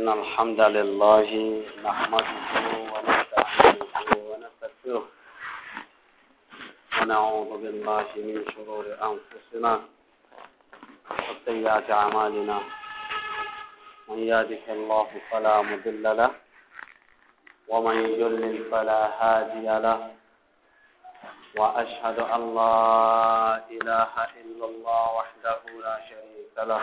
إن الحمد لله نحمده ونستعينه ونستغفره ونعوذ بالله من شرور أنفسنا وسيئات أعمالنا من يهدك الله فلا مضل له ومن يضلل فلا هادي له وأشهد أن لا إله إلا الله وحده لا شريك له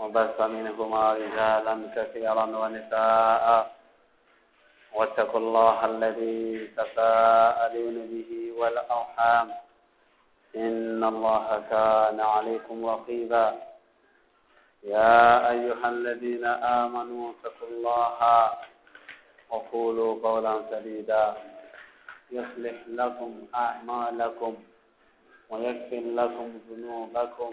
وبث منهما رجالا كثيرا ونساء واتقوا الله الذي تساءلون به والأرحام إن الله كان عليكم رقيبا يا أيها الذين آمنوا اتقوا الله وقولوا قولا سديدا يصلح لكم أعمالكم ويكفر لكم ذنوبكم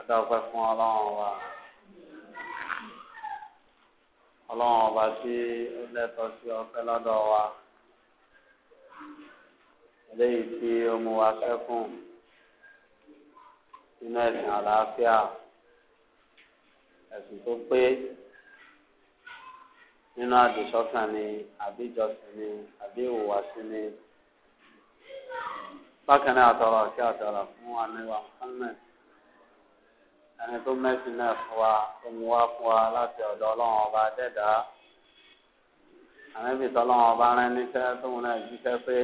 adáwọ̀pẹ́ fún ọlọ́run wa ọlọ́run ọba tí ó lẹ́tọ̀ọ́ sí ọpẹ́ lọ́dọ̀ wa eléyìí tí ó mú wa sẹ́kùn nínú ẹ̀sìn àlàáfíà ẹ̀sìn tó pé nínú àdìsọ́kàn ni àbíjọsìn ni àbí ìhùwàsí ni bákan náà àtọ̀rọ̀ àti àtọ̀rọ̀ fún àníwá Muhammad ẹni tó mẹ́sìn náà fún wa tó mú wá fún wa láti ọ̀dọ̀ ọlọ́run ọba dẹ́dàá ànábì tọ́lọ́run ọba rán níṣẹ́ tóun náà jíṣẹ́ pé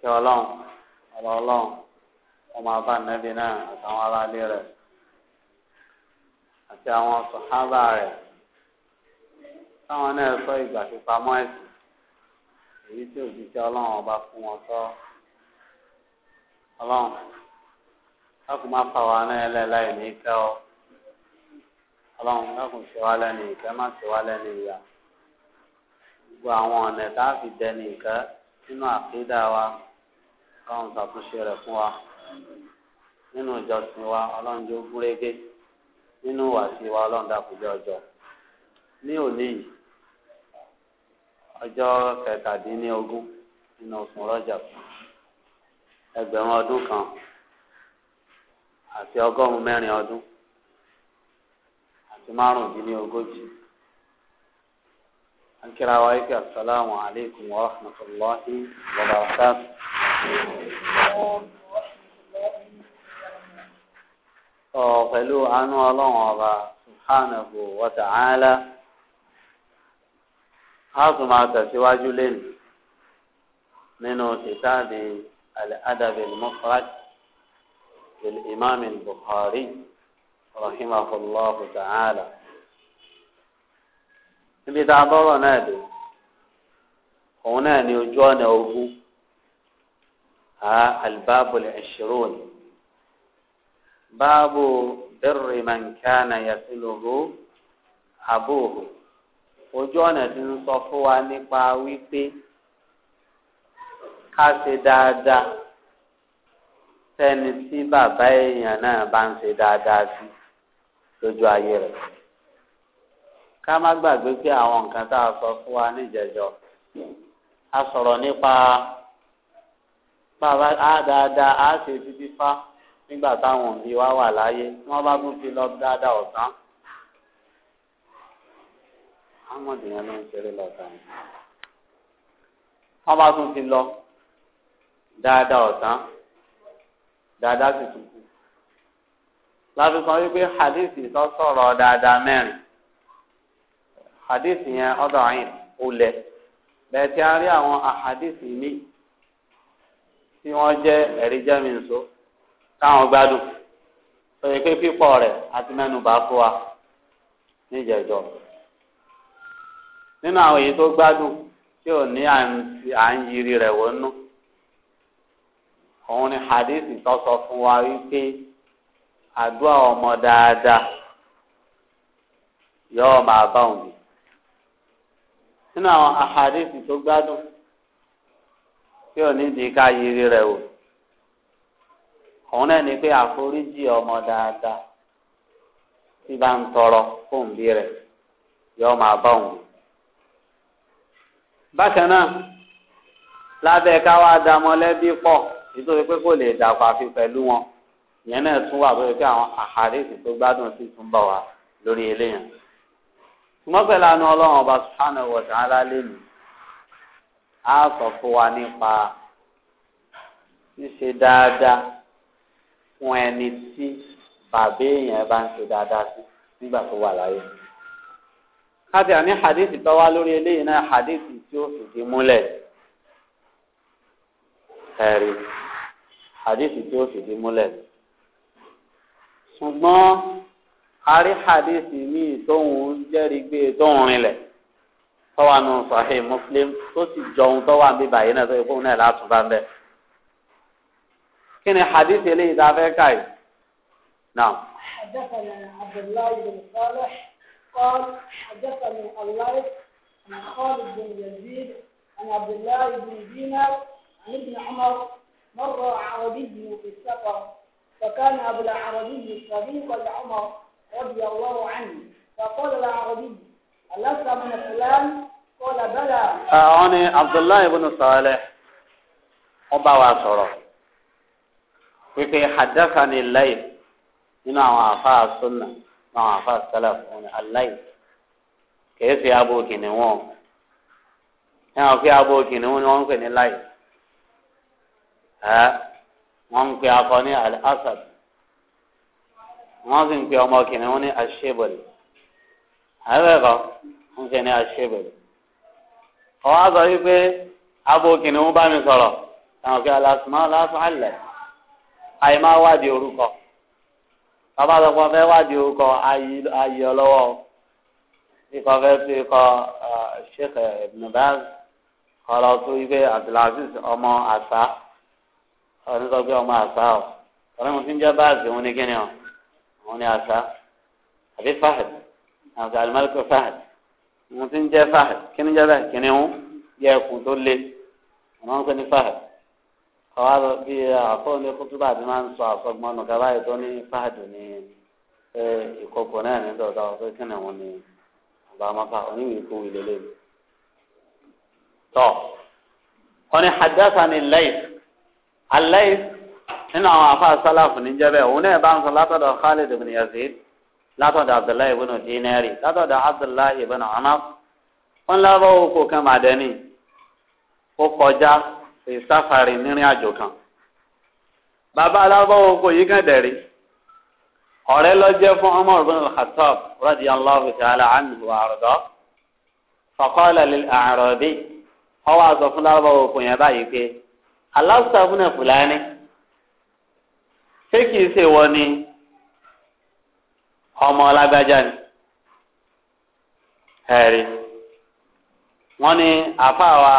kí ọlọ́run ọ̀rọ̀ ọlọ́run ọmọ abá ànábì náà àtàwọn aráalé rẹ̀ àti àwọn sọ̀hábà rẹ̀ táwọn náà sọ ìgbà pípamọ́ ẹ̀sìn èyí tí òjíṣẹ́ ọlọ́run ọba fún wọn sọ ọlọ́run lákùn máa fà wá náà lẹ́láì ní ìkẹ́ ọ ọlọ́run lákùn ṣe wá lẹ́nu ìkẹ́ má ṣe wá lẹ́nu ìyá gbogbo àwọn ọ̀nà tá a fi dẹni ìkẹ́ nínú àkídà wa ọlọ́run ṣàtúnṣe rẹ̀ fún wa nínú ìjọsìn wa ọlọ́run jó gúrégé nínú ìwàsí wa ọlọ́run dàkújẹ́ ọjọ́ ní òní yìí ọjọ́ kẹtàdínlógún nínú oṣù rọ́jà ẹgbẹ̀rún ọdún kan àti ọgọ́rùn-ún mẹ́rin ọdún àti márùndínlógójì. an kira wa yake assalamu alaikum wa rahmatullahi wa barakatuh ọ pẹ̀lú àánú ọlọ́run ọba subhanahu wa ta'ala a tún máa tẹ̀síwájú lẹ́nu nínú kìtàbí al-adab للإمام البخاري رحمه الله تعالى níbi tá a bọ́rọ̀ náà dé òun náà ni ojú ọ̀nà ogún a albabul ishirun báàbù bẹ́rẹ̀ mankana yasiluhu abuhu ojú ọ̀nà tí ń sọ fún wa nípa wípé ká ṣe dáadáa sẹ́ni tí bàbá èèyàn náà bá ń ṣe dáadáa sí lójú ayé rẹ̀. ká má gbàgbé pé àwọn nǹkan tá a sọ fún wa níjẹjọ a sọ̀rọ̀ nípa bàbá á dáadáa á ṣe títí fá nígbà táwọn òbí wa wà láyé tí wọ́n bá tún fi lọ dáadáa ọ̀sán. Ahmed ló ń ṣeré lọ́sàn yìí. wọ́n bá tún fi lọ dáadáa ọ̀sán. dada sì tún kú láfikún wípé hadith tó sọ̀rọ̀ dáadáa mẹ́rin hadith yẹn ọ̀dọ̀ àyìn ó lẹ̀ a rí àwọn ahadith míì tí nso táwọn gbádùn tó yẹ pé pípọ̀ rẹ̀ àti mẹ́nubà fún wa níjẹ̀jọ́ nínú àwọn èyí tó gbádùn tí ò ní à ń yiri rẹ̀ wọ́n òun ni hadith tó sọ fún wa wípé ọmọ dáadáa yóò máa bá òun bí nínú àwọn ahadith tó gbádùn tí ò ní di yiri rẹ o òun náà ni pé àforíjì ọmọ dáadáa tí bá ń tọrọ fún bí rẹ yóò máa bá òun bí bákan náà lábẹ́ nítorí pé kò lè dàpọ̀ àfi pẹ̀lú wọn ìyẹn náà tún wà bóyá pé àwọn àhàdìsì tó gbádùn sí tún bọ̀ wá lórí eléyàn. ṣùgbọ́n ọlọ́run ọba subhanahu wa ta'ala lẹ́nu á sọ fún wa nípa ṣíṣe dáadáa fún ẹni tí bàbá èèyàn bá ń ṣe dáadáa sí nígbà tó wà láyé. káfíà ní àhàdìsì tó wá lórí eléyìí náà àhàdìsì tí ó fìdí múlẹ̀ ẹ̀rí hadithi tí ó fìdí múlẹ̀ ni ṣùgbọ́n àrí hadithi míì tóun jẹ́rìí gbé tóun rinlẹ̀ tọ́wánu sahih muslim tó sì jọun tọ́wá ń bí báyìí náà tó yẹ fóun náà látún bá ń bẹ́ kí ni hadithi eléyìí tá a fẹ́ kà yìí náà. حدثنا عبد الله بن صالح قال حدثني الله عن خالد بن يزيد عن عبد الله بن دينار عن ابن عمر مر عربي في السفر فكان أبو العربي صديقا لعمر رضي الله عنه فقال العربي ألست من فلان قال بلى أعني عبد الله بن صالح ọba wa sọ̀rọ̀ pípé hadakani lai nínú àwọn àfáà sunna nínú àwọn àfáà salaf òun aláì kìí ṣe abo kìnìún wọn ẹ hàn pé abo kìnìún ni wọn ń pè ní láì wọ́n ń pe akọ ní al-asad wọ́n sì ń pe ọmọ kìnìún wọn ní aṣebọlì àbẹ̀kọ ń ṣe ní aṣebọlì ọwọ́ sọ wípé abo kìnìún bá mi sọ̀rọ̀ táwọn kí alásùmọ́ lásán àlẹ́ àyèmá wádìí orúkọ bàbá àtọkọ fẹ́ wádìí orúkọ ayé ọlọ́wọ́ ikọ̀ fẹ́ fi kọ uh, Sheikh Ibn Baz kọ́ lọ sí wípé Abdulaziz ọmọ àṣà ọdún sọ pé ọmọ àṣà ọ ọ̀rẹ́ mi ti ń jẹ́ báàsì òun ni kíni ọ òun ni àṣà àbí fahad àti alimárikọ fahad mo ti ń jẹ́ fahad kíni jẹ́ bẹ́ẹ̀ kíni ń yẹ ẹkùn tó le ọ̀nà ń pè ní fahad ọ̀wá lọ bí àfọ̀ ní kútúbà tí máa ń sọ àfọ̀gbọ́n nù kaba ètò ní fahad ní ìkọkọ náà ní dọ̀dọ̀ pé kíni òun ni ọba amaka oníwèé kó wílé الليل إن عفا صلاة نجبة هنا بان صلاة خالد بن يزيد لا تود عبد الله بن جيناري لا تود عبد الله بن عناف ولا بو كما دني هو قجا في سفر نريا جوكا بابا لا بو كو يكا دري أولي لجف عمر بن الخطاب رضي الله تعالى عنه وارضاه فقال للأعرابي هو أصف الله بو كو يبايكي aláwùsá fún ẹ̀fúlání ṣé kìí ṣe wọ ni ọmọ ọlágbájá ni ẹ̀rí wọ́n ní àfáàwà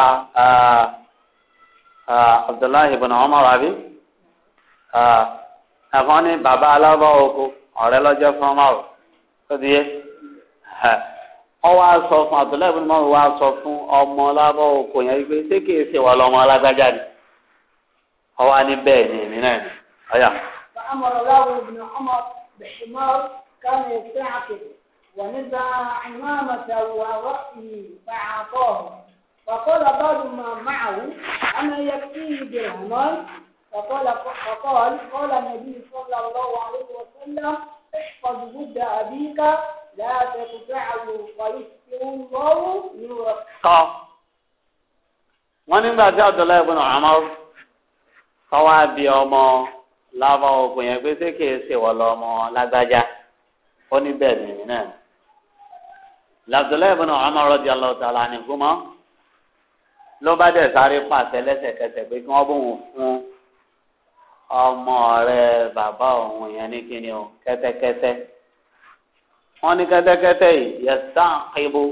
Abdullahi ibn Umar rabi ẹ̀fọn ní bàbá alábọ̀ oko ọ̀rẹ́ lọ́jọ́ fún ọmọ rẹ̀ tó di yé ọwọ́ aṣọ fún Abdullahi ibn Umar wá sọ fún ọmọ alábọ̀ oko yẹn wípé ṣé kìí ṣe wà lọ́mọ ọlágbájá ni ọwọ́ á ní bẹ́ẹ̀ ni èmi náà ni ọ̀yà. فأمر له ابن عمر بحمار كان يستعقب ونزع عمامته ورأسه فأعطاه فقال بعض ما معه أنا يكفيه درهمان فقال فقال قال النبي صلى الله عليه وسلم احفظ ود أبيك لا تقطعه فيسر الله نورك. wọ́n nígbà tí Abdullahi ibn Umar tọ́wọ́ àbí ọmọ lábọ́ ogun yẹn pé ṣé kìí ṣe wọ́n lọ ọmọ lágbájá ó ní bẹ́ẹ̀ nìyí náà. Abdullahi ibn Umar radiyallahu ta'ala anhuma ló bá dẹ̀ sáré pàṣẹ lẹ́sẹ̀kẹsẹ̀ pé kí wọ́n bóun fún ọmọ rẹ̀ bàbá òun yẹn ní kíni o kẹ́tẹ́kẹ́tẹ́ wọ́n ní kẹ́tẹ́kẹ́tẹ́ yìí yasta'qibu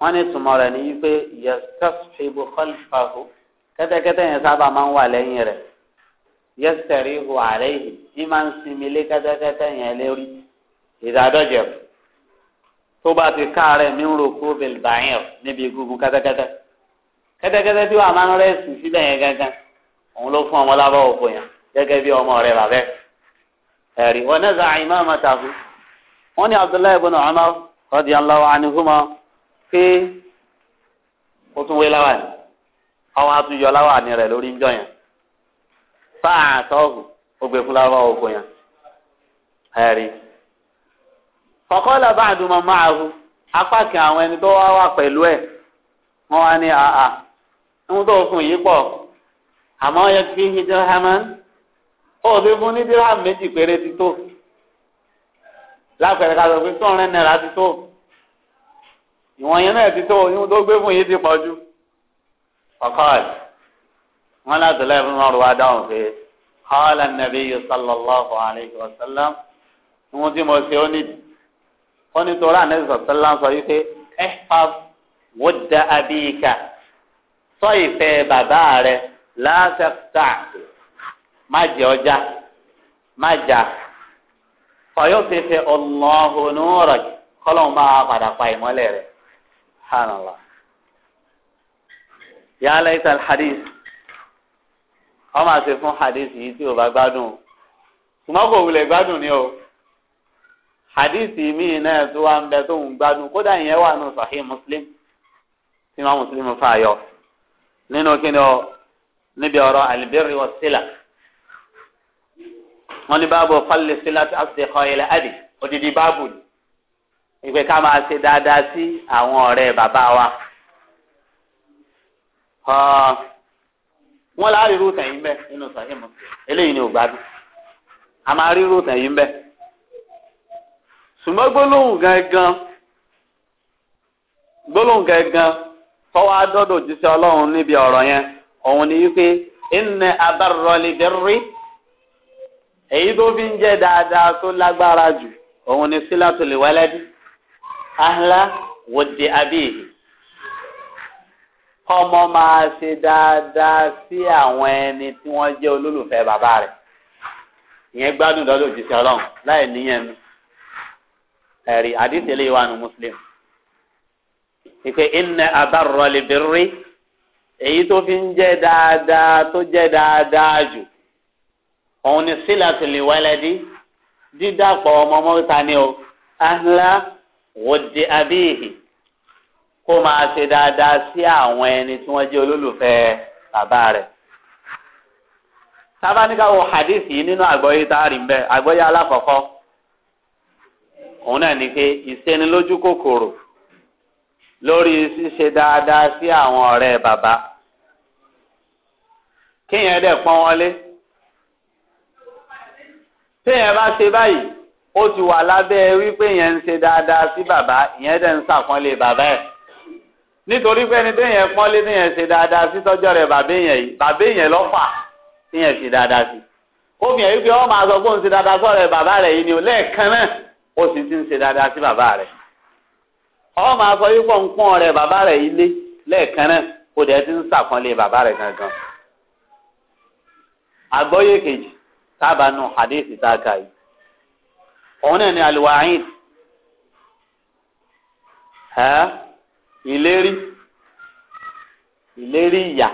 wọ́n ní tùmọ̀ rẹ̀ ní wípé yastashibu khalfahu kẹ́tẹ́kẹ́tẹ́ yẹn sábà máa ń wà lẹ́yìn rẹ̀ yẹ́sítẹ̀rì ihò ààrẹ yìí ní máa ń sinmi lé kẹ́tẹ́kẹ́tẹ́ yẹn lórí ìdádọ́jẹ̀ tó bá ti káàárẹ̀ mi ń ro kóbel bàyẹn níbi egungun kẹ́tẹ́kẹ́tẹ́ kẹ́tẹ́kẹ́tẹ́ tí wàá máa ń rẹ́sì síbẹ̀ yẹn gángan òun ló fún ọmọ lábọ́ òfò yẹn gẹ́gẹ́ bí ọmọ rẹ̀ bàbẹ́ ẹ̀rí wọn náà zàn àyìnbá ọmọ tàbí wọn ní Abdullahi ibn Umar radiyallahu anhuma pé ó tún wé láwàní ọwọ́ àtúnyọ láwà ní rẹ̀ lórí ńjọ yẹn fáà sọ́ọ̀gù ó gbé fún láwà oko yẹn ẹ̀rí. fọ̀kọ́lá bá àdúmọ̀ máa hu apá kan àwọn ẹni tó wá wà pẹ̀lú ẹ̀ wọ́n wá ní àà ń tó fún yìí pọ̀ àmọ́ yẹ kí hijab hamán ó fi fún ní dírámù méjì péré ti tó lápẹ̀rẹ̀ ká sọ pé tó ń rẹ́ náírà ti tó ìwọ̀n yẹn náà ti tó ohun tó gbé fún yìí ti pọ̀ jù ọkọọl wọn láti lẹ́yìn fún ọrùn wa dáhùn pé kọ́ọ̀lá nàbí yìí sallallahu alayhi wa sallam ohun tí mo ṣe ó ní ó ní torí ànábì sọ̀tẹ́lá sọ yìí pé ẹ fa wọ́dà abíyíká sọ ìfẹ́ bàbá rẹ láṣẹ́fà má jẹ ọjà má jà fọyọ́ fífẹ́ ọlọ́hùn nùrọ̀ kọ́lọ́hùn máa padà pa ìmọ́lẹ̀ rẹ̀ hàn án lọ ya laita hadith wọ́n máa ṣe fún hadith yìí tí o bá gbádùn o ṣùgbọ́n kò wulẹ̀ gbádùn ni o hadith míì náà tó wà ń bẹ tó ń gbádùn kódà ìyẹn wà nù sahih muslim tí wọ́n muslim fà yọ nínú kíni o níbi ọ̀rọ̀ alibiri wa sila wọ́n ní báàbò falẹ̀ sila ti àṣekọ̀ ilẹ̀ adi odidi báàbò ìgbẹ́ ká máa ṣe dáadáa sí àwọn ọ̀rẹ́ bàbá wa. wọ́n lá rí rúùtàn yìí ń nínú sàhìn eléyìí ni ò gbádùn a máa rí rúùtàn yìí ń bẹ́ gbólóhùn gangan gbólóhùn gangan tọ́wọ́ adọ́dọ̀ jíṣẹ́ ọlọrun níbi ọrọ yẹn ni wípé ẹnẹ abárọ̀lẹ́dẹ́rì èyí tó fi ń dáadáa tó lágbára jù ni kọ́mọ máa ṣe dáadáa sí àwọn ẹni tí wọ́n jẹ́ olólùfẹ́ bàbá rẹ̀ ìyẹn gbádùn lọ́dọ̀ òjíṣẹ́ ọlọ́run láì níyẹn nu ẹ̀rí àdìsẹ́lẹ̀ wa nu muslim ìpè ìnà àbárọ̀lẹ̀ bẹ̀rẹ̀ èyí tó fi ń jẹ́ dáadáa tó jẹ́ dáadáa jù òun ni sílàtìlẹ̀ wálẹ́dí dídàpọ̀ ọmọ mọ́ta ni o ahla wòde abíyèhì kó máa ṣe dáadáa sí àwọn ẹni tí wọ́n jẹ́ olólùfẹ́ bàbá rẹ̀. sábà ní ká wo hadith yìí nínú àgbọ́yé tá a rí ń bẹ́ àgbọ́yé alákọ̀ọ́kọ́ òun náà ni pé ìṣenilójú kòkòrò lórí ṣíṣe dáadáa sí àwọn ọ̀rẹ́ bàbá kéèyàn dẹ̀ pọ́n wọlé téèyàn bá ṣe báyìí ó ti wà lábẹ́ wípé yẹn ń ṣe dáadáa sí bàbá ìyẹn dẹ̀ ń ṣàpọ́nlé bàbá ẹ̀ nítorí pé ẹni tó yẹn pọ́nlé ní yẹn ṣe dáadáa sí tọ́jọ́ rẹ̀ bàbá yẹn yìí bàbá yẹn lọ́fà ní yẹn ṣe dáadáa sí. obìnrin yìí pé wọ́n máa sọ pé òun ṣe dáadáa sọ̀rọ̀ ẹ̀ bàbá rẹ̀ yìí ni ò lẹ́ẹ̀kan náà ó sì ti ń ṣe dáadáa sí bàbá rẹ̀. wọ́n máa sọ yípo ń pọ́n rẹ̀ bàbá rẹ̀ yìí lé lẹ́ẹ̀kan náà ó dẹ̀ ti ń ṣàpọ́nlé bàbá rẹ̀ gangan. àgbọ́yé kejì tábànú ìlérí ìlérí ìyà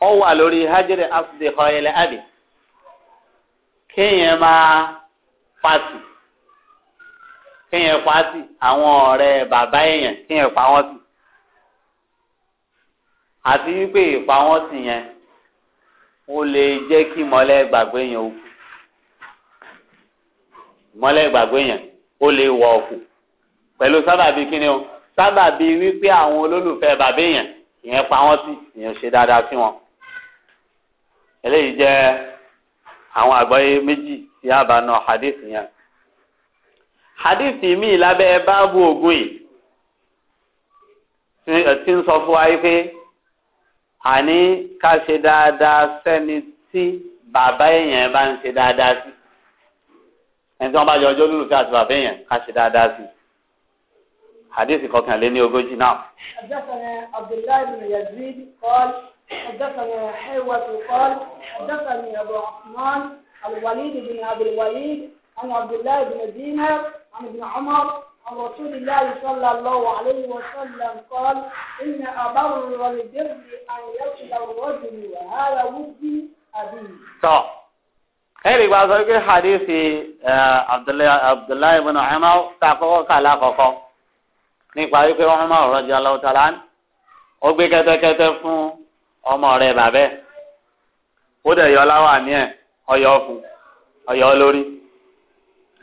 ọ wà lórí hajjiri asidi ọyẹlẹ adì kéèyàn máa pàṣì kéèyàn pàṣì àwọn ọ̀rẹ́ bàbá èèyàn kéèyàn pa wọ́n sí àti wípé ìpa wọ́n sí yẹn ó lè jẹ́ kí mọ́lẹ́ yẹn ó kú yẹn ó lè wọ ọ̀kù pẹ̀lú sábàbí kíni o sábàbí wípé àwọn olólùfẹ́ bàbá èèyàn ìyẹn pa wọ́n sí ìyẹn ṣe dáadáa sí wọn. eléyìí jẹ́ àwọn àgbọ́yé méjì tí a bá nà hadith yẹn. hadith mi lábẹ́ báàbù ògùn yìí ti eh, ń sọ fún wa yìí pé àní ká ṣe dáadáa sẹ́ni tí bàbá èèyàn bá ń ṣe dáadáa sí. ẹni tí wọ́n bá yọjọ́ olólùfẹ́ àti bàbá èèyàn ká ṣe dáadáa sí i. حديث قطع لين يوجي نعم حدثنا عبد الله بن يزيد قال حدثنا حيوة قال حدثني أبو عثمان الوليد بن أبي الوليد عن عبد الله بن دينار عن ابن عمر عن رسول الله صلى الله عليه وسلم قال إن أبر والبر أن يصل الرجل وهذا ودي أبي ẹ̀rí gba sọ pé hadisi abdullahi ibn umar ta kọ́kọ́ kà lákọ̀ọ́kọ́ nípa wípé wọn máa rọjò aláwọtálá ó gbé kẹ́tẹ́kẹ́tẹ́ fún ọmọ rẹ̀ bàbẹ ó dẹ yọ láwà ní ẹ ọyọ fún ọyọ lórí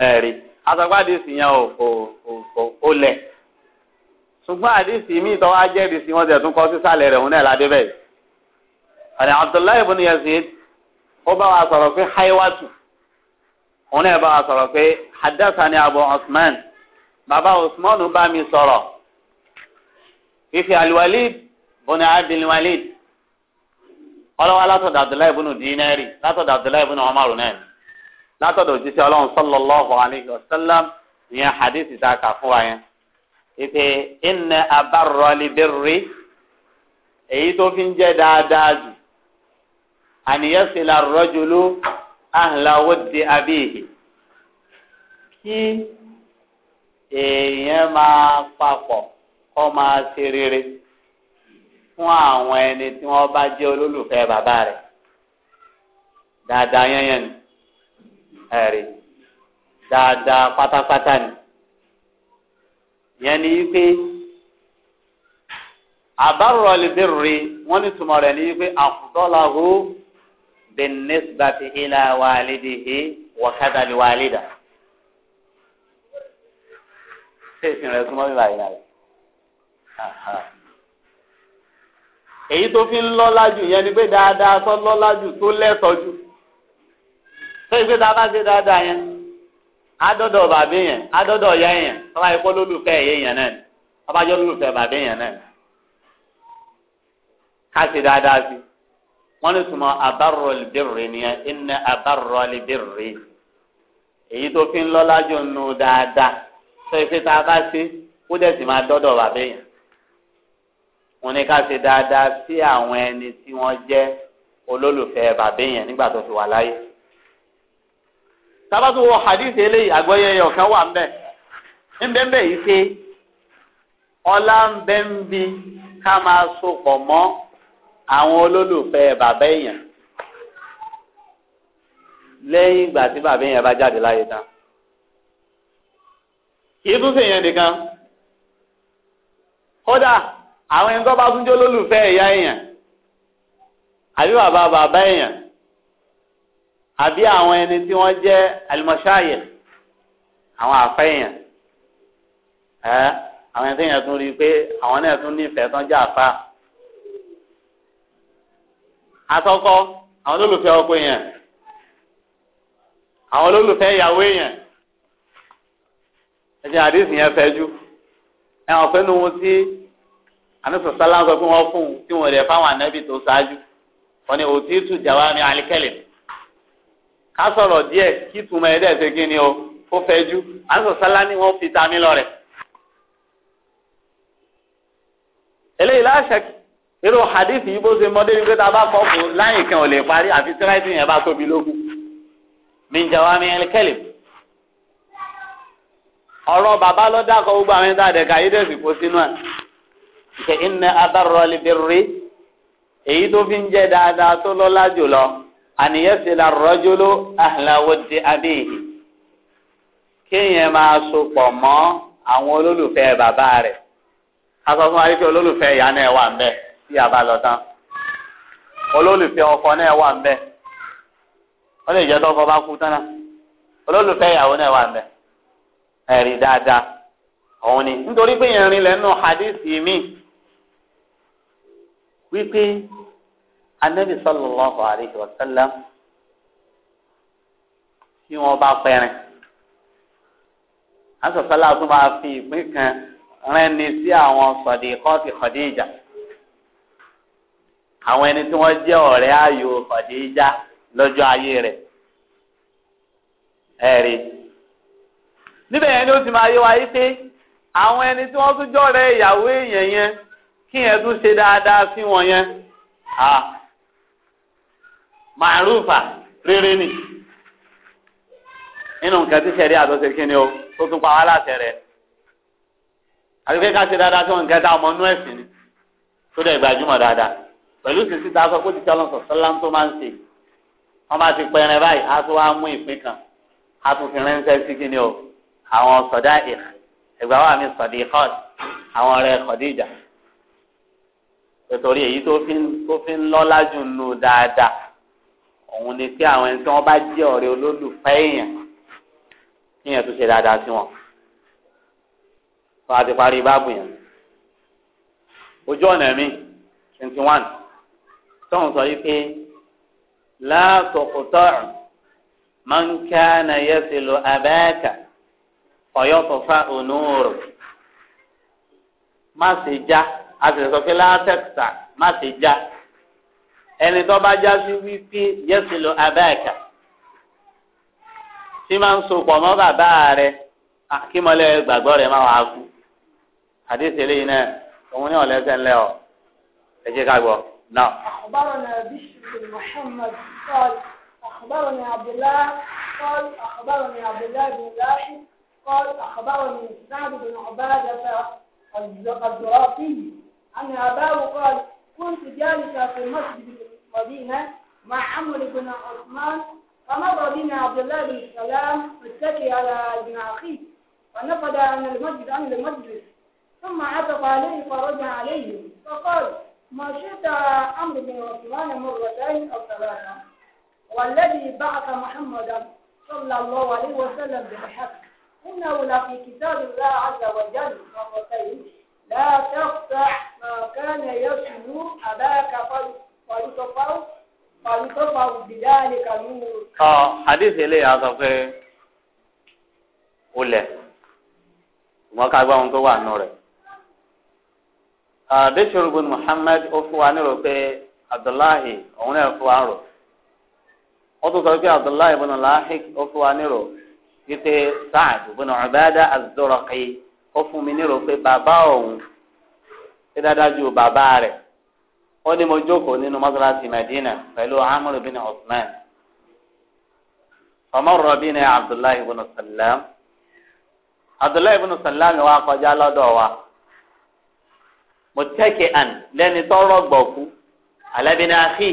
ẹ̀rí asọgbádìsì yẹn ò ò ò ò lẹ ṣùgbọ́n àdìsì míì tọwọ ajẹrìsì wọn tẹ tún kọ sísàlẹ̀ rẹ̀ òun náà ládé bẹ́ẹ̀ ọ̀nà Abdullahi ibn Yazid ó bá wa sọ̀rọ̀ pé haiwatu òun náà bá wa sọ̀rọ̀ pé hadassani Abu Osman bàbá Usman bá mi sọ̀rọ̀ fífi Al-Walid bọ́nà Abdul-Walid ọlọ́wọ́ látọ̀dọ̀ Abdullahi ibùnú dínárì látọ̀dọ̀ Abdullahi ibùnú Umaru náà látọ̀dọ̀ òjíṣẹ́ ọlọ́run sallallahu alayhi wa sallam ìyẹn hadithi tá a kà fún wa yẹn ìpè inna abarrali birri èyí tó fi ń jẹ́ dáadáa jù àníyẹ́sìlá rọ́jòló ahla wuddi abihi kí èèyàn máa papọ̀ kọ́ máa ṣe rere fún àwọn ẹni tí wọ́n bá jẹ́ olólùfẹ́ bàbá rẹ̀ dáadáa yẹnyẹn ni ẹ̀rí dáadáa pátápátá ni yẹn ni pé àbárọ̀lẹ́bẹ̀rẹ̀ wọ́n ní túmọ̀ rẹ̀ ni pé àfùdọ́làhó bẹ̀ẹ́nẹ́sì bàtì ìlà wàlídìí wọ̀kadà wàlídà. tẹ̀sí èyí tó fi ń lọ́lá jù yẹn ni pé dáadáa tó lọ́lá jù tó lẹ́tọ̀ọ́ jù tó ìgbé tá a bá ṣe dáadáa yẹn adọ́dọ̀ bàbá yẹn adọ́dọ̀ ọ̀yá yẹn tọ́ba ikọ́ lólùfẹ́ ẹ̀yẹ yẹn náà ni tọ́ba jọ lólùfẹ́ bàbá yẹn náà ni ká ṣe dáadáa sí wọ́n ní sùnmọ́ fi ń nù sọ èké tá a bá ṣe ó dẹ̀ sì máa dọ́dọ̀ bàbá èèyàn wọn ní ká ṣe dáadáa sí àwọn ẹni tí wọ́n jẹ́ olólùfẹ́ bàbá èèyàn nígbà tó fi wà láyé sábà tó wọ hadith eléyìí àgbọ́yé ẹyọ kan wà ńbẹ ńbẹ́ńbẹ́ yìí ṣe ọlá ńbẹ́ńbí ká máa sopọ̀ mọ́ àwọn olólùfẹ́ bàbá èèyàn lẹ́yìn ìgbà tí bàbá èèyàn bá jáde láyé tán kìí tún sèyàn nìkan kódà àwọn ẹni tó bá tún jó lólùfẹ́ ìyá èèyàn àbí bàbá bàbá èèyàn àbí àwọn ẹni tí wọ́n jẹ́ àlùmọ̀ṣáàyẹ̀ àwọn àfẹ́ èèyàn ẹ́ àwọn ẹni tí èèyàn tún rí i pé àwọn náà tún nífẹ̀ẹ́ tán jẹ́ àfa àtọkọ àwọn olólùfẹ́ ọkọ èèyàn àwọn olólùfẹ́ ìyàwó èèyàn ẹ̀jẹ̀ àdéhùn yẹn fẹ́jú ẹ̀wọ̀n pé nu wọn tí àníṣe sálá sọ pé wọ́n fún un tí wọ́n rẹ̀ fáwọn ànábì tó ṣáájú wọn ni òtí tù jàwá ní alikẹ́lẹ̀ ká sọ̀rọ̀ díẹ̀ kí tùmọ̀ ẹ̀ dẹ̀ ṣe kí ni o ó fẹ́jú àníṣe sálá ni wọ́n fi ta mí lọ rẹ̀. eléyìí láṣẹ irú hadith yìí bó ṣe mọdé ní pé tá a bá kọ́ fún láyìn kan ò lè parí àfi tíráìtì yẹn bá tóbi lógún mi jàwá ní alikẹ́lẹ̀ ọ̀rọ̀ bàbá ló dákọ̀ gbogbo àwọn ẹ̀dá àdẹ̀ka yìí dẹ̀sì kó sínú ẹ̀ ṣe iná adarọ̀lì bẹ̀rẹ̀ èyí tó fi ń jẹ́ dáadáa tó lọ́lá jùlọ àníyẹ́sì la rọ́jòló àhìláwọ́dé abéyìí kéèyàn máa so pọ̀ mọ́ àwọn olólùfẹ́ bàbá rẹ̀ a sọ fún wa wípé olólùfẹ́ ìyá náà wà ń bẹ tí a bá lọ tán olólùfẹ́ ọkọ náà wà ń bẹ ó lè jẹ́ tọ́kọ bá kú tán náà olólùfẹ́ ìyàwó ẹ̀rí dáadáa ọ̀hún ni nítorí pé yẹn rinlẹ̀ nù mi wípé anabi sallallahu alayhi wa sallam tí wọn bá fi ìpín kan sí àwọn àwọn ẹni tí wọn jẹ ayò ayé níbẹ̀ yẹn ni ó ti máa yé wa yí pé àwọn ẹni tí wọ́n tún jọ̀rẹ́ ìyàwó èèyàn yẹn kí yẹn tún ṣe dáadáa sí wọn yẹn màrúfà rere ni nínú nǹkan tí sẹ́rí àtọ́sẹ̀ kí ni o ó tún pa wá láṣẹ rẹ̀ àti pé ká ṣe dáadáa sí wọn nǹkan tá a mọ inú ẹ̀sìn ni tó dẹ̀ gbajúmọ̀ dáadáa pẹ̀lú sísí tá a sọ pé ó ti tẹ́lọ̀ sọ̀tọ́ láńtó máa ń ṣe wọ́n bá ti pẹrẹ báyìí á tún wá mú ìpín kan á tún fi ránṣẹ́ sí kí ni o àwọn sọdáìk ẹgbà wa mi sọdíkọt àwọn ọ̀rẹ́ Khadija nítorí èyí tó fi tó fi ń lọ́lá jù nù dáadáa òun ni pé àwọn ẹni tí wọ́n bá jẹ́ ọ̀rẹ́ olólùfẹ́ èèyàn kíyàn tó ṣe dáadáa sí wọn wọ́n á ti parí báàbù yẹn ojú ọ̀nà mi twenty one tóun sọ yìí pé láàtọ̀kùtọ̀ man kana yasilu abaka ọ̀yọ́tọ̀fà onúurù má ṣe já a sì sọ pé látẹ̀kùtà má ṣe já ẹni tó bá já sí wípé yẹ́sùn lo abẹ́ẹ̀kà tí máa ń so pọ̀ mọ́ bàbá rẹ̀ kí mọ́lẹ́ gbàgbọ́ rẹ̀ máa wà á kú àdéhùn eléyìí náà òun ní ọ̀lẹ́sẹ̀ ńlẹ́ ọ̀ ẹ jẹ́ ká gbọ́ náà. àkùbárọ̀nà bíṣù muhammad sọ́ọ̀lù àkùbárọ̀nà abdullahi sọ́ọ̀lù àkùbárọ̀nà abdullahi bin láhìí. قال أخبرني سعد بن عبادة الزرافي أن أباه قال كنت جالسا في مسجد المدينة مع عمرو بن عثمان فمر بنا عبد الله بن سلام متكي على ابن أخيه فنفد عن المسجد عن المسجد ثم عطف عليه فرجع عليه فقال ما شئت عمرو بن عثمان مرتين أو ثلاثة والذي بعث محمدا صلى الله عليه وسلم بالحق إنه لفي كتاب الله عز وجل مرتين لا تقطع ما كان يصل أباك فيطفر فيطفر بذلك نور. آه حديث إليه هذا في olẹ ṣùgbọ́n ká gbọ́ ohun tó wà nù rẹ̀. Bẹ́sùrù bin Muhammad ó fún wa nírò pé Abdullahi òun náà fún wa rò. Ó tún sọ pé Abdullahi bin Lahik ó fún wa nírò wípé Sa'ad bin Ubadah az-Zurqi ó fún mi nírò pé bàbá òun ṣé dáadáa ju bàbá rẹ̀ ó ní mo jókòó nínú mọ́sálásí Madina pẹ̀lú Amr bin Uthman famarra bina Abdullahi bin Salam Abdullahi bin Salam wa kọjá lọ́dọ̀ wa muttaki'an lẹ́ni tọ́rọ̀ gbọ̀kú ala bina akhi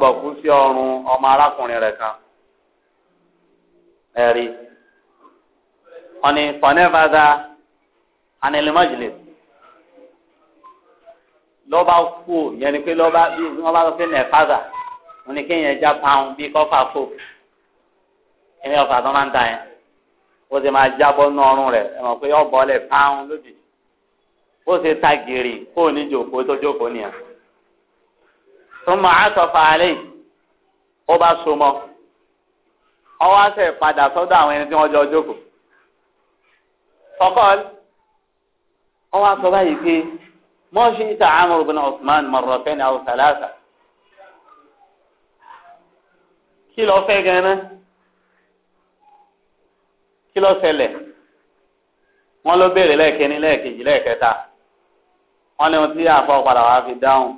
gbọ̀kú sí ọrùn ọmọ arákùnrin rẹ̀ kan. ẹ̀rí wọ́n ní fọnẹ́fàdà anilmọ́jìlẹ̀ lọ́ba kú yẹn ni pé lọ́ba bí wọ́n bá lọ sí nẹ̀fàdà wọ́n ní kéèyàn já pàun bí kọ́fà fò ẹni ọ̀fà tó máa ń ta yẹn ó sì máa jábọ́ nú ọrùn rẹ̀ ẹ̀ mọ̀ pé ọ̀bọ̀ lẹ̀ pàun lójijì ó o ní jòkó tó jókòó nìyẹn tó máa tọ́fà alẹ́ ó bá so mọ́. ọwọ́ àṣẹ padà sọ́dọ̀ àwọn ẹni tí wọ́n jọ jókòó. fọkọ́l ọwọ́ àṣọ báyìí pé mọ́ṣí ìta Amr bin Usman marratayn aw thalatha. kí ló fẹ́ gan-an kí ló ṣẹlẹ̀ wọ́n ló béèrè lẹ́ẹ̀kẹ́ni lẹ́ẹ̀kejì lẹ́ẹ̀kẹta wọ́n ní ohun tí àfọ̀ padà wá fi dáhùn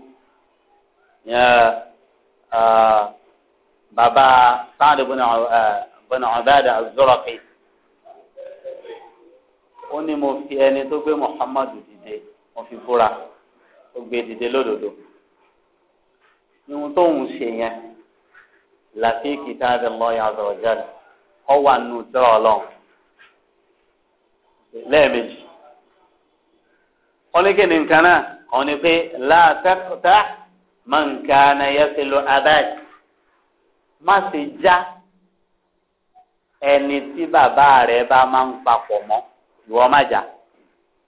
bàbá sáàdì bọ́nà ọ̀bẹ́dà azọ́rọ̀kì ó ní mo fi ẹni tó gbé muhammadu dìde mo fi búra ó gbé dìde lódodo ìhun tó ń ṣe yẹn làfi kìtàbí lọ́yà azọ̀rọ̀jáde ọ wà nù tẹ́ ọlọ́run lẹ́ẹ̀mejì wọ́n ní náà wọ́n ní pé láàtàkùtà máa ń ka náà yẹ ti lo abáàjì má ṣe já ẹni tí bàbá rẹ bá máa ń papọ̀ mọ́ ìwọ má jà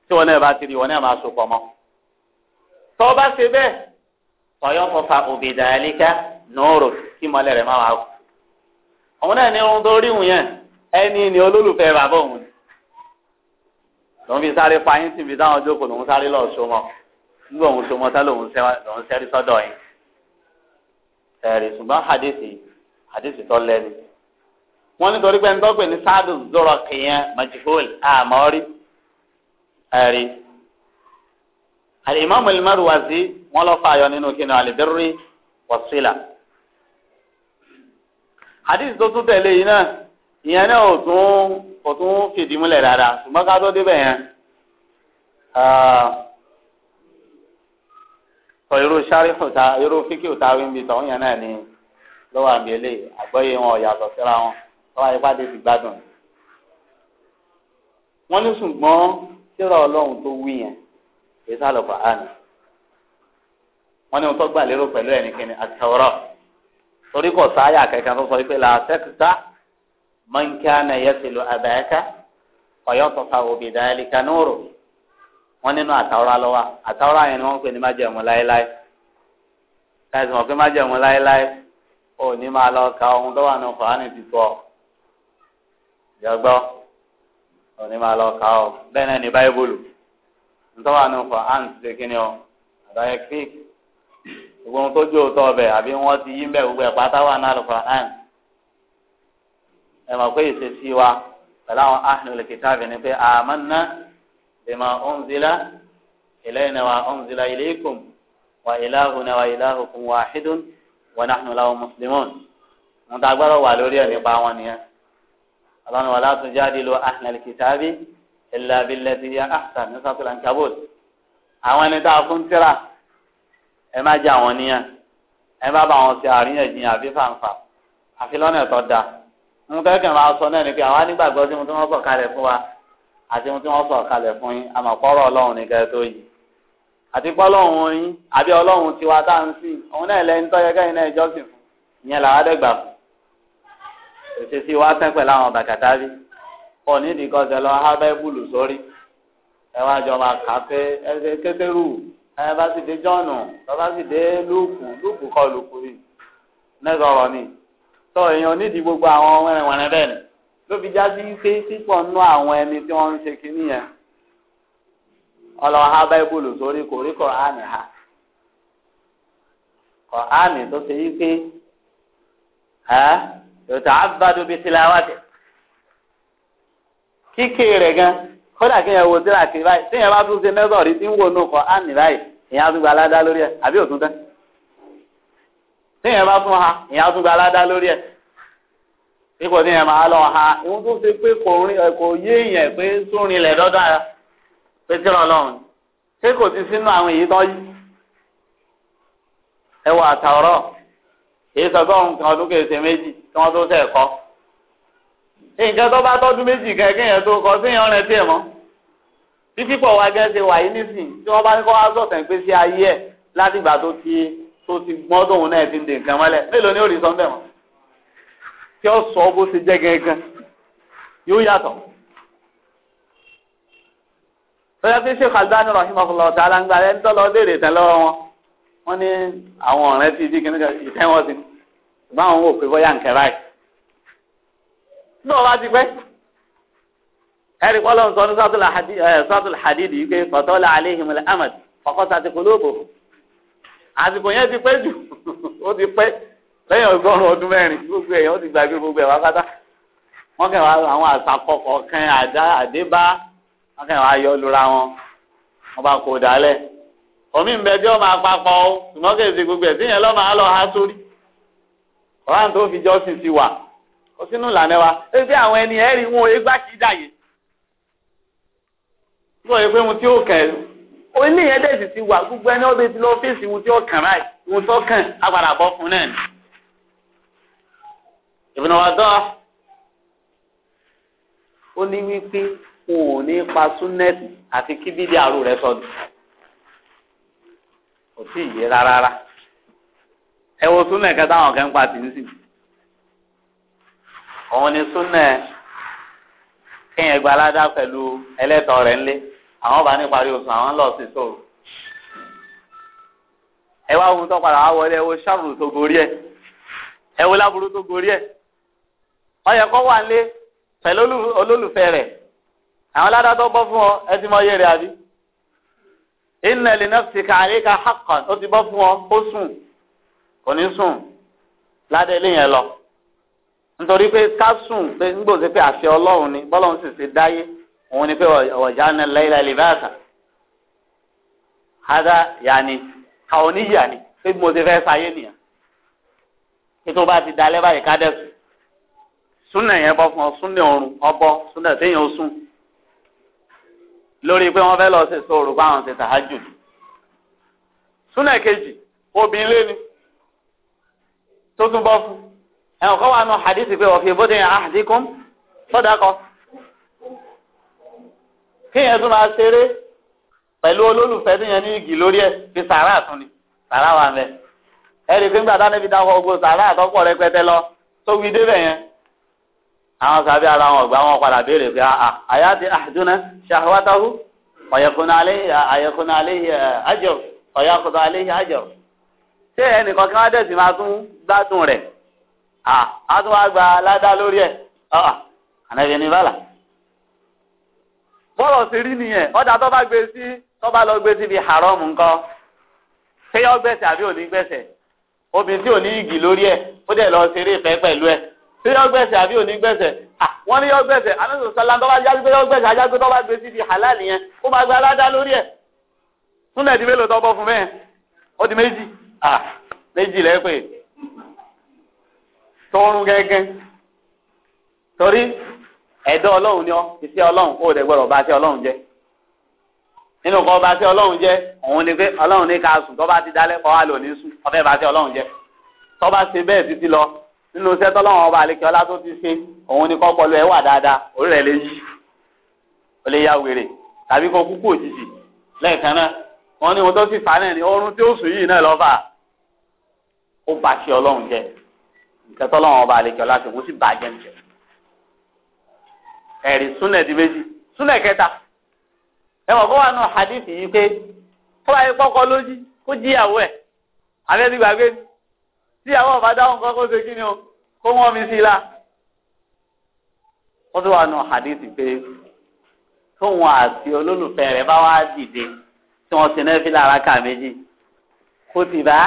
tí wọn náà bá ti rí wọn náà máa so pọ̀ mọ́. tọ́ bá ṣe bẹ́ẹ̀ ọ̀yọ́ fọfà òbèdà àlíká nọ́ọ̀rọ̀ kí mọ́lẹ̀ rẹ̀ má wàá kú. òun náà ní ohun tó rí wù yẹn ẹni ni olólùfẹ́ bàbá òun ni. lòun fi sáré fayín tì fi dáhùn jókòó lòun sáré lọ́ọ́ so mọ́ nígbà òun so mọ́ tá lòun sẹ́rí sọ́dọ̀ yẹn. ẹ̀rì ṣùgbọ́n hadith yìí àdìsí tó lẹ́nu wọ́n nítorí pé ntọ́pẹ̀ ní sáàdù zọrọ kìyẹn majhul àmọ́rí ẹ̀rí alimami al-Marwazi wọ́n lọ fààyọ nínú kinu alibirri wasila àdìsí tó tún tẹ̀lé yìí náà ìyẹn náà ò tún ò tún fìdí múlẹ̀ dáadáa ṣùgbọ́n ká tó débẹ̀ yẹn sọ irú sáré fòta irú fíkì òtá wíńbi tọ̀hún yẹn náà ni lọ́wọ́ àmì eléyìí àgbọ́yé wọn ọ̀yàtọ̀ síra wọn lọ́wọ́ ìpàdé ti gbádùn. wọ́n ní ṣùgbọ́n síra ọlọ́run tó wí yẹn kì í sá lọ́kọ̀ àná. wọ́n ní ohun tó gbà lérò pẹ̀lú ẹnikẹ́ni àtẹwọ́rọ̀ torí kò sáyà kẹ̀kẹ́ tó sọ pé làásẹ̀kítà mọ́ńkíánà yẹ ti lo àbẹ̀ẹ́kẹ́ ọ̀yọ́tọ̀ta òbí dáyẹ̀lìkà nóòrò wọ́n nínú àtàwọ́rọ̀ lọ́wọ́ àtàwọ́rọ̀ yẹn ni wọ́n pè ní májẹ̀mú láéláé láìsí wọn pé májẹ̀mú láéláé ò ní máa lọ ka ohun tó wà ní Kùránì ti tọ́ yọgbọ́ ò ní máa lọ ka ọ bẹ́ẹ̀ náà ní báíbùlù ntọ́ wà ní Kùránì ti ṣe kí ni ọ àbáyé kírík gbogbo ohun tó jó òótọ́ ọbẹ̀ àbí wọ́n ti yí mbẹ́ gbogbo ẹ̀ pátá wà ní Al-Kùránì mọ̀ pé ìṣesí wa pẹ̀lú àwọn ahlul kitabi ni pé àmánná bima unzila ilayna wa unzila ilaykum wa ilahuna wa ilahukum wahidun wa nahnu lahu muslimun wọn ta gbọ́dọ̀ wà lórí ẹ̀ nípa wọn nìyẹn ọlọ́run wa la tujadilu ahlal kitabi illa billati hiya ahsan ní sọ́kùlà ń kábòt àwọn ẹni tá a fún tíra ẹ má jẹ àwọn níyàn ẹ má bá wọn ṣe àríyànjiyàn àbí fàǹfà àfi lọ́nà ẹ̀tọ́ da mo kẹ́kẹ́ máa sọ náà ni pé àwa nígbàgbọ́ sí ohun tí wọ́n sọ̀ fún wa àti ohun tí wọ́n sọ̀ fún yín àmọ̀pọ̀rọ̀ ọlọ́run nìkan ẹ̀ tó yìí àti pọ́lọ́hún yín àbí ọlọ́hún tiwa tá à ń sìn òun náà lẹ́yìn tó yẹ kẹ́yìn náà ìjọsìn fún ìyẹn làwọn adẹ́gbà fún èsì sí wa tẹ́ pẹ̀lú àwọn bàkàtà rí pọ̀ nídìí kan ṣe lọ ha bẹ́ẹ̀bùlù sórí ẹ wá jọ máa kà pé ẹsẹ̀ kékerù ẹ bá sì dé jọ́ọ̀nù ẹ bá sì dé lúùkù lúùkù kọ lùkù rí mẹ́sàn ọ̀rọ̀ ni tó èèyàn nídìí gbogbo àwọn wẹ́rẹ̀wẹ̀rẹ̀ bẹ́ẹ̀ ni ló fi já sí pé pípọ̀ nú àwọn ẹni tí wọ́n ń ṣe kinní yẹn ọlọ́ha báíbùlù sórí kò rí kọ̀ọ̀ánì ha ánì tó ṣe yí pé yòtà abadu bíi tilawati kíkè rẹ̀ gan kódà kí yẹn wo báyìí tí bá tún ṣe mẹ́tọ̀ tí ń wo báyìí aládá lórí àbí òtún tán tí bá ha ha kò yé pété ọlọ́run ṣé kò ti sínú àwọn èyí tó yí ẹ wọ àtàwọrọ èyí sọgọrùn kan ọdún kèsè méjì kí wọn tó tẹ kọ nǹkan tó bá tọdún méjì kan kéèyàn tó kọ séèyàn rẹ tiẹ̀ mọ́ títí pọ̀ wá gẹ́gẹ́ ṣe wà yìí nísìn tí wọ́n bá ní kọ́ wá sọ̀tàn pé sí ayé ẹ̀ láti ìgbà tó ti tó ti gbọ́n tóun náà ti ń de nǹkan mọ́lẹ̀ mélòó ni ó rí sọ́ńbẹ̀ mọ́ tí ó sọ bó ṣe jẹ́ gẹ́gẹ́ yóò yàtọ̀ tọ́jà pé ṣé kàlùbáni rahimahullah ta'ala ń gba ẹni tó lọ béèrè tán lọ́wọ́ wọn wọ́n ní àwọn ọ̀rẹ́ ti di kíní ìtẹ́ wọn sí ṣùgbọ́n àwọn ò pé bọ́yá nǹkẹ́ báyìí. náà wá ti pẹ́ ẹ̀rí kọ́lọ́ sọ ní sọ́tùl hadid yìí pé fọ́tọ́lá aléhìm amad fọ́kọ́sá ti kolóbò àsìkò yẹn ti pẹ́ jù ó ti pẹ́ lẹ́yìn ọgọ́rùn ọdún mẹ́rin gbogbo èèyàn ó ti gbàgbé gbogbo ẹ̀ wá pátá wọ́n kẹ́ àwọn àṣàkọ kọ̀ọ̀kan àdébá wọ́n kàn yọ lura wọn bá kó omi tí máa o gbogbo tí yẹn lọ ha sórí Ọlọrun tó fi ti wà sínú ìlànà wa àwọn ẹni wọn egbá kì í dàyè wọ́n yẹ pé wọn tí ó kàn wà gbogbo ẹni ti lọ fèsì wọn ó kàn wọn kàn o ò ní pa súnẹ́ẹ̀tì àfi kí bídí àrò rẹ sọdún kò tí ì yé rárá ẹ wo súnẹ́ẹ̀ kẹta àwọn kan ń pa tìǹsì òun ni súnẹ́ẹ̀ kéèyàn gba aládá pẹ̀lú ẹlẹ́tọ̀ rẹ̀ ńlé àwọn bá ní parí oṣù àwọn lọ sí sòrò ẹ wá ohun tó padà wá wọlé ẹ wo ṣàrù tó gorí ẹ ẹ wo láburú tó gorí ẹ ó yẹ kó wà ń lé pẹ̀lú olólùfẹ́ àwọn aládàá tó bọ́ fún ọ ẹ ti mọ iye rẹ̀ àbí inna li nafsika alayka haqqan ó ti bọ́ fún ọ ó sùn kò ní sùn ládàá ilé yẹn lọ nítorí pé ká sùn pé nígbòsí pé àṣẹ ọlọ́run ni bọ́lọ́run sì ṣe dáyé òun ni pé ọ̀jà ní layla libasa hada yanni àwọn oníyà pé mo ti fẹ́ sáyé nìyẹn kí tó bá ti dalẹ́ báyìí ká dẹ̀ sùn súnà yẹn bọ́ fún ọ súnà ọrùn ọbọ súnà téèyàn ó sùn lórí pé wọ́n fẹ́ lọ sí sóòrù báwọn ṣe tàájù súnà kejì obìnrin lẹ́ni tó tún bọ́ fún ẹ̀wọ̀n kọ́ wa nù hadithi pé ọ̀fìn bóde yẹn ahdikum sọ́dàkọ́ kéèyàn tún máa ṣeré pẹ̀lú olólùfẹ́ tó yẹn ní igi lórí ẹ̀ fi sàrà tún ni sàrà wà mẹ́ ẹ̀rì pé ńgbà dáná fi dáwọ́ gbogbo sàrà àtọ́pọ̀ rẹpẹtẹ lọ tó wí débẹ̀ yẹn àwọn sàbí ara wọn ọgbà wọn padà béèrè pé ah, ah, àyàtì àdúnà ṣàwátàwù ọ̀yẹ̀kùnà àlẹ́ àjọ ọ̀yàkùnà àlẹ́ àjọ. ṣé ẹnìkan kí wọ́n dẹ̀sí máa tún gbádùn rẹ̀ á ah, tún wá gba aládá lórí ẹ̀ ànàbì ní bàlà. bọ́lọ̀ ti rí nìyẹn ọ̀dà tó bá gbé sí tó bá lọ gbé síbi haramu ńkọ́ ṣé yọ gbẹ̀sẹ̀ àbí òní gbẹ̀sẹ̀ obìnrin tí ò ní igi lórí ẹ̀ ó dẹ̀ lọ ṣeré ìfẹ́ pẹ̀lú ẹ̀ ṣé yọ gbẹ̀sẹ̀ àbí òní gbẹ̀sẹ̀ wọ́n ní yọ gbẹ̀sẹ̀ alonso sọlá tó bá jágbé yọ gbẹ̀sẹ̀ ajágbé tó bá gbé síbi halal yẹn ó máa gba aládá lórí ẹ̀ súnlẹ̀ di mélòó tó bọ́ fún mẹ́ẹ̀ ó di méjì méjì lẹ́pẹ́ tọrùn gẹ́gẹ́ torí ẹ̀dọ́ ọlọ́run ni ọ́ iṣẹ́ ọlọ́run ó dẹ̀ gbọ́dọ̀ bá iṣẹ́ ọlọ́run jẹ́ nínú kọ́ bá iṣẹ́ ọlọ́run jẹ́ òun ni pé ọlọ́run ní ká sùn tó bá ti dálẹ́ kọ́ wá lò ní sùn ọ̀fẹ́ bá iṣẹ́ ọlọ́run jẹ́ tó nínú iṣẹ́ tọ́lọ́wọ́n ọba àlekè ọlá tó ti ṣe òun ni kọ́pọ̀lọ́ ẹ̀ wà dáadáa orí rẹ̀ lè yí ó lè ya wèrè tàbí kó kúkú òjijì lẹ́ẹ̀kan náà wọ́n ní ohun tó sì fà náà ni oorun tí ó sùn yìí náà lọ́fà ó bá ṣe ọlọ́run jẹ nǹkan tọ́lọ́wọ́n ọba àlekè ọlá ṣe òun sì bàjẹ́ ń jẹ ẹ̀rí súnlẹ̀ di méjì súnlẹ̀ kẹta ẹ mọ̀ kó wà nù hadith yìí pé kó wáyé kọ́kọ́ lójú kó jíyàwó ẹ̀ tí àwọn ọba dáhùn kọ́ kó ṣe kí ni o kó wọ́n mi sí la. wọ́n tún wà nù hadith pé tóun àti olólùfẹ́ rẹ̀ bá wá dìde tí wọ́n ti náà fi lára kà méjì kutiba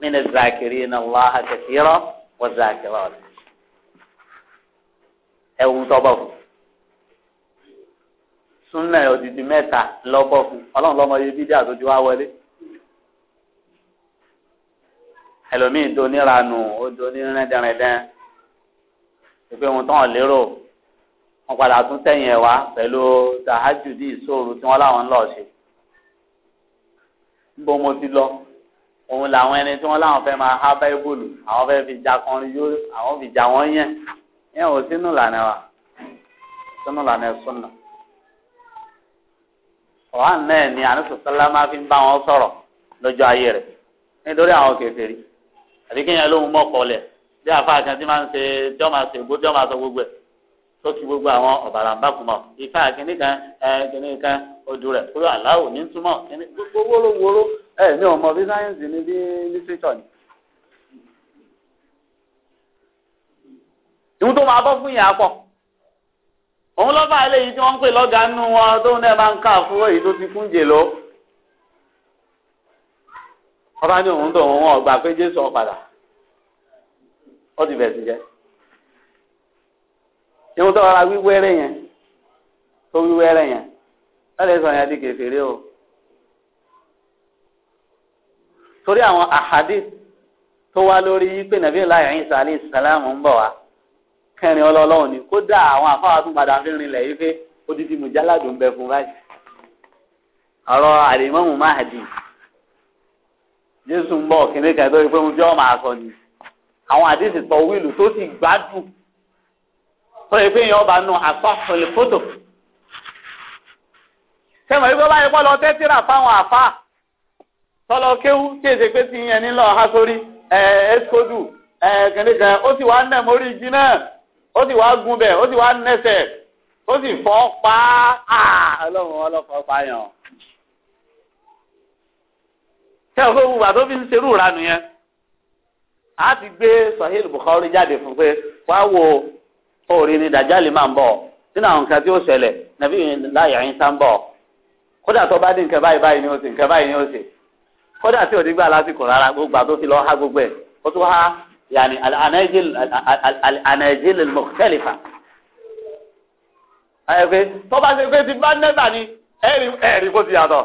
min az-zakirina Allaha kathiran wa zakirat ẹ̀wù tọ́bọ̀ fún súnlẹ̀ òdìdí mẹ́ta lọ́bọ̀ fún ọlọ́run lọ́mọ yẹ bídíà tó ti wá wọlé. ẹlòmíì do níranu ó do nírẹ́dẹ́rẹ́dẹ́ pé wọn tán lérò wọn padà tún tẹ̀yìn ẹ̀ wá pẹ̀lú tahajudi ìṣòro tí wọ́n láwọn ń lọ ṣe níbo mo ti lọ òun làwọn ẹni tí wọ́n láwọn fẹ́ máa há báíbùlù àwọn fẹ́ fi ja kan yó àwọn fi ja wọ́n yẹn yẹn ò sínú ìlànà wa sínú ìlànà ẹ̀sùnà ọ̀hán náà ni àníṣòṣọ́lá máa fi ń bá wọn sọ̀rọ̀ lọ́jọ́ ayé rẹ̀ nítorí àwọn kèfèrí àbí kéèyàn lóhun mọ́kànlẹ̀ bí àfa kan tí máa ń ṣe jọ́ máa ṣe gbó jọ́ máa sọ gbogbo ẹ̀ tó kí gbogbo àwọn ọ̀bàrà ń bá kùmọ̀ ifá kìnnì kan kìnnì kan odù rẹ̀ kúrò aláwò ní túmọ̀ kìnnì gbogbo wórówóró ẹ̀ mi ò mọ bí sáyẹ́ǹsì ni bí lítírítọ̀ ni. ìwú tó máa bọ́ fún ìyá pọ̀ òun lọ́ba eléyìí tí wọ́n ń pè lọ́gàá nínú wọn tóun náà máa ń kà fún èyí tó ti kúnjè lọ́ọ́. ọba ní òun dùn ọgbà pé jésù ọ̀padà ó ti bẹ̀sì jẹ́ ìwọ́n tó wíwẹ́rẹ́ yẹn tó wíwẹ́rẹ́ yẹn lọ́dẹ̀ sọ yẹn di o torí àwọn àhàdí tó wá lórí pé nàbí láyé ìsàlámù ń ni àwọn afáwà tún padà fi rinlẹ̀ odidi mùjáládùn ń bẹ fún báyìí ọ̀rọ̀ jésù ń bọ̀ kíní kan tó yẹ pé mo jọ́ máa sọ ni àwọn àdéhùn ìtọ̀ wíìlù tó sì gbádùn tó yẹ pé èèyàn ọba nù àpapọ̀lẹ̀ fótò sẹ́wọ̀n yìí bọ́lá ẹ̀kọ́ lọ tẹ́tìrà fáwọn àfa tọ́lọ kéwú tí èsè pé ti yẹn nílọ ha sórí ẹ̀ ẹ́sikódù ẹ̀ kíní kan ó sì wá nẹ̀ mórí igi náà ó sì wá gun bẹ̀ ó sì wá nẹsẹ̀ ó sì fọ́ pa á ọlọ́run ọlọ́fọ́ pa yàn tẹ́ o kó gbogbo àtó fi ń serú ìranù yẹn a ti gbé Sahih Bukhari jáde fún pé wá wo orin ni dàjálì máa ń bọ̀ nínú àwọn nǹkan tí ó ṣẹlẹ̀ nàbí láyà yín sá ń bọ̀ kódà tó bá dín nǹkan báyìí báyìí ni ó sì nǹkan báyìí ni ó sì kódà tí ò ní gbà lásìkò rárá gbogbo àtó fi lọ há gbogbo ẹ̀ ó tún há yàní al-anajil al-mukhtalifa tó bá ṣe pé ti bá nẹ́bà ni ẹ̀rí ẹ̀rí ti yàtọ̀.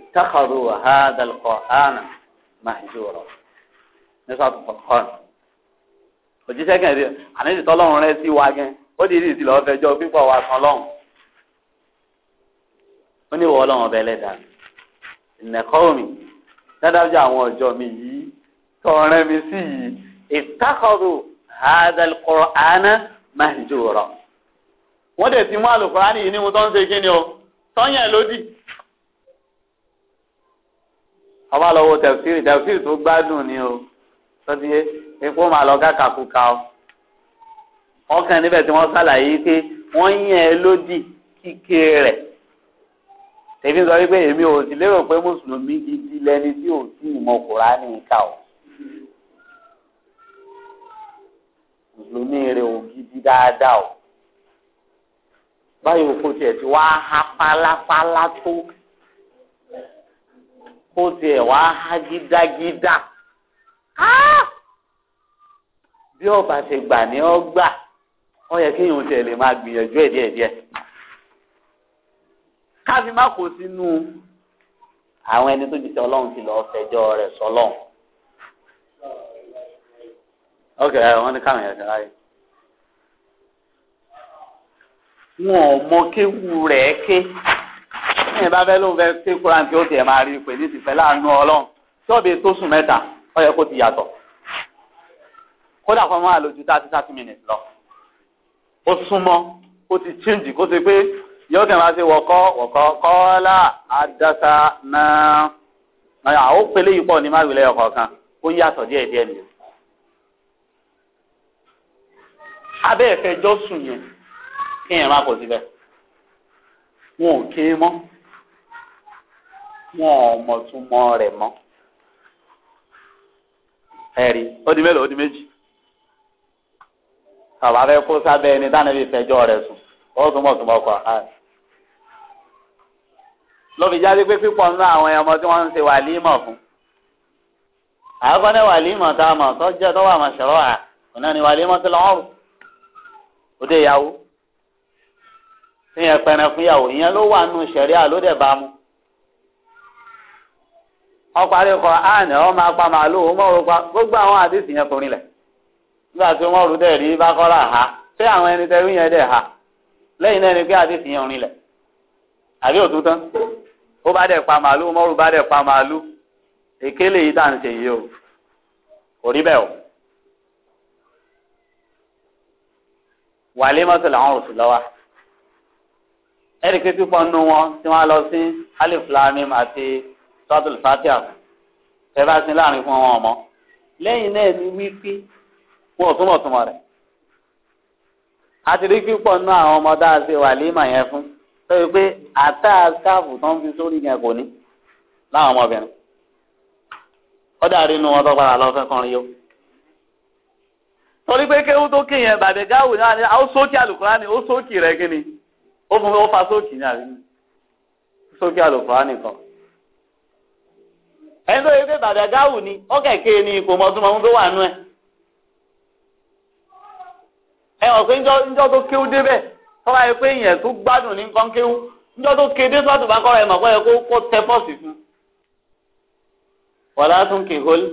اتخذوا هذا القرآن محجورا. nísà tó fọkàn òjíṣẹ́ kan rí àníjì tọ́lọ́run rẹ sí wa gan ó di ìdí ìlọ́ fẹjọ́ pípọ̀ wa kan lọ́hùn ó ní ìwọ ọlọ́run ọbẹ̀ ẹlẹ́dàá ìnẹ̀kọ́ mi dáadájú àwọn ọjọ́ mi yìí tọ̀rẹ́ mi sí yìí ìtàkọ̀rọ̀ hadal kọ̀ọ̀ánà mahjura wọ́n dẹ̀ ti mú àlùkùránì yìí ní mo tọ́ ń ṣe kí ni o tọ́yìn lódì ọba lọ wo tẹfsiri tẹfsiri tó gbádùn ni o sọdíye epo máa lọ kákàkúka o ọkàn níbẹ̀ tí wọ́n ṣàlàyé pé wọ́n yàn ẹ́ lódì kíké rẹ̀ tèmi sọ wípé èmi ò sì lérò pé mùsùlùmí gidi lẹni tí ò sí ìmọ̀ kùránì ká o mùsùlùmí rẹ̀ ò gidi dáadáa o báyìí òkú tiẹ̀ ti wá há pálápálá tó. kó tiẹ̀ wá há gídágídá ah! bí ọba ṣe gbà ní ọgbà ó yẹ kéèyàn tiẹ̀ lè máa gbìyànjú ẹ̀ díẹ̀díẹ̀ káfí má kó sínú àwọn ẹni tó ti ọlọ́run ti lọ́ọ́ fẹjọ́ rẹ̀ ok wọn ké. yẹn bá fẹ́ lóun fẹ́ ké koran tí ó tiẹ̀ máa rí pé ní ti fẹ́ láàánú ọlọ́run tí ọ̀bẹ tó sùn mẹ́ta ó yẹ kó ti yàtọ̀ kódà kan máa lò ju thirty thirty minutes lọ ó súnmọ́ ó ti change kó ti pé yóò kẹ́ máa ṣe wọ̀kọ́ wọ̀kọ́ kọ́ọ́lá àdàsá náà àwọn òpèlè yìí pọ̀ ní má wílẹ̀ ọkọ̀ kan ó yàtọ̀ díẹ̀ díẹ̀ nìyẹn. abẹ́ ẹ̀fẹ́ jọ́sùn yẹn kí yẹn má kò síbẹ̀ wọn ò ké mọ́ wọn ò mọ̀ tún mọ́ rẹ̀ mọ́. ẹ̀rí ó di mélòó ó di méjì. bàbá fẹ́ kó sábẹ́ ẹni dáná bíi fẹjọ́ rẹ̀ sùn ó tún mọ̀ tún mọ́ kọ́ àì. ló fi jáde pé pípọ̀ nínú àwọn ọmọ tí wọ́n ń ṣe wàlímọ̀ fún. àkọ́kọ́ wàlímọ̀ tá a mọ̀ tó jẹ́ tó wà mọ̀ ṣọ̀rọ̀ à ọ̀nà ni wàlímọ̀ ti lọ́wọ́ òde ìyàwó. ìyẹn pẹ̀rẹ̀ fún ìyàwó ìyẹn ló wà nù mu ọparí kọ áàní ọ máa màálù ó mọ̀ gbogbo àwọn àdìsí yẹn kùnrin lẹ̀ nígbà tí wọ́n rú dẹ̀ rí bákọ́rà ha ṣé àwọn ẹni tẹ́rí yẹn dẹ̀ ha lẹ́yìn náà ni pé àdìsí yẹn rin lẹ̀ àbí òtútọ́ ó bá dẹ̀ pa màálù ó mọ̀rù bá pa màálù èké lèyí tá ń ṣe yìí o kò rí bẹ́ẹ̀ o. wàlé mọ́tò làwọn rò lọ́wọ́ ẹ̀rí pé pípọ̀ wọn tí wọ́n lọ sí alif lamim àti sọ́dún fatia ẹ bá sin láàrin fún àwọn ọmọ lẹ́yìn náà ni wípé wọn ò túmọ̀ túmọ̀ rẹ̀ àti rí pípọ̀ nínú àwọn ọmọ dáa ṣe wà límà yẹn fún tó yẹ pé àtà skáàfù tó ń fi sórí yẹn kò ní láwọn ọmọbìnrin ó dàrí inú wọn tó padà lọ fẹ́ kọrin yó torí pé kéwú tó kí yẹn bàbá gáwù náà ni ó sókè àlùkùránì ó sókè rẹ kí ni ó fa sókè ní àrí sókè àlùkùránì kan. ẹni tó yẹ pé bàdàgáwù ni ni kò mọ tó mọ tó wà nú ẹ. ẹ wọ̀ pé njọ́ tó kéwú débẹ̀ tọ́ba yẹ pé èèyàn tó gbádùn ní nǹkan kéwú njọ́ tó kéde sọ́ọ̀tù bá kọ́ ẹ mọ̀ pé kó kó tẹ pọ́ọ̀sì fún. wọ́lá tún kì í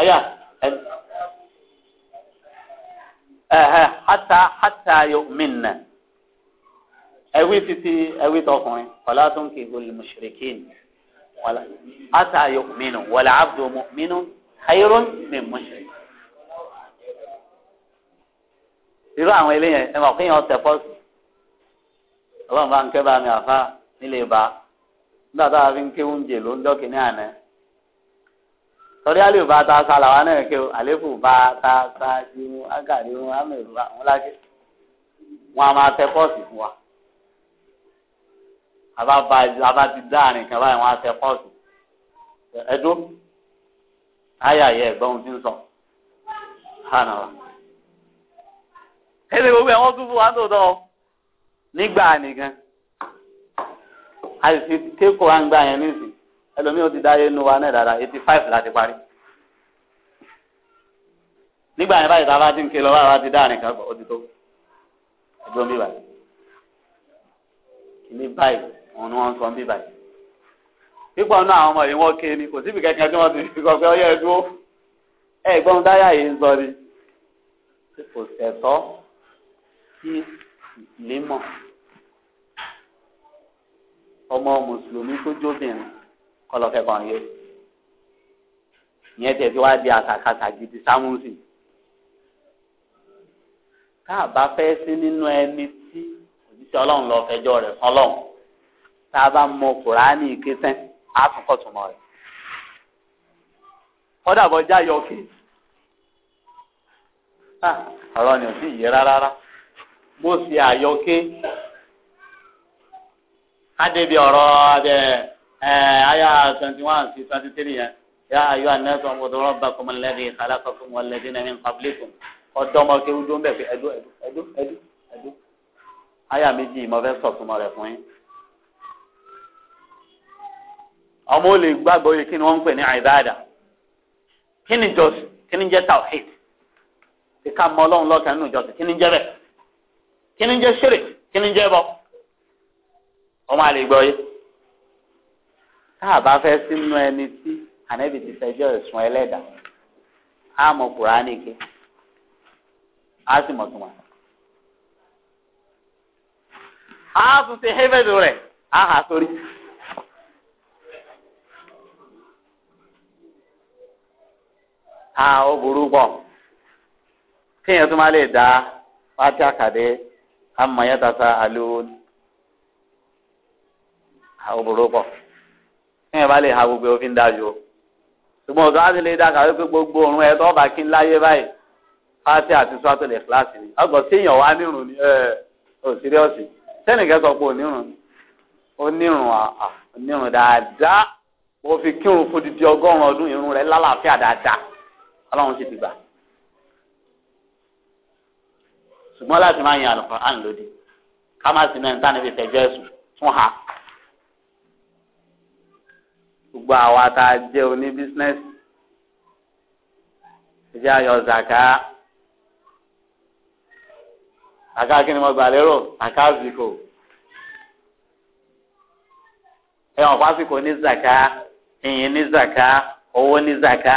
ọ̀yà hátà hátà mìnà ẹ̀wí títí ẹ̀wí tọkùnrin wala ata yu'minu wala abdu mu'minu khayrun min mushrik. irú àwọn eléyẹn ẹ mọ̀ kéèyàn tẹ pọ́sì ọlọ́run bá ń kẹ́ bá mi àfa nílé ba nígbà tá a fi ń ké oúnjẹ ló ń àná sọdí àlè bá ta sàlàwà náà ké o àléfù bá ta ta ṣe mú ágàrí àmì ìlú àwọn lákè wọn a máa tẹ pọ́sì fún wa àbá ti dá àrìn kan báyìí wọ́n á tẹ pọ́ọ̀sì ẹ̀dùn ayà yẹ ẹ̀gbọ́n ohun tí ń sọ hànà wa. ẹsẹ̀ gbogbo ẹ̀ wọ́n tún fún wa tó tọ́ nígbà nìkan a sì fi téèkù wa ń gbà yẹn nísìn ẹlòmíì ó ti dáyé nu wa náà dáadáa eighty five láti parí nígbà yẹn báyìí tá a bá ti ń ké lọ báyìí bá ti dá àrìn kan ó ti tó ẹ̀dùn mi báyìí ní báyìí. òun ni wọ́n ń sọ ni kò síbi kankan tí wọ́n ti fi kọ́ pé ọyẹ́ ẹ dúró ẹ gbọ́n dáyà ọmọ mùsùlùmí tó wá di gidi sámúsì tá fẹ́ sí nínú ẹni tí òjíṣẹ́ ọlọ́run lọ fẹjọ́ rẹ̀ tá a bá mọ kùránì kẹsàn á tún kọ́ tùmọ̀ rẹ̀ kọ́dà bọ́ já yọ kí ọ̀rọ̀ ni ò sí yé rárá bó ṣe àyọké adébí ọ̀rọ̀ abẹ aya twenty one sí twenty three yẹn yá ayọ́ anẹ́sọ̀ ọmọdéwọ́n bá kọ́mọ lẹ́dí kálákọ́kọ́ wọn lẹ́dí náà ní pàbílẹ́kùn ọ̀dọ́mọké ọdún bẹ̀ ẹdú ẹdú ẹdú ẹdú ẹdú aya méjì mo fẹ́ sọ̀túnmọ́ rẹ̀ fún yín. ọmọ ò gbàgbọ́ yìí kí ni wọ́n ń pè ní àìbáàdà kí ni jọ́sìn kí ni jẹ́ tawhid kí mọ ọlọ́run lọ́kàn nínú jọ́sìn kí ni jẹ́ bẹ́ẹ̀ kí ni jẹ́ ṣírì kí ni ọmọ gbọ́ yìí tá a bá fẹ́ sínú ẹni tí ànábì ti fẹjọ́ ẹ̀sùn ẹlẹ́dà á mọ kùránì á sì a ó burú pọ̀ kéèyàn tó máa lè dá pátí àkàdé amayatasa alóhùn a ó ha gbogbo òfin dájú ṣùgbọ́n ọ̀dọ́ á ti lè dá pé gbogbo òun ẹ̀ tó bá kí n láyé báyìí pátí àti sọ́tò lè ni ọgbọ̀n séèyàn wá nírun ni ẹ̀ sẹ́nìkẹ́ sọ pé onírun onírun onírun dáadáa mo fi kírun fún didi ọgọ́rùn-ún ọdún irun ọlọ́run sì ti gbà ṣùgbọ́n láti máa yan Al-Qur'an lòdì ká má sí náà nítorí fi fẹjọ́ ẹ̀sùn fún ha gbogbo àwa tá a jẹ́ oní bísínẹ́sì ìjẹ́ ayọ̀ zaka zaka kí ni mo gbà lérò zaka àsìkò ẹ̀wọ̀n fásitì ní zaka ìyìn ní zaka owó ní zaka.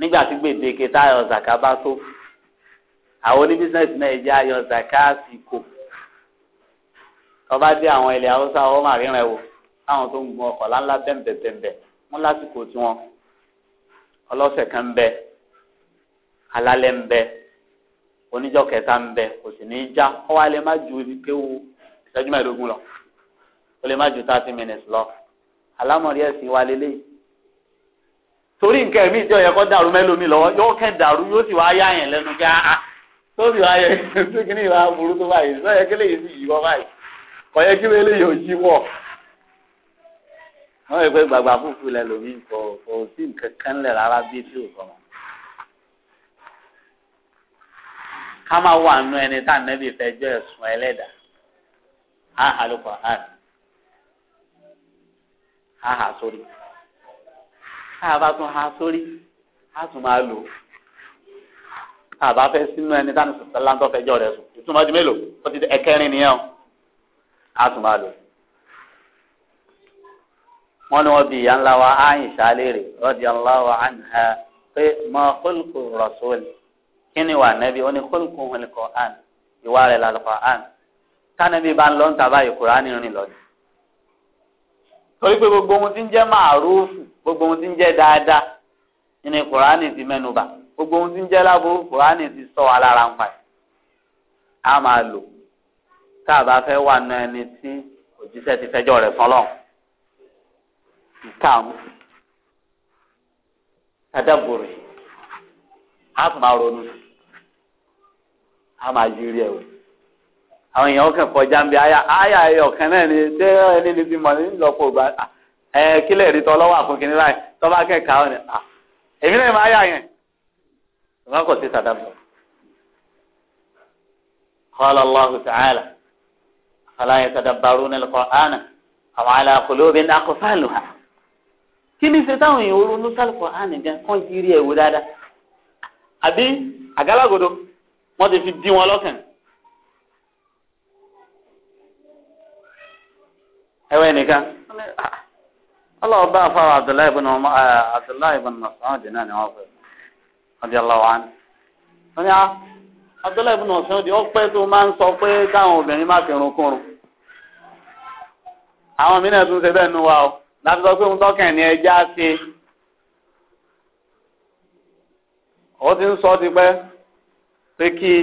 nígbà tí gbèdéke tá a yọ zaka bá tó àwọn oníbísínẹ́sì náà jẹ́ ayọ zaka àsìkò ọba dé àwọn ilẹ̀ haúsá ọwọ́ màrínrẹ̀ wò táwọn tó ń gun ọkọ̀ láńlá bẹ́ẹ̀nbẹ́ẹ̀bẹ́ẹ̀ wọ́n lásìkò tiwọn ọlọ́sẹ̀ kan ń bẹ alálẹ̀ ń bẹ oníjọ́ kẹta ń bẹ kò sì ní í já ọwọ́ alẹ́ má ju kéwu ìṣẹ́jú mẹ́ẹ̀ẹ́dógún lọ ó lè má ju thirty minutes lọ alámọ̀rí ẹ̀sìn wa lélẹ́yìí torí nǹkan ẹ̀mí ìjọ yẹ kó dàrú mẹ́lòmí lọ́wọ́ yóò kẹ́ dàrú yóò sì wáá yẹn lẹ́nu kí á tó sì wáá yẹ tó kí ìwà burú tó báyìí sọ yẹ kí yìí sì yí wọ báyìí kọ yẹ kí wọ́n lè yí wọ̀. wọ́n yẹ pé gbàgbà fúfú lẹ lómi kò kò sí nǹkan kan lẹ̀ rárá bí tí ò sọmọ. ká máa wà nù ẹni tá nẹ́bí fẹ́ jọ ẹ̀sùn ẹlẹ́dà á hà tá a bá tún ha sórí a tún máa lò tá a bá fẹ́ sínú ẹni dání sọ̀tà láńtọ́ fẹjọ́ rẹ̀ sùn ìtumọ̀ di mélòó ó ti ẹ̀kẹrin nìyẹn o a tún máa lò. wọ́n ní wọ́n bi ìyá ńlá wa Àìṣà léèrè radiyallahu anha pé ma khulqu rasul kí ni wà nẹ́bí ó ní khulquhu al-Qur'an ìwà rẹ̀ lal-Qur'an tánàbí bá ń lọ ń tàbá ìkùránì rìn lọ́dún. torí pé gbogbo ohun tí ń jẹ́ màrúfù gbogbo ohun tí ń jẹ́ dáadáa nínú kùránì ti mẹ́nuba gbogbo ohun tí ń jẹ́ láburú kùránì ti sọ wà lára ń pa ẹ̀ á máa lò tá a bá fẹ́ wà nù ẹni tí òjíṣẹ́ ti fẹjọ́ rẹ̀ fọlọ́ ìkàmù tadaburi á tún máa ronú á máa yiri ẹ̀ wò àwọn èèyàn kàn kọjá àyà àyà ẹ̀yọ̀ kan náà ni tẹ́ ẹni ní ti mọ̀ ní ẹ kílẹ̀ rí tọ́ lọ́wọ́ àkókìní láì tọ́ bá kẹ́kà ọ́ ni à èmi náà máa yà yẹn ṣùgbọ́n kò sí sàdámù. Qala Allahu ta'ala afala yatadabbaruna al-Qur'ana aw ala qulubin aqfaluha. kí ni ṣe táwọn èèyàn ronú sálùkọ̀ àná gan kọ́ ìrírí ẹ̀wò dáadáa àbí àgálágodo wọ́n ti fi dín wọn lọ́kàn. ẹ̀wẹ̀ nìkan. ọlọ́wọ́ bá afáwọn abdullahi ibn ọmọ abdullahi ibn Mas'ud náà ni wọ́n fẹ́ ọdí ọlọ́wọ́ án. wọ́n ní ah, abdullahi ibn Mas'ud ó pẹ́ tó máa ń sọ pé káwọn àwọn mìíràn tún ṣe o láti sọ pé òun ẹja ṣe. ó ti ń sọ pé kí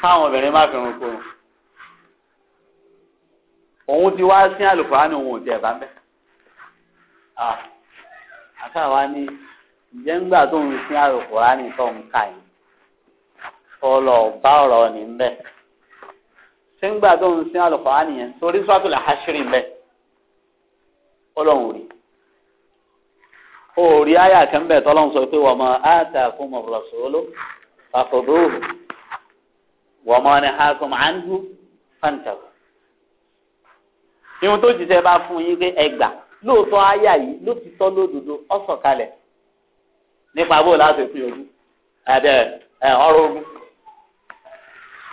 káwọn òun ti wá sí àlùfáà ni òun ò bá ń àtàwa ni ǹjẹ́ ńgbà tó ń sin àlùfáà ni tó ń kà yìí tọ́lọ̀ bá ọ̀rọ̀ ní ń bẹ̀. ṣé ńgbà tó ń sin àlùfáà nìyẹn torí sọ́tò lè haṣírí ń bẹ̀ ọlọ́run rí orí àyà kan tọ́lọ́run sọ pé wa ma atakum ar-rasulu fàkọ̀dọ́ wa ma nahakum anhu fantahu ihun tó jíṣẹ́ bá fún yín pé ẹgbà lóòótọ́ àyà yìí ló ti tọ́ lódodo ọ̀sán kalẹ̀ nípa bó láti pín ogún ẹ̀dẹ̀ ọ̀rọ̀ ogún.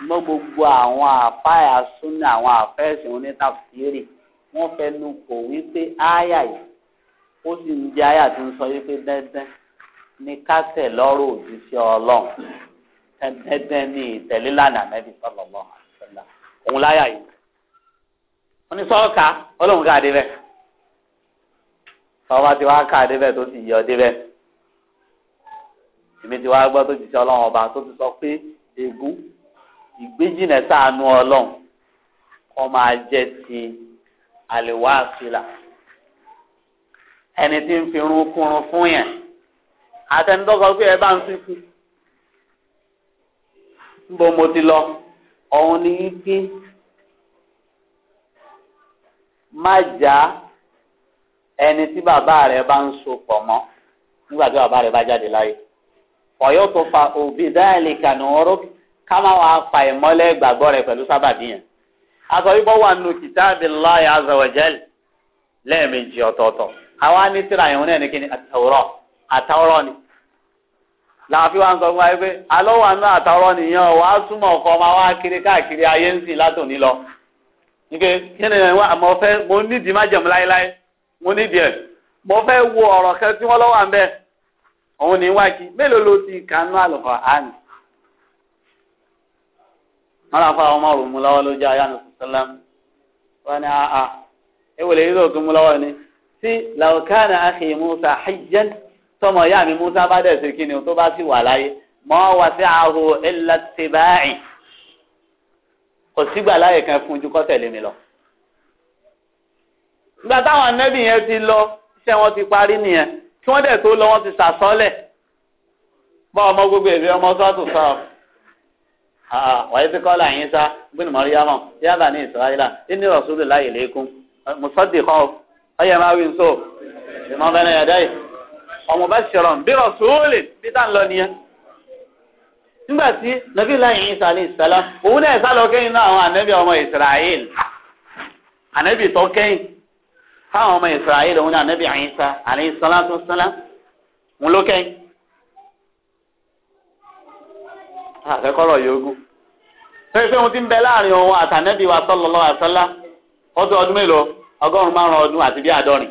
mọ gbogbo àwọn àfáà súnà àwọn àfẹ́sìn onítàfíìrì wọ́n fẹnu kò wípé àyà yìí ó sì ń jẹ́ àyà tó ń sọ wípé dandan ni kásẹ̀ lọ́rọ̀ òjíṣẹ́ ọlọ́run dandan ni ìtẹ̀lélànà mẹ́bí sọ́lọ́mọ́ àṣẹlá òun láyà yìí wọ́n ní sọ́ọ̀ka ọlọ́run ká dé bẹ́ẹ̀ sọ́ọ̀ba ti wá ká dé bẹ́ẹ̀ tó ti yọ dé bẹ́ẹ̀ èmi ti wá gbọ́ tó ti sọ ọlọ́run ọba tó ti sọ pé ègún ìgbéjìnà sáànù ọlọ́run kọ́ máa jẹ́ ti àlèwà àfilà ẹni tí ń fi irun kúrun fún yẹn àtẹnudọ́kọ pé ẹ bá ń fífi ń mo ti lọ ọ̀hun ni yí kí. má já ẹni tí bàbá rẹ̀ bá ń so pọ̀ mọ́ nígbà tí bàbá rẹ̀ bá jáde láyé ọ̀yọ́ tó fa òbí dáìlì kànú ọ̀rọ̀ ká má wàá fa ìmọ́lẹ̀ ìgbàgbọ́ rẹ̀ pẹ̀lú sábàbí yẹn aṣọ wípé wà nù kìtàbí láyé azọ̀wẹ̀jẹ́lì lẹ́ẹ̀mejì ọ̀tọ̀ọ̀tọ̀ àwa ní tíra ìhun náà ní ni làwọn fi wá ń sọ wa pé alọ́wà náà àtàwọ̀rọ̀ nìyẹn wàá túmọ̀ ọkọ̀ ọmọ wa kiri káàkiri ayé ń sìn lọ nke kíni ẹ wá mo fẹ́ mo nídìí má jẹun láéláé mo nídìí ẹ mo fẹ́ wo ọ̀rọ̀ kan tí wọn lọ wà ń bẹ òun ní wájú mélòó ló ti kànú àlùkò àná wọn lọ fọ àwọn ọmọ òrùn mu ló jẹ ayánu sọsọlám wọn ni àá ewele yìí lóògùn mu ni tí làwùkánà àkè musa hajjẹn tọmọ ìyá musa bá dẹ̀ sí kíni tó bá sì wà láyé mọ́ wá sí àhó ẹ̀ kò sígbà láyè kan fún ojú kọ́ tẹ̀lé mi lọ. nígbà táwọn anẹ́bì yẹn ti lọ iṣẹ́ wọn ti parí nìyẹn kí wọ́n dẹ̀ tó lọ wọ́n ti sàsọ́lẹ̀ bá ọmọ gbogbo èbí ọmọ sọ́ọ̀tù sọ́ọ̀ wàyí ti kọ́lá yín sá gbìn mọ́rí yámọ̀ yábà ní ìsirayílà ní rọ̀ṣúlù láyè lẹ́kún mùsọ́dì kan ọyẹ máa wí nsọ́ ìmọ̀ bẹ́ẹ̀ ni ẹ̀dá yìí ọmọ bá ṣọ̀rọ̀ bí rọ̀ṣúlù bí tá ń lọ nìyẹn. nígbà tí nàbí láyìn ìsàlá òun náà sá kẹ́yìn náà àwọn ọmọ tó kẹ́yìn ọmọ òun náà isa alẹ́ ìsàlá tó sálá òun ló kẹ́yìn. àfẹ́kọ́rọ̀ yòógùn pẹ́ẹ́pẹ́ ohun tí ń bẹ láàrin òun àtànẹ́bí wa sallallahu alaihi ọdún ọdún mélòó ọgọ́rùn-ún márùn-ún ọdún àti bí àádọ́rin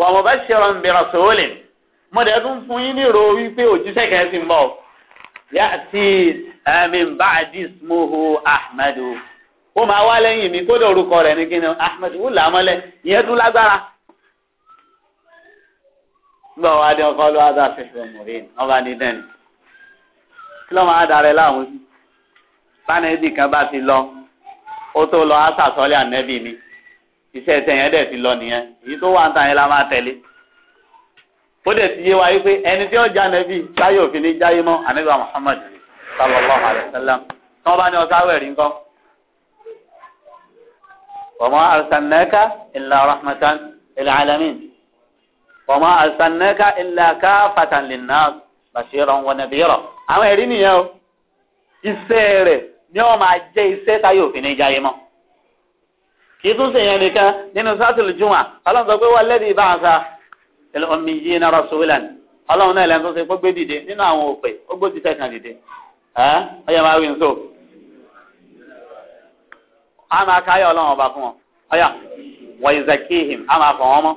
wa mubashiran bi rasulin mo dẹ̀ tún fún yín nírò wípé òjíṣẹ́ kan ti ń bọ̀ ya'ti eh, min ba'di ismuhu ahmadu ó máa wá lẹ́yìn mi kódà orúkọ rẹ̀ ní kíni ahmadu ó là á mọ́lẹ̀ ìyẹn tún lágbára. nígbà wo adé ọkọ ló adá fífẹ mọ̀rin wọn ní dẹ́nu kí ló máa darẹ̀ láwọn sí bánẹ́ẹ̀dì kan bá ti lọ ó tó lọ iṣẹ́ ẹsẹ̀ yẹn dẹ̀ ti lọ nìyẹn èyí tó wà ń tàn yẹn la máa tẹ̀lé ó dẹ̀ ti yé wa wípé ẹni tí ó já nẹ́bí táyé òfin ní jáyé mọ́ àníbà Muhammad sallallahu alayhi wa sallam tí wọ́n bá ní ọ̀sá wẹ̀rí ńkọ́. wa ma arsalnaka illa rahmatan lil alamin wa ma arsalnaka illa kaffatan linnas bashiran wa nadhira àwọn ẹ̀rí nìyẹn o iṣẹ́ rẹ̀ ni ó máa jẹ́ iṣẹ́ táyé òfin ní jáyé mọ́ kìí tún sèyàn nìkan nínú sátìlì jùmọ̀ ọlọ́run sọ pé wọ́n lẹ́bi bá a sa omi yìí náà rasulan ọlọ́run náà lẹ́nu tó ṣe gbé dìde nínú àwọn òpè ó gbó ti sẹ́kàn dìde ẹ́ ọyẹ máa wí n so a máa káyọ̀ ọlọ́run ọba fún wọn ọyà wọ́n yìí zakihim a máa fọ̀ wọ́n mọ́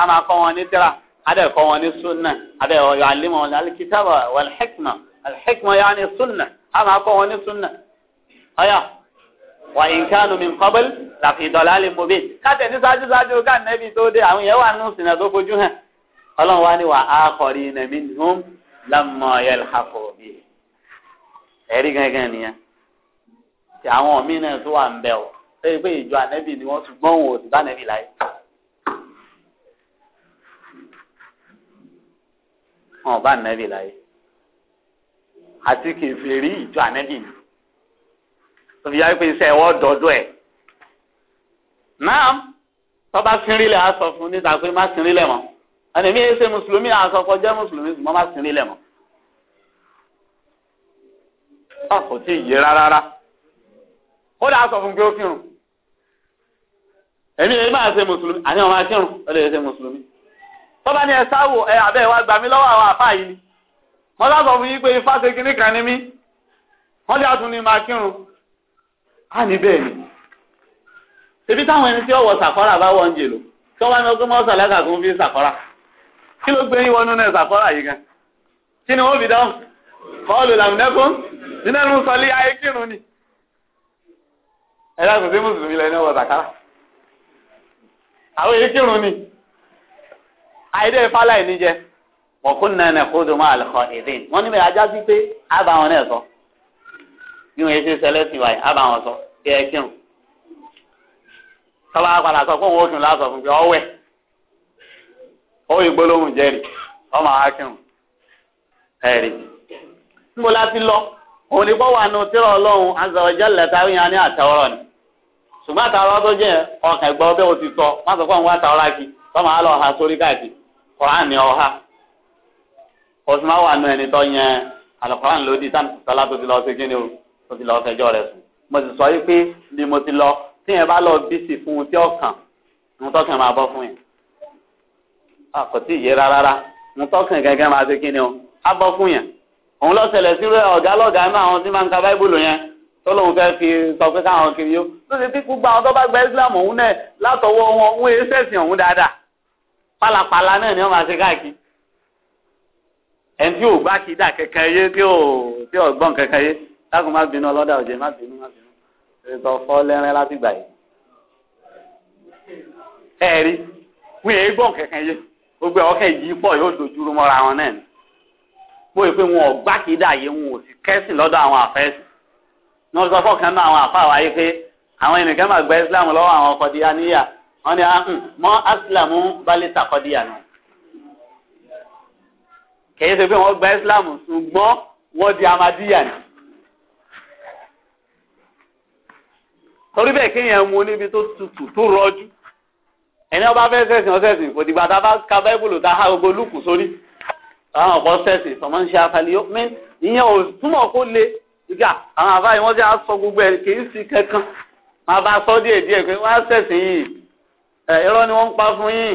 a máa kọ́ wọn ní tíra adẹ́ kọ́ wọn ní sunna adẹ́ ọ̀yọ̀ alimọ̀ alikitaba wàlhikma alhikma yaani sunna a máa kọ́ wọn ní sunna ọyà wà ìkánu mi kọ́bẹ́l tàfi ìdọ̀lá lè mọ̀ bẹ́ẹ̀. káàtẹ̀ ní sáájú sáájú ká nẹ́bí tó dé àwọn yẹn wà nù sínà tó fojú hàn ọlọ́run wá ní wà á kọ̀rí iná mi nùm lámọ̀ yẹl hafọ̀ bí. ẹ̀rí gangan nìyẹn tí àwọn míín náà tó wà ń bẹ̀ ọ́ lẹ́yìn pé ìjọ ànẹ́bí ni wọ́n ṣùgbọ́n òun ò bá ànẹ́bí láyé. wọn ò bá ànẹ́bí láyé àti kèfèrí ìjọ ànẹ́bí ni tó fi yá pé iṣẹ́ ẹ̀wọ́ dọ́dọ́ ẹ̀. náà tọ́ba sinrilẹ̀ á sọ fún níta pé má sinrilẹ̀ mọ́ ẹni mi ṣe mùsùlùmí àsọkọ jẹ́ mùsùlùmí ṣùgbọ́n má sinrilẹ̀ mọ́. a kò tí ì yé rárá kódà á sọ fún pé ó kírun èmi èyí máa ṣe mùsùlùmí àní ọmọ akírun ó lè ṣe mùsùlùmí tọ́ba ni ẹ sáwò ẹ àbẹ́ wa gbà mí lọ́wọ́ àwọn àfáà yìí ni wọ́n fún yín pé ifá ṣe kinní kan ní mí wọ́n lé àtúnni máa kírun A ní bẹ́ẹ̀ ni ebi táwọn ẹni tí ọwọ́ sàkọ́rà bá wọ́n ń jèlò tí wọ́n bá ní ọgbọ́n mọ́sà lẹ́ka kó ń fi sàkọ́rà kí ló gbé wọnú náà sàkọ́rà yìí gan kí ni wọ́n fi dáhùn kọ́ọ̀lù làmìnẹ́kùn nínú ẹnu sọ lé ayé kírun ni ẹ̀yà kò sí mùsùlùmí lẹ́ni ọwọ́ sàkọ́rà àwọn èyí kírun ni àìdẹ́ ìfáláì níjẹ wọ́n kún náà nà kó dùn mọ́ àlùkò ìdín wọ́n níbẹ̀ ajá sí pé bí wọn ṣe sẹlẹsì wáyé á bá wọn sọ kí ẹ kírun tọ́ba padà sọ fún òun lásọ fún pé ọwẹ́ ọwọ́ lọ òun bọ́wọ́ àánú ọlọ́run azọ̀rọ̀jẹ́ ní ni ṣùgbọ́n jẹ́ ọkàn ìgbọ́ bẹ́ẹ̀ o ti sọ sọ fún àwọn kí lọ ha sórí ó ti lọ fẹjọ́ rẹ̀ sùn mo sì sọ yìí pé bí mo ti lọ tí yẹn bá lọ bísí fún un tí ọkàn ń tọkàn máa bọ́ fún yẹn kò tí ì yé rárá ń tọkàn gẹ́gẹ́ máa ṣe kí ni o á bọ́ fún yẹn òun lọ ṣẹlẹ̀ sí rẹ ọ̀gá lọ́gàá inú àwọn tí máa ń ka báíbùlù yẹn tó lóun fẹ́ fi sọ pé káwọn kiri yó ló ti fi gbogbo àwọn tó bá gba Islam òun náà látọwọ́ wọn òun èyí ṣẹ̀sìn òun dáadáa pálapàla náà ni wọ́n máa ṣe káàkiri ẹni tí ò gbá kí dà kẹkẹ yé tí ò tí ò gbọ́n kẹkẹ yé dákun má bínú ọlọ́dà òjè má bínú má bínú ètò ọ̀fọ́ lẹ́rìn láti gbà yìí. ẹ̀rí wí èé gbọ̀n kẹ̀kẹ́ yé gbogbo ọkẹ́ yìí pọ̀ yóò dojúrú mọ́ra wọn náà ni bó yẹ pé wọn ò gbákidá yé wọn ò sì kẹ́sìn lọ́dọ̀ àwọn àfẹ́sì ní wọ́n sọ fọ́ kan náà àwọn àfa wáyé pé àwọn ènìyàn máa gba Islam lọ́wọ́ àwọn ọkọ̀díyà níyà wọ́n ní ahùn hmm, mọ́ asilamu balẹ̀ sàkọ́díyà náà kèyí ṣe pé wọ́n gba Islam ṣùgbọ́n wọ́n di amadíyà ni. torí bẹ́ẹ̀ kéèyàn mu níbi tó tutù tó rọjú ẹni ọba fẹ́ sẹ̀sìn ọ̀sẹ̀sìn kò dìgbà tá a bá ka báíbùlù tá a ha gbogbo lùkù sórí àwọn ọ̀kọ́ sẹ̀sìn tọmọ ń ṣe afẹ́lẹ́ yó mí ìyẹn ò túmọ̀ kó le ìgbà àwọn àbáyé wọn ti á sọ gbogbo ẹ̀ kì í sí kankan máa bá sọ díẹ̀ díẹ̀ pé wọ́n á sẹ̀sìn yìí ẹ̀ irọ́ ni wọ́n ń pa fún yìí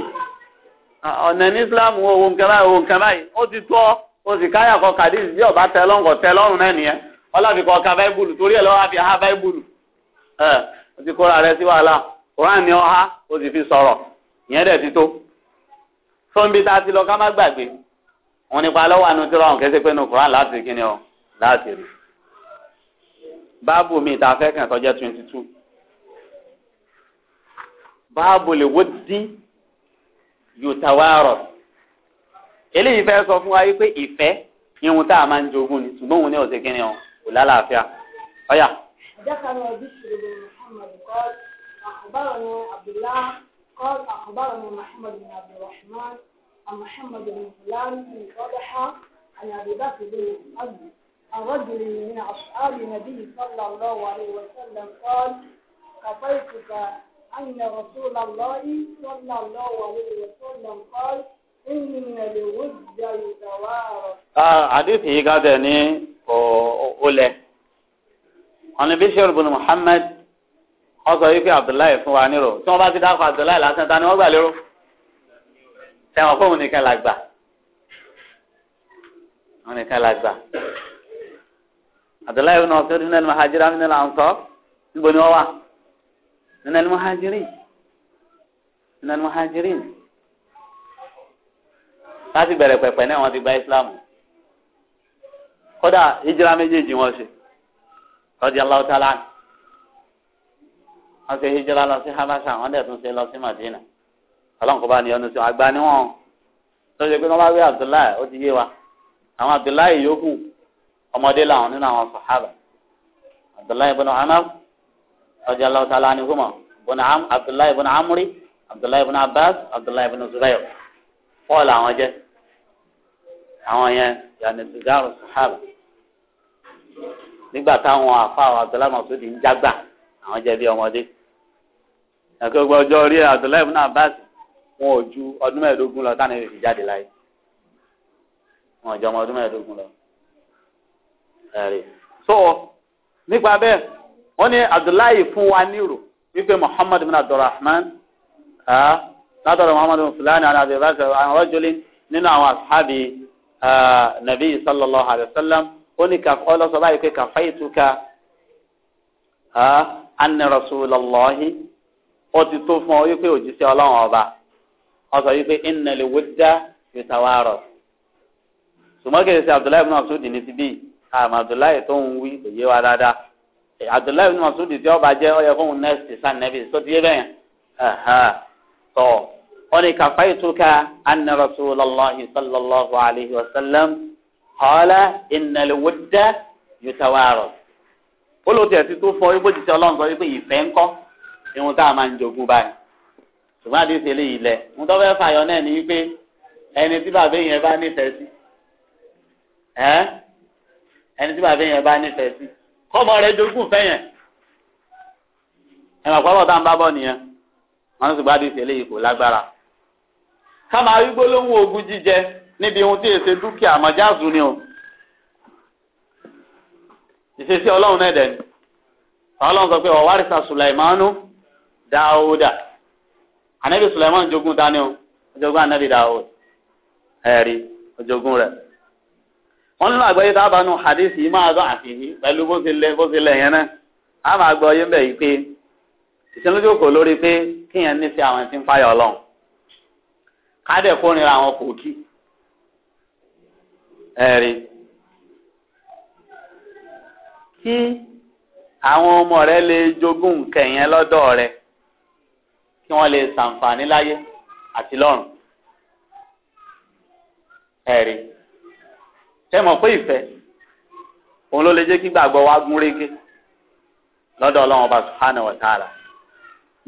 ọ̀nà ní Islam owó nǹkan báyìí owó nǹkan báyìí ó ti tọ́ ó sì káyà kọ kàdíìsì bí ọba tẹ lọ́rùn kọ tẹ lọ́rùn náà nìyẹn ọlọ́ọ̀fì kọ ka báíbùlù torí ẹ̀ lọ́wọ́ á ha báíbùlù ẹ o ti kóra rẹ sí wàhálà quran ni ọha o sì fi sọ̀rọ̀ ìyẹn dẹ̀ ti tó sọ́nbi tá a ti lọ ká má gbàgbé wọn nípa lọ́wọ́ àánú tí rọrùn kẹsẹ́ pé nu quran láti kí ni ọ láti rí báàbù mi ta fẹ́ kàn tọ́jẹ́ twenty two báàbù lè wó dín yòtàwárọ̀ eléyìí fẹ́ sọ fún wa yìí pé ìfẹ́ irun tá a máa ń jogún ni ṣùgbọ́n òun ní ọ̀sẹ̀ kí ni ọ kò lálàáfíà ọ̀yà. دخل بشر بن محمد قال أخبرنا عبد الله قال أخبرنا محمد بن عبد الرحمن عن محمد بن فلان من قدحة عن أبي بكر بن أبي الرجل من أصحاب النبي صلى الله عليه وسلم قال كفيتك أن رسول الله صلى الله عليه وسلم قال إن الود يتوارث. آه حديث هيك هذا يعني أولى ọ̀nà bíṣẹ́ olùbùnú Muhammad ọsọ yìí pé Abdullahi fún wa nírò tí wọ́n bá ti dákọ̀ Abdullahi lásán ta ni wọ́n gbà lérò tẹ̀wọ̀n fóun nìkan la gbà wọn nìkan la gbà Abdullahi ibn Mas'ud nínú ẹni mahajiri nínú ẹni ansọ níbo ni wọ́n wà nínú ẹni mahajiri nínú ẹni mahajiri láti bẹ̀rẹ̀ pẹ̀pẹ̀ náà wọ́n ti gba Islam kódà ìjìlá méjèèjì wọ́n ṣe rọ́dí aláwọ̀ tá a lánàá wọ́n ṣe hijira lọ sí habasha wọ́n dẹ̀ tún ṣe lọ sí madina ọlọ́run kò bá ní ọdún sí wọn àgbà níwọ̀n tó ṣe pé wọ́n bá wí abdullahi ó ti yé wa àwọn abdullahi yòókù ọmọdé làwọn nínú àwọn sàhábà abdullahi ibn umar rọ́dí aláwọ̀ tá a lánàá kúmọ̀ abdullahi ibn amri abdullahi ibn abbas abdullahi ibn zubair fọ́ọ̀lù àwọn jẹ́ àwọn yẹn yàtọ̀ nígbà táwọn àfa àwọn Abdullahi Masudi ń jágbà àwọn jẹ bí ọmọdé ẹ̀kọ́gbọ́ ọjọ́ orí Abdullahi ibn Abbas wọn ò ju ọdún mẹ́ẹ̀ẹ́dógún lọ táwọn èèyàn fi jáde láyé wọn ò jọ ọmọ ọdún mẹ́ẹ̀ẹ́dógún lọ. so nípa bẹ́ẹ̀ wọ́n ní Abdullahi fún wa nírò wípé Muhammad ibn Abdulrahman látọ̀dọ̀ Muhammad ibn Fulani àti Abdullahi àwọn rọ́jòlín nínú àwọn àṣàbí Nabi sallallahu alayhi wa sallam ó ní kàfá ọlọ́sọ báyìí pé kàfá ìtúkà anna rasulallahi ó ti tó fún ọ wípé òjíṣẹ́ ọlọ́run ọba ó sọ wípé innal wudda yatawaras sùmọ́kì ṣe abdullahi ibn masudi ní ti bí àmọ́ abdullahi tó ń wí kò wa dáadáa abdullahi ibn masudi tí ọba jẹ́ ọyọ fún nẹ́ẹ̀sì sàn nẹ́bí tó ti yé bẹ́yẹn tọ́ ọ ní kàfá ìtúkà anna sallallahu alayhi wa sallam kọ́lá ìnàlẹ́wọ́dá yòtàwárọ̀ ó ló tiẹ̀ ti tó fọ ipò jíṣẹ́ ọlọ́run sọ wípé ìfẹ́ ń kọ́ irun tá a máa ń jogún báyìí ṣùgbọ́n àdéhùn ṣẹlẹ̀ yìí lẹ̀ mo tọ́ fẹ́ fàyọ náà ní wípé ẹni tí bàbá yẹn bá nífẹ̀ẹ́ sí ẹni tí bàbá yẹn bá nífẹ̀ẹ́ sí kọ́mọ rẹ̀ jogún fẹ́yẹn ẹ̀mọ̀ pọ́pọ̀ tá à ń bá bọ̀ nìyẹn wọn sì gbádùn ìṣẹ̀lẹ̀ níbi ohun tí èsè dúkìá àmọ́jáàzù ni o ìṣesí ọlọ́run náà dẹ̀ ni ọlọ́run sọ pé ọ̀wárìsà sùlẹ̀mánú dáúdà ànábì sùlẹ̀mánú jogún dání o jogún ànábì dáúdà ẹ̀rí jogún rẹ̀ wọ́n nínú àgbáyé dábàá nù hadith yìí máa dán àfihì pẹ̀lú bó ti lẹ bó ti lẹ yẹn náà a máa gbọ́ yín bẹ̀ yìí pé ìṣẹ́lójú kò lórí pé kíyẹn nífẹ̀ẹ́ àwọn tí ń fáyọ̀ ọlọ́run ká dẹ̀ kórìíra àwọn kò kí ẹ̀rí kí àwọn ọmọ rẹ lè jogún nǹkan yẹn lọ́dọ̀ rẹ kí wọ́n lè ṣàǹfààní láyé àti lọ́run ẹ̀rí ṣé mọ̀ pé ìfẹ́ òun ló lè jẹ́ kí gbàgbọ́ wa gún régé lọ́dọ̀ ọlọ́run ọba subhanahu wa ta'ala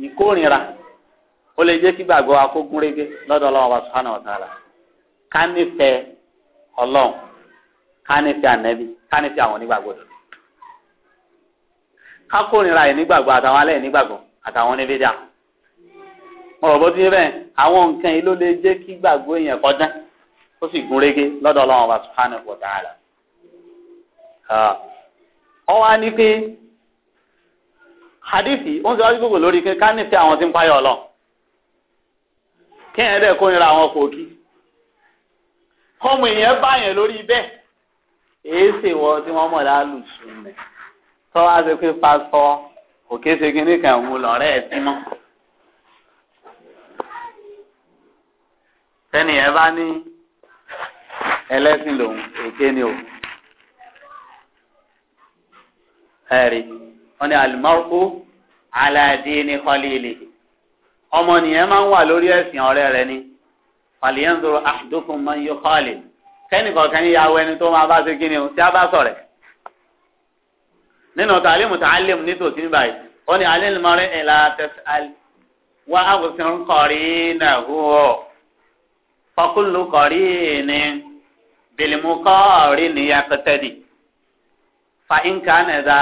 ìkórìíra ó lè jẹ́ kí gbàgbọ́ wa kó gún régé lọ́dọ̀ ọlọ́run ọba subhanahu wa ká nífẹ̀ẹ́ ọlọ́run ká nífẹ̀ẹ́ ànẹ́bí ká nífẹ̀ẹ́ àwọn onígbàgbọ́ dòdò ká kórìíra ẹ̀ nígbàgbọ́ àtàwọn alẹ́ nígbàgbọ́ àtàwọn oníbídà ọ̀rọ̀ bó ti yẹ bẹ́ẹ̀ àwọn nǹkan yìí ló lè jẹ́ kí gbàgbọ́ èèyàn kọjá ó sì gún régé lọ́dọ̀ ọlọ́run ọba subhanahu wa ta'ala ọ ah, wá ní pé hadithi ó ń sọ wájú gbogbo lórí pé ká nífẹ̀ẹ́ àwọn tí ń páyọ̀ ọlọ́run kéèyàn dẹ̀ kórìíra àwọn kòkí kọ́mọ èèyàn báyẹn lórí bẹ́ẹ̀ èyí sì wọ tí wọ́n mọ̀ lálù sùn nẹ̀ tọ́ wá sí pé pásọ òkè ṣe kínní kan òun lọ́rẹ́ ẹ̀ sí mọ́. tẹ́nìyẹn bá ní ẹlẹ́sìn lòun èké ni o ẹ̀rí wọn ni àlùmọ́kú aláàdé ní kọ́lílì ọmọ nìyẹn máa ń wà lórí ẹ̀sìn ọ̀rẹ́ rẹ ni fàlìyànzòrò àdókùn máa ń yọ kọ́ọ̀lì kẹ́ni kọ̀ọ̀kan yìí yàwó ẹni tó máa bá ṣe kí ni o tí a bá sọ̀rẹ̀. nínú ọ̀tọ̀ alimu tá alimu nítòsí ní báyìí ó ní alimu mọ́rin ìlà tẹ́sí wá àwòsàn kọ̀rí náà hùwọ́ fọkúlù kọ̀rí ni bìlìmù kọ́ọ̀rí ni yakutẹ́dì fa nǹkan ẹ̀dá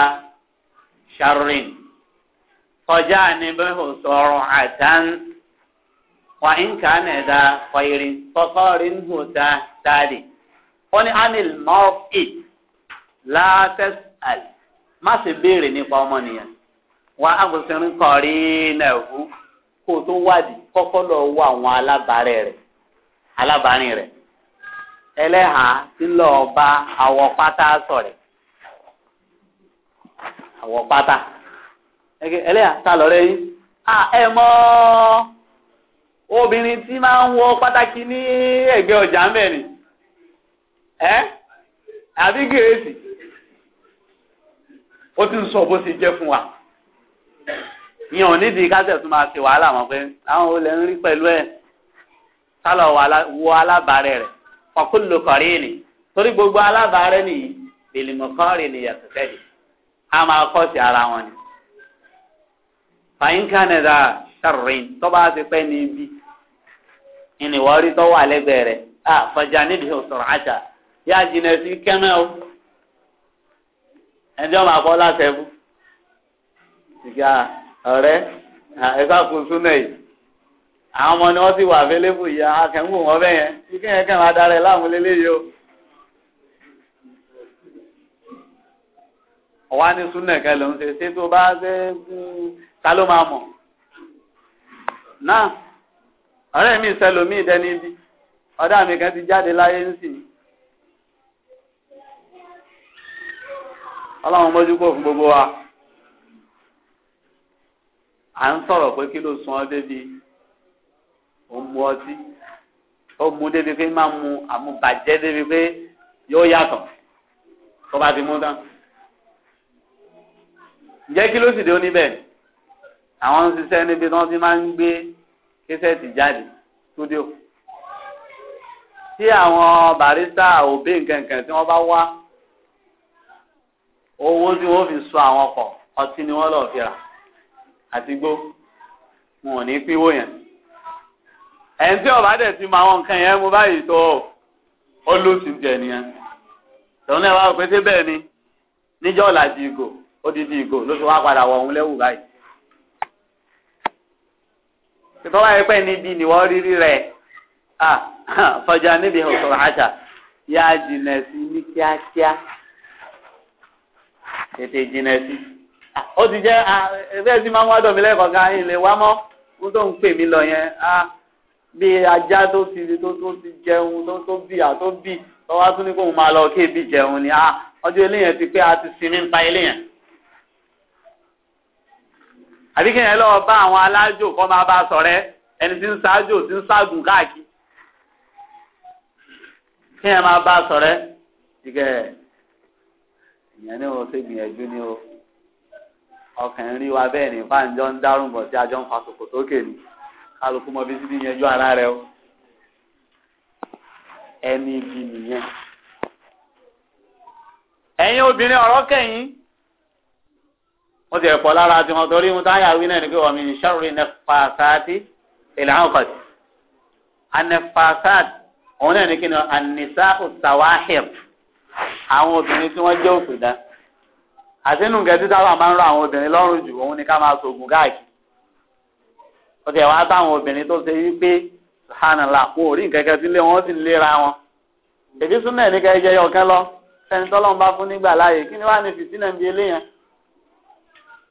sharin kọjá ni bẹ́ẹ̀ sọ̀rọ̀ àtàn. wa ń kà á nà ẹ̀dá fàyèrè tọ́tọ́ rí ń hù dá dáàdì. wọ́n ní anil mọ́ọ̀fì látẹ́s àlì má sì béèrè nípa ọmọnìyàn wà á kò sí ń kọrí nàìhú kó o tó wádìí kọ́kọ́ lọ wọ àwọn alábàárẹ̀ rẹ̀ alábàárìn rẹ̀ ẹlẹ́hàá tí ń lọ ta obìnrin tí máa ń wọ pàtàkì ní ọjà ń bẹ̀ ni ẹ́ àbí gèrèsì ó ti ń sọ bó ṣe fún wa ìyẹn nídìí kásẹ̀ wàhálà mọ́ pé àwọn olè ń rí pẹ̀lú ẹ̀ sálọ wọ alábàárẹ̀ rẹ̀ ni torí gbogbo alábàárẹ̀ ni yàtọ̀ a máa kọ́ ara wọn ni fàyínká sàrìn tọ́ba ti pẹ́ ní ibi ìnìwọ́ rí tọ́wọ́ àlẹ́gbẹ̀ẹ́ rẹ̀ à fọjá níbi òsòrò àṣà yá jìnnà sí kẹ́mẹ́ o ẹjọ́ máa bọ́ láṣẹ fún ìgbà ọ̀rẹ́ ẹ̀ka kò súnà yìí àwọn ọmọ ni wọ́n ti wà fẹ́lẹ́fù yìí akẹ́wò wọn bẹ́ẹ̀ yẹn kí kẹ́yìn kẹ́yìn máa darẹ̀ láàmú lélẹ́yìí o. ọ̀wá ní súnà kẹlẹ̀ ń ṣe ṣé tó bá ṣe ta ló máa mọ̀ náà ọ̀rẹ́ mi sẹlòmí ìdẹni bí ọ̀dà mi kan ti jáde láyé ńsìn ọlọ́run mójú kó fún gbogbo wa à ń sọ̀rọ̀ pé kí ló sun ọ débi ó mu ọtí ó mu débi pé máa mu àmúbàjẹ́ débi pé yóò yàtọ̀ tó bá ti mú tán ǹjẹ́ kí ló sì dé oníbẹ̀ àwọn ń ṣiṣẹ́ níbi tí wọ́n ti máa ń gbé késẹ́ẹ̀tì jáde túdíò tí àwọn barista òbí nkankan tí wọ́n bá wá owó tí wọ́n fi so àwọn ọkọ̀ ọtí ni wọ́n lọ́ọ́ fi rà àti gbó wọn ò ní pínwó yẹn ẹ̀yìn tí ọba dẹ̀ ti mọ àwọn nǹkan yẹn mú báyìí tó ó lóṣù jẹ nìyẹn tòun náà wá pété bẹ́ẹ̀ ni níjọ́ ọ̀làjì ìgò ó di di ìgò ló fi wá padà wọ̀ ọ̀hún lẹ́wù báyìí tọ́wọ́ ẹ̀pẹ́ níbi ni wọ́n rí rí rẹ̀ fọjá níbi ọ̀sọ̀rọ̀ àṣà yá jìnà sí ní kíákíá tètè jìnà sí. ó ti jẹ́ ẹgbẹ́ tí máa ń wádọ̀ mi lẹ́kọ̀ọ́ kan yìí lè wá mọ́ ó tó ń pè mí lọ yẹn bí ajá tó ti tó tó ti jẹun tó tó bì à tó bì tọ́wọ́ tún ní kó máa lọ kí jẹun ni ọjọ́ eléyẹn ti pé a ti sinmi ń pa eléyẹn àbí kéèyàn lọ bá àwọn alájò kọ́ máa bá ṣọ̀rẹ́ ẹni tí ń ṣáájò tí ń ṣáàgùn káàkiri kéèyàn máa bá ṣọ̀rẹ́ ìkẹ́ ìyẹn ní wọn ṣe gbìyànjú ni o ọkàn rí wa bẹ́ẹ̀ ní fáńjọ ń dárúbọ̀ tí ajọ́ ń fa sòkòtò òkè ni kálukú mọ bí sídìí yẹn ju ara rẹ o ẹni ibi nìyẹn ẹ̀yin obìnrin ọ̀rọ̀ kẹ́yìn wọ́n ti ẹ̀kọ́ lára tí wọ́n torí mu táyà wí náà ni pé wọ́n mi ń ṣàròyìn anẹ́fàṣáàtì ìlànà kọ̀tì. anẹ́fàṣáàtì òun náà ni kí ni ànìsá òtàwáhìr àwọn obìnrin tí wọ́n jẹ́ òkùdá. àti nù gẹ̀ẹ́sì táwọn máa ń rọ àwọn obìnrin lọ́rùn jù òun ni ká máa sògùn káàkiri. wọ́n ti ẹ̀wá bá àwọn obìnrin tó ṣe wípé sùhánàlá wọn ò rí nkẹ́kẹ́ sílé wọn sì léra wọn. èdè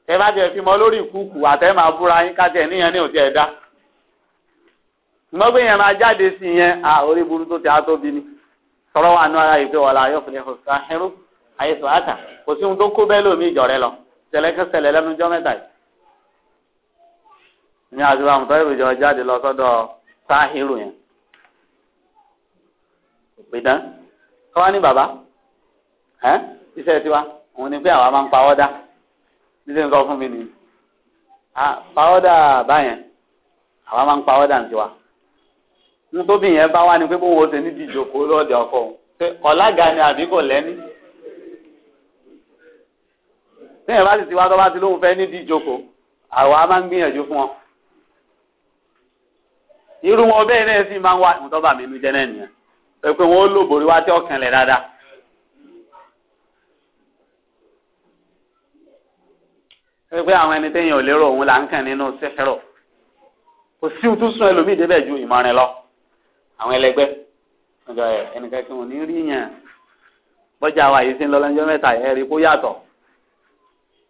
ẹ bá jẹ fi mọ lórí ìkúùkù àtẹ máa búra yín ká tẹ níyẹn ní òtí ẹ dá mọgbẹ yẹn máa jáde sí yẹn à orí burú tó ti á tóbi ni sọ̀rọ̀ wà nù ara ìpè wọlé ayọfẹlẹ ọsàn ẹrú àyẹsọ àtà kò sí ohun tó kó bẹ́ẹ̀ lómi ìjọ rẹ lọ tẹlẹkẹsẹlẹ lẹ́nu jọ mẹ́ta yìí ní àdúrà àmọtọ ìròjọ jáde lọ sọ́dọ̀ sáhírù yẹn òpìdán kọ́wá ní bàbá ẹ́ iṣẹ́ tiwa òun ni pé àwa máa ń pawọ́ dá ní sẹ́yìn sọ fún mi nìyí pàwọ́dà báyẹn àwa máa ń pàwọ́dà ń tiwa nítorí yẹn bá wà ní pé bóun ó ṣe níbi ìjókòó lọ́ọ̀dẹ̀ ọkọ pé ọ̀làgà ni àbí kò lẹ́ni sẹ́yìn bá sì ti wá tó bá ti lóun fẹ́ níbi ìjókòó àwa máa ń gbìyànjú fún wọn irú wọn bẹ́ẹ̀ náà sì máa ń wà ní tọ́ba mi jẹ́ náà nìyẹn pé wọ́n lò borí wá tí ọ̀kan dáadáa. pé àwọn ẹni téèyàn ò lérò òun là ń kàn nínú sẹ́fẹ̀rọ̀ kò sí ohun tó sún ẹlòmíì débẹ̀ ju ìmọ̀rin lọ àwọn ẹlẹgbẹ́ ọjọ́ ẹ ẹnìkan kí wọn ní rí yàn bọ́jà wa yìí sí ń lọ lọ́jọ́ mẹ́ta ẹ̀ rí kó yàtọ̀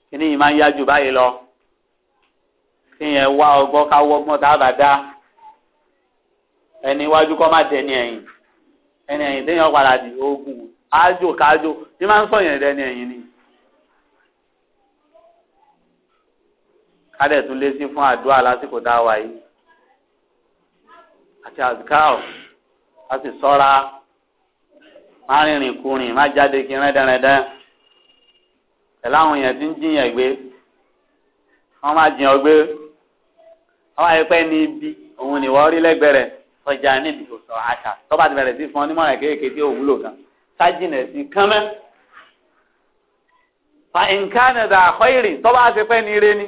kíní yìí máa ń yájú báyìí lọ kíyẹn wá ọgbọ́n ká wọ́gbọ́n tá a bá dá ẹni iwájú kọ́ má dẹni ẹ̀yìn ẹni ẹ̀yìn téèyàn padà di ogun ájò kájò ní máa ń sọ̀yìn ẹ̀dẹ́ni ẹ̀yìn ni. kádẹ̀ tún lé sí fún àdúrà lásìkò tá a wà yìí àti azikao a sì sọ́ra má rìnrìn kùnrin má jáde kí rẹ́dẹ̀rẹ́dẹ́ pẹ̀lú àwọn èèyàn tí ń jiyàn gbé wọ́n má jiyàn gbé wọ́n wáyé pẹ́ ní ibi òun ni wọ́n rí lẹ́gbẹ̀ẹ́ rẹ̀ sọjà níbi kò sọ àṣà tọ́ba ti bẹ̀rẹ̀ sí fún ọ nímọ̀ràn kéékèèké tí òun lò kan kájìnà sí kánmẹ́ fa nǹkan ẹ̀dá àkọ́ ìrìn tọ́ba ti pẹ́ ní ire ni.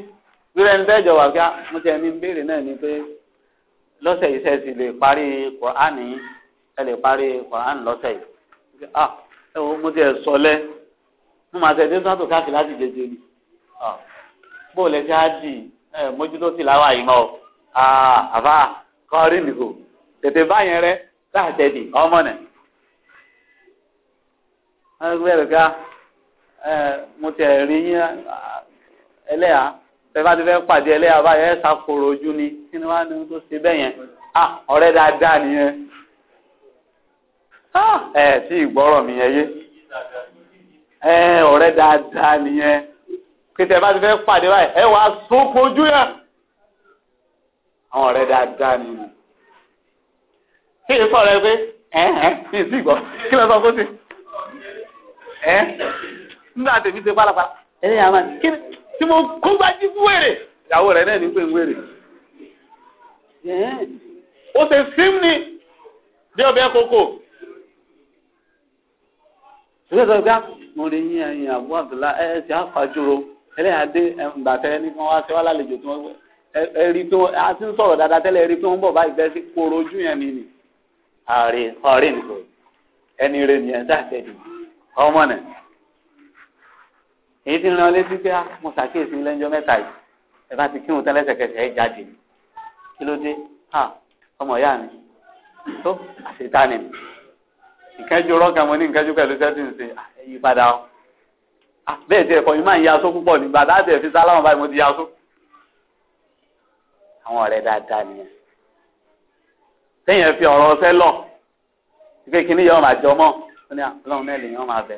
rírẹ̀ ń bẹ́ẹ̀ jọ wà kí mo ti ẹni béèrè náà ni pé lọ́sẹ̀ yìí sẹ́ẹ̀sì lè parí Quran ẹ lè parí Quran lọ́sẹ̀ yìí ah ẹ wo mo ti ẹ̀ sọ lẹ́ mo máa tẹ̀ dé sọ́tò káàkiri láti jẹjẹ ni bóòlù ẹ̀ ti á dì ẹ mójútó sì láwà yìí mọ́ àbá kọrin nìkò tètè báyẹn rẹ láàtẹ̀ ọmọ ká mo ti ẹ̀ rí yín ẹlẹ́yà. tẹ́fà ti fẹ́ pàdé ẹlẹ́yà báyẹn ẹ̀ sàkóró ojú ni kí ni wàá ní tó ṣe bẹ́ẹ̀ yẹn ah ọ̀rẹ́ dáadáa nìyẹn ah ẹ̀ tí ìgbọ́rọ̀ mi yẹn yé ẹ̀ ọ̀rẹ́ dáadáa nìyẹn kí tẹ́fà ti fẹ́ pàdé báyẹn ẹ̀ wàá sóko ojú yẹn àwọn ọ̀rẹ́ dáadáa nìyẹn kí ni sọ̀rọ̀ ẹ pé ẹ̀ ẹ̀ kí ni sí ìgbọ́ kí lọ sọ kó tèmi ṣe pálapàla ẹ̀yìn àmà tí mo kó gbajú fún wèrè ìyàwó rẹ̀ náà ní pé ń wèrè. ó ṣe fíìmù ni bí ọbẹ̀ kókó. ìwé sọ pé ah, mo rí yín ẹyin àbúrò àbúlá ẹ ẹ ti àfàjúro ẹlẹ́yàdé ẹ̀ǹgbàtẹ́ ní kí wọ́n wá sí wá lálejò tí wọ́n gbé ẹ̀rí tí wọ́n a ti ń sọ̀rọ̀ dáadáa tẹ́lẹ̀ ẹ̀rí tí wọ́n ń bọ̀ báyìí bẹ́ẹ̀ sí kóró ojú yẹn ni ni ààrẹ ọ̀rẹ́ nìkan ẹni rẹ̀ nìyẹn dáàtẹ́ ọmọ náà èyí ti ràn létí pé ah, mo ṣàkíyèsí lẹ́jọ́ mẹ́ta yìí ẹ bá ti kírun tẹ́lẹ̀sẹ̀kẹsẹ̀ ẹ jáde kí ló dé ah, ọmọ ìyá mi tó àṣetánì ìkẹ́jú rọ́ọ̀kan mo ní ìkẹ́jú pẹ̀lú sẹ́tìn ṣe ìyípadà ọ bẹ́ẹ̀ tí ẹ̀kọ́ yìí máa ń yaṣó púpọ̀ nígbà láti ẹ̀fí sálámù báyìí mo ti yaṣó àwọn ọ̀rẹ́ dáadáa nìyẹn téèyàn fi ọ̀rọ̀ ọ̀sẹ́ lọ ìpè kínní yọ máa jọmọ́ ó ní ah,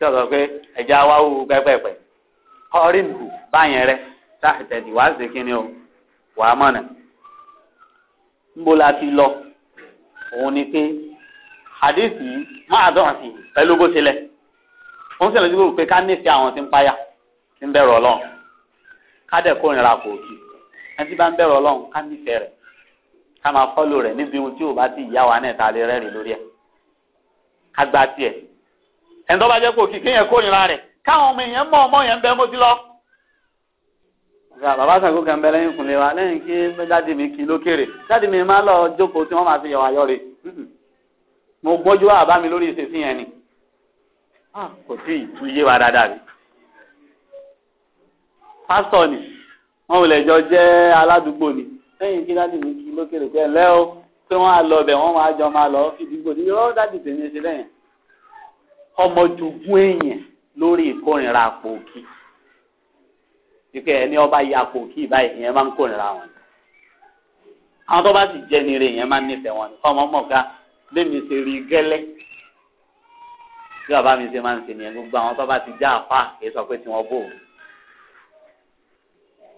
tí o sọ pé ẹja wa wú pẹ́pẹ́pẹ́ ọrin bù báyẹn rẹ táàtẹ̀tì wàá ṣe kí o wàá mọ̀nà níbo la ti lọ òun ni pé àdéhùn yìí máa dọ̀rọ̀ sí i pẹ̀lú bó ṣe lẹ̀ òun sì lọ́jọ́ pé ká nífẹ̀ẹ́ àwọn tí ń páyà tí ń bẹ̀rù ọlọ́run ká dẹ̀ kó ìrìnra kò kì ẹni tí bá ń bẹ̀rù ọlọ́run ká nífẹ̀ẹ́ rẹ̀ ká máa fọ́lò rẹ̀ níbi ohun tí ò bá ti ìyá wa náà ta lè rẹ́rìn lórí ẹ̀ ká gbá tiẹ̀ ẹni tó bá jẹ́ kó kí kéèyàn kórìíra rẹ̀ káwọn ọmọ èèyàn mọ̀ ọmọ yẹn ń bẹ mo ti lọ. bàbá sàgó kan bẹ lẹ́yìn kùnlé wa lẹ́yìn kí dáàdì mi kì í lókèrè dáàdì mi máa lọ jókòó tí wọ́n máa fi yọ̀wá yọ̀rè mo gbọ́njú àbá mi lórí ìṣesí yẹn ni kò tí ì tú yé wa dáadáa rí. pásítọ̀ ni wọn ò lè jọ jẹ́ aládùúgbò ni lẹ́yìn kí dáàdì mi kì í lókèrè pé o pé wọ́n á lọ bẹ̀ wọ́n máa jọ máa lọ fìdí gbòdì yọ dáàdì tèmi ṣe lẹ́yìn kọ́mọjogún èèyàn lórí ìkórìíra àpòkì ìpè ẹni ọba yà àpòkì báyìí ìyẹn máa ń kórìíra wọn àwọn tó bá sì jẹ́ nire ìyẹn máa ń nífẹ̀ẹ́ wọn kọ́ ọmọ mọ̀ká ah, bẹ́ẹ̀mi ṣe rí gẹ́lẹ́ tí bàbá mi ṣe máa ń ṣe nìyẹn gbogbo àwọn tó bá ti já àfa kì í sọ pé tiwọn bò ó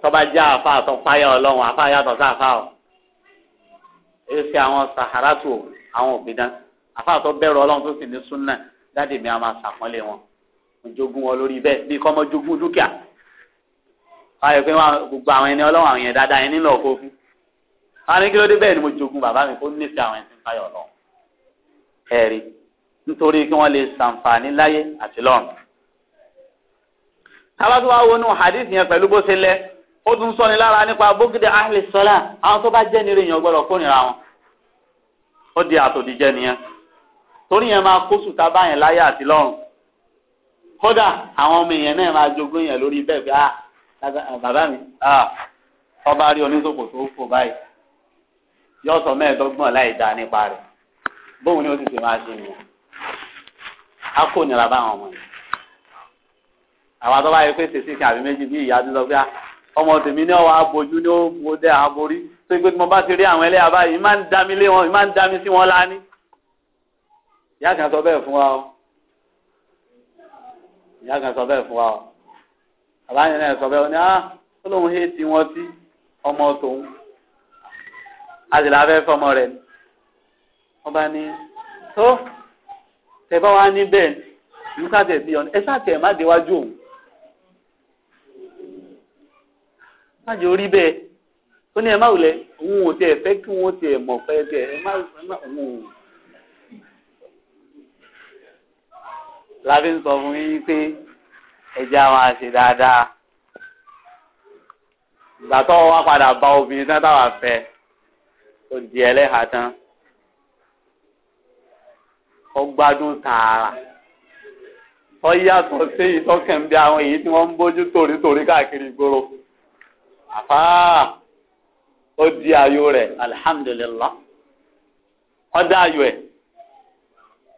tó bá já àfa àtọ́ páyà ọlọ́run àfa yàtọ̀ sáfà ọ̀ èsì àwọn sàhárà tó àwọn òbí dán àfa àtọ́ bẹ̀rù ọlọ́run tó sì ní súnà dáàdì mi a máa ṣàpọ́nlé wọn jogún wọn lórí bẹ́ẹ̀ bí kọ́mọ jogún dúkìá ayọ̀ pé gbogbo àwọn ẹni ọlọ́wọ́ àwọn yẹn dáadáa yẹn nílò ọ̀fọ́ fún wọn ní kí ló dé bẹ́ẹ̀ ni mo jogún bàbá mi kó nífẹ̀ẹ́ àwọn ẹni fáyọ̀ lọ ẹ̀rí nítorí kí wọ́n lè ṣàǹfààní láyé àti lọ́run. tábàtú wa wọnú hadith yẹn pẹ̀lú bó ṣe lẹ ó tún sọ ni lára nípa bókìdé ahli sọlá àwọn tó bá jẹ́ nírè yẹn gbọ́dọ̀ kórìíra wọn ó di àtòdíjẹ́ nìyẹn torí yẹn máa kó sùtá báyẹn láyé àti lọ́rùn kódà àwọn ọmọ èèyàn náà máa jogún yẹn lórí bẹ́ẹ̀ pé ah, ah bàbá mi ah ọba rí oníṣòkò tó fò báyìí yóò sọ mẹ́ẹ̀ẹ́dọ́gbọ̀n láì dáa nípa rẹ̀ bóun ni ó sì ti máa ṣe nìyẹn á kò nira báwọn ọmọ yẹn àwọn àtọ́wá yẹ pé sèṣì kan àbí méjì bí ìyá tó sọ pé ah, ọmọ tèmi ní ọwọ́ abojú ní ó mo dé àborí tó gbé tí mo bá ti rí àwọn ẹlẹ́yà báyìí máa ń dá mi lé wọn máa ń dá mi sí wọn lání ìyá kan sọ bẹ́ẹ̀ fún wa o ìyá kan sọ bẹ́ẹ̀ fún wa o bàbá náà sọ bẹ́ẹ̀ ó ní á ah, ó lóun hé tí wọ́n sí ọmọ tòun a sì lábẹ́ fọmọ rẹ̀ ni wọ́n bá ní tó tẹ bá ní bẹ́ẹ̀ ìlú káàtẹ̀ bí ọ̀nà ẹ sáà má déwájú òun má jẹ́ orí bẹ́ẹ̀ ó ní ẹ má wulẹ̀ òun ò tiẹ̀ fẹ́ kí wọ́n tiẹ̀ mọ̀ pé ẹ tiẹ̀ ẹ má òun ò. láfi ń sọ fún yín pé ẹja máa ṣe dáadáa ìgbà tó wá padà bá obìnrin tán táwa fẹ́ tó di ẹlẹ́hàá tán ó gbádùn tààrà ó yàtọ̀ sí ìtọ́kẹ̀ ń bí àwọn èyí tí wọ́n ń bójú tòrítòrí káàkiri ìgboro àfáà ó di ayọ̀ rẹ̀ alihamudulilá ó dá ayọ̀ ẹ̀.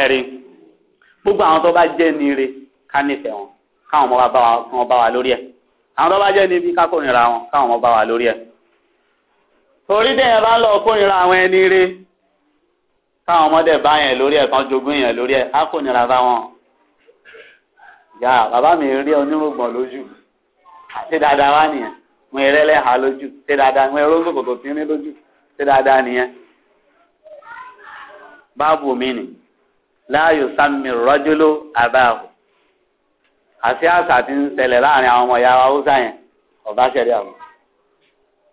ẹ̀rí gbogbo àwọn tó bá jẹ́ nire ká nífẹ̀ẹ́ wọn káwọn ọmọ bá wọn bá wa lórí ẹ̀ àwọn tó bá jẹ́ níbi ká kórìíra wọn káwọn ọmọ bá wa lórí ẹ̀ torí dẹ́yẹ bá lọ kórìíra àwọn ẹni re káwọn ọmọdé bá yẹn lórí ẹ̀ kan jogún yẹn lórí ẹ̀ á kórìíra bá wọn. ìyá bàbá mi rí onírògbọ̀n lójú ṣé dáadáa wá nìyẹn mo ìrẹ́lẹ̀ hà lójú ṣé dáadáa mo ìrọ́gbò kòkò tí ń rí lójú ṣé dáadáa nìyẹn. báàbù mi nìyí láàyò sami rọ́júlò àbáàbò àti àṣà ti ń ṣẹlẹ̀ láàrin àwọn ọmọ ìyá wa Hausa yẹn ọba ṣẹlẹ̀ àwọn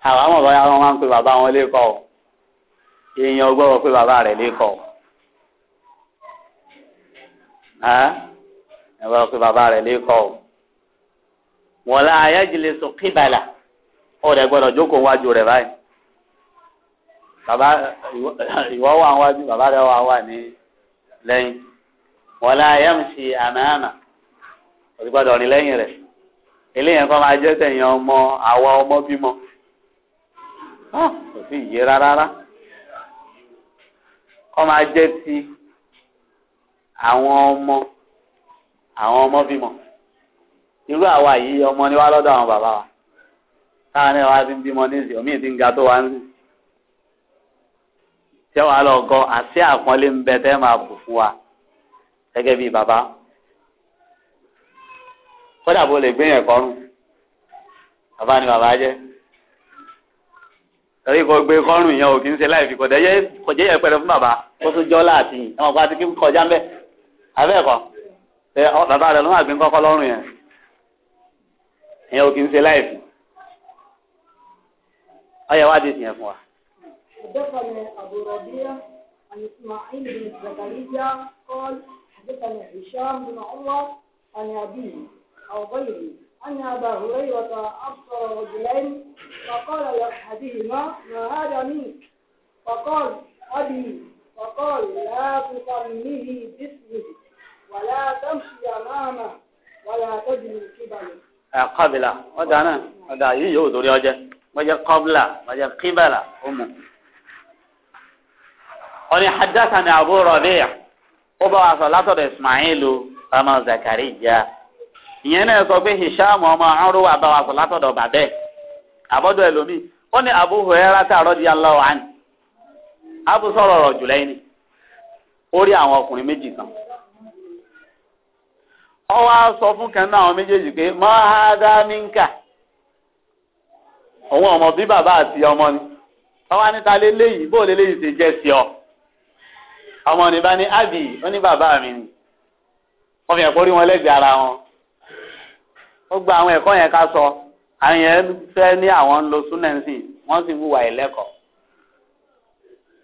àwọn ọmọ ìyá wọn máa ń pe bàbá wọn lẹ́kọ̀ọ́ o èèyàn ọgbọ́wọ́ pé bàbá rẹ̀ lẹ́kọ̀ọ́ ẹ̀wọ́ pé bàbá rẹ̀ lẹ́kọ̀ọ́ wọ́n lá ayájìlẹ̀ sọ kíbalà ọ̀rẹ́ gbọ́dọ̀ jókòó wájú rẹ̀ báyìí bàbá ìwọ wà wájú bàbá rẹ̀ wà wà ní lẹ́yìn wọn lé ayámsì àmàmà òtún gbọ́dọ̀ rìn lẹ́yìn rẹ̀ eléyìí kan máa jẹ́ tẹ̀yìn ọmọ àwa ọmọ bímọ kò sí ìyè rárá kọ́ máa jẹ́ ti àwọn ọmọ àwọn ọmọ bímọ irú àwa yìí ọmọ ni wá lọ́dọ̀ àwọn bàbá wa táwọn ẹ̀wá ti ń bímọ ní omi ti ń ga tó wá ń tẹ́ wàá lọ kọ́ àṣẹ àpọ́nlé ń bẹ tẹ́ máa bù fún wa gẹ́gẹ́ bíi bàbá kódà bó lè gbéyàn kọ́rùn bàbá ni bàbá jẹ́ torí kò gbé kọ́rùn yẹn ò kì í ṣe láì fi kọjá yẹ kọjá yẹ pẹrẹ fún bàbá kó tó jọ́ láàtì yìí ẹ̀wọ̀n pa ti kí kọjá ń bẹ̀ abẹ́ẹ̀kọ́ bàbá rẹ̀ ló máa gbé kọ́kọ́ lọ́rùn yẹn yẹn ò kì í ṣe láì fi ọyẹ wá dé tiẹ̀ fún wa. حدثني أبو ربيع عن إسماعيل بن زكريا قال حدثني هشام بن عروة عن أبيه أو غيره أن أبا هريرة أبصر رجلين فقال لأحدهما ما هذا منك فقال أبي فقال لا تسميه باسمه ولا تمشي أمامه ولا تجري قبله آه، قبلة ودعنا ودعنا يجوز يوجد وجد قبلة وجد قبلة أمه Ọnị ní hadathana Abu ó bá wa sọ ọmọ Zakariya ìyẹn náà sọ pé Hisham ọmọ Urwa wa bàbẹ́ àbọ̀dọ̀ ẹlòmíì wọ́n ní Abu Hurairah radiyallahu abu ó rí àwọn ọkùnrin kan sọ fún kan náà àwọn méjèèjì pé òun ọmọ bí bàbá àti ọmọ ni bó ṣe ọ. ọmọ nìbá ní ábì ó bàbá mi ni wọ́n fi hàn pé orí wọn lẹ́gbẹ̀ẹ́ ara wọn ó gba àwọn ẹ̀kọ́ yẹn ká sọ àwọn yẹn fẹ́ ní àwọn ń lo súnẹǹsì wọ́n sì ń hùwà ìlẹkọọ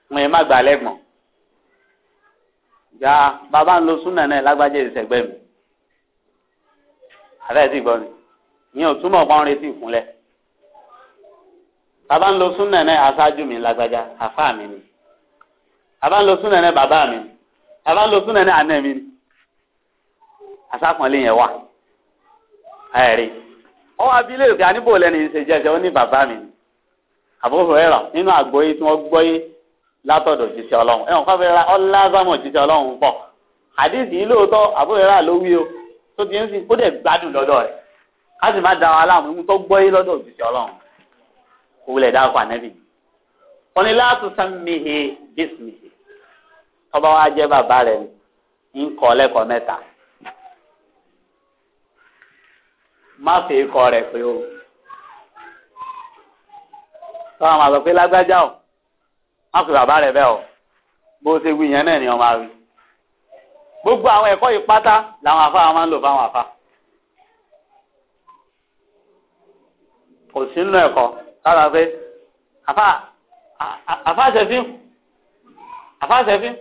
wọn yẹn má gbà lẹ́gbọ̀n gba bàbá ń lo súnẹǹsì lágbájá ìṣẹgbẹ mi àbẹ́ẹ̀ sì ni ìyẹn ò túmọ̀ pọ́n retí ìkúnlẹ̀ bàbá ń lo súnẹǹsì aṣáájú mi lágbájá àfáà mi ni. àbá ń lo súnà bàbá mi ni ń lo àná mi ni yẹn wà ẹ̀rí ọwọ́ abilé òkè àníbò lẹ́nu ìṣe ó ní bàbá mi ni àbúrò ẹ̀rọ nínú àgbóyé tí wọ́n gbóyé látọ̀dọ̀ jíṣẹ́ ọlọ́run ẹ̀wọ̀n kọ́fẹ́ ra ọlázámọ̀ jíṣẹ́ ọlọ́run pọ̀ àdéhùn yìí lóòótọ́ àbúrò ẹ̀rọ ló wí o tó ti ń sìn kó dẹ̀ gbádùn lọ́dọ̀ rẹ̀ sì da wa láàmú tó lọ́dọ̀ tọ́ba wa jẹ́ bàbá rẹ̀ ni ń kọ́ lẹ́kọ̀ọ́ mẹ́ta má fi ikọ̀ rẹ̀ pé o tọ́ àwọn àgbẹ̀ pé lágbájá o má fi bàbá rẹ̀ bẹ́ẹ̀ o bó ṣe wí náà ni ọmọ àwìn gbogbo àwọn ẹ̀kọ́ yìí pátá làwọn afá máa ń lò fáwọn afá kò sí nínú ẹ̀kọ́ lára pé afá àfá ṣẹ̀fín àfá ṣẹ̀fín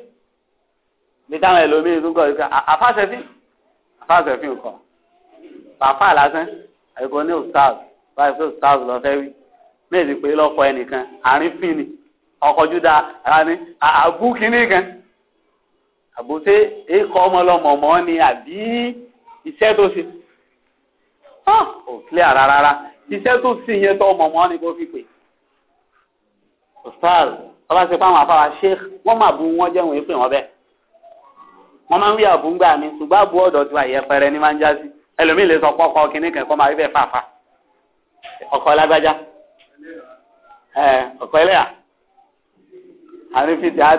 ní táwọn ẹlòmíín tún kọ ìfẹ́ àfàṣẹfín àfàṣẹfín kọ pàfà lásán àyíkò ní ustaz báyìí pé ustaz lọ fẹ́ wí méjì pé lọ́kọ ẹnìkan àárín fín ni ọkọjú da ara ní àbú kínní kan àbúté èkó ọmọlọmọmọ ni àbí iṣẹ́ tó ṣe ò clear rárá iṣẹ́ tó sì yẹn tó mọ̀mọ́ ni kò fi pè ustaz ọlọ́sẹ̀ pàmò àfàwà sheikh wọ́n mà bú wọ́n jẹ́ é pè wọ́n bẹ́ẹ̀. wọ́n máa ń wí àbú ńgbà mi ṣùgbọ́n àbú ọ̀dọ̀ ju àyẹ̀pẹ̀rẹ̀ ni máa ń já ẹlòmíì lè sọ pọ́kọ kínní kẹ̀kọ́ máa rí bẹ́ẹ̀ fàáfà ọkọ̀ ọkọ̀ ẹlẹ́yà àti dé gan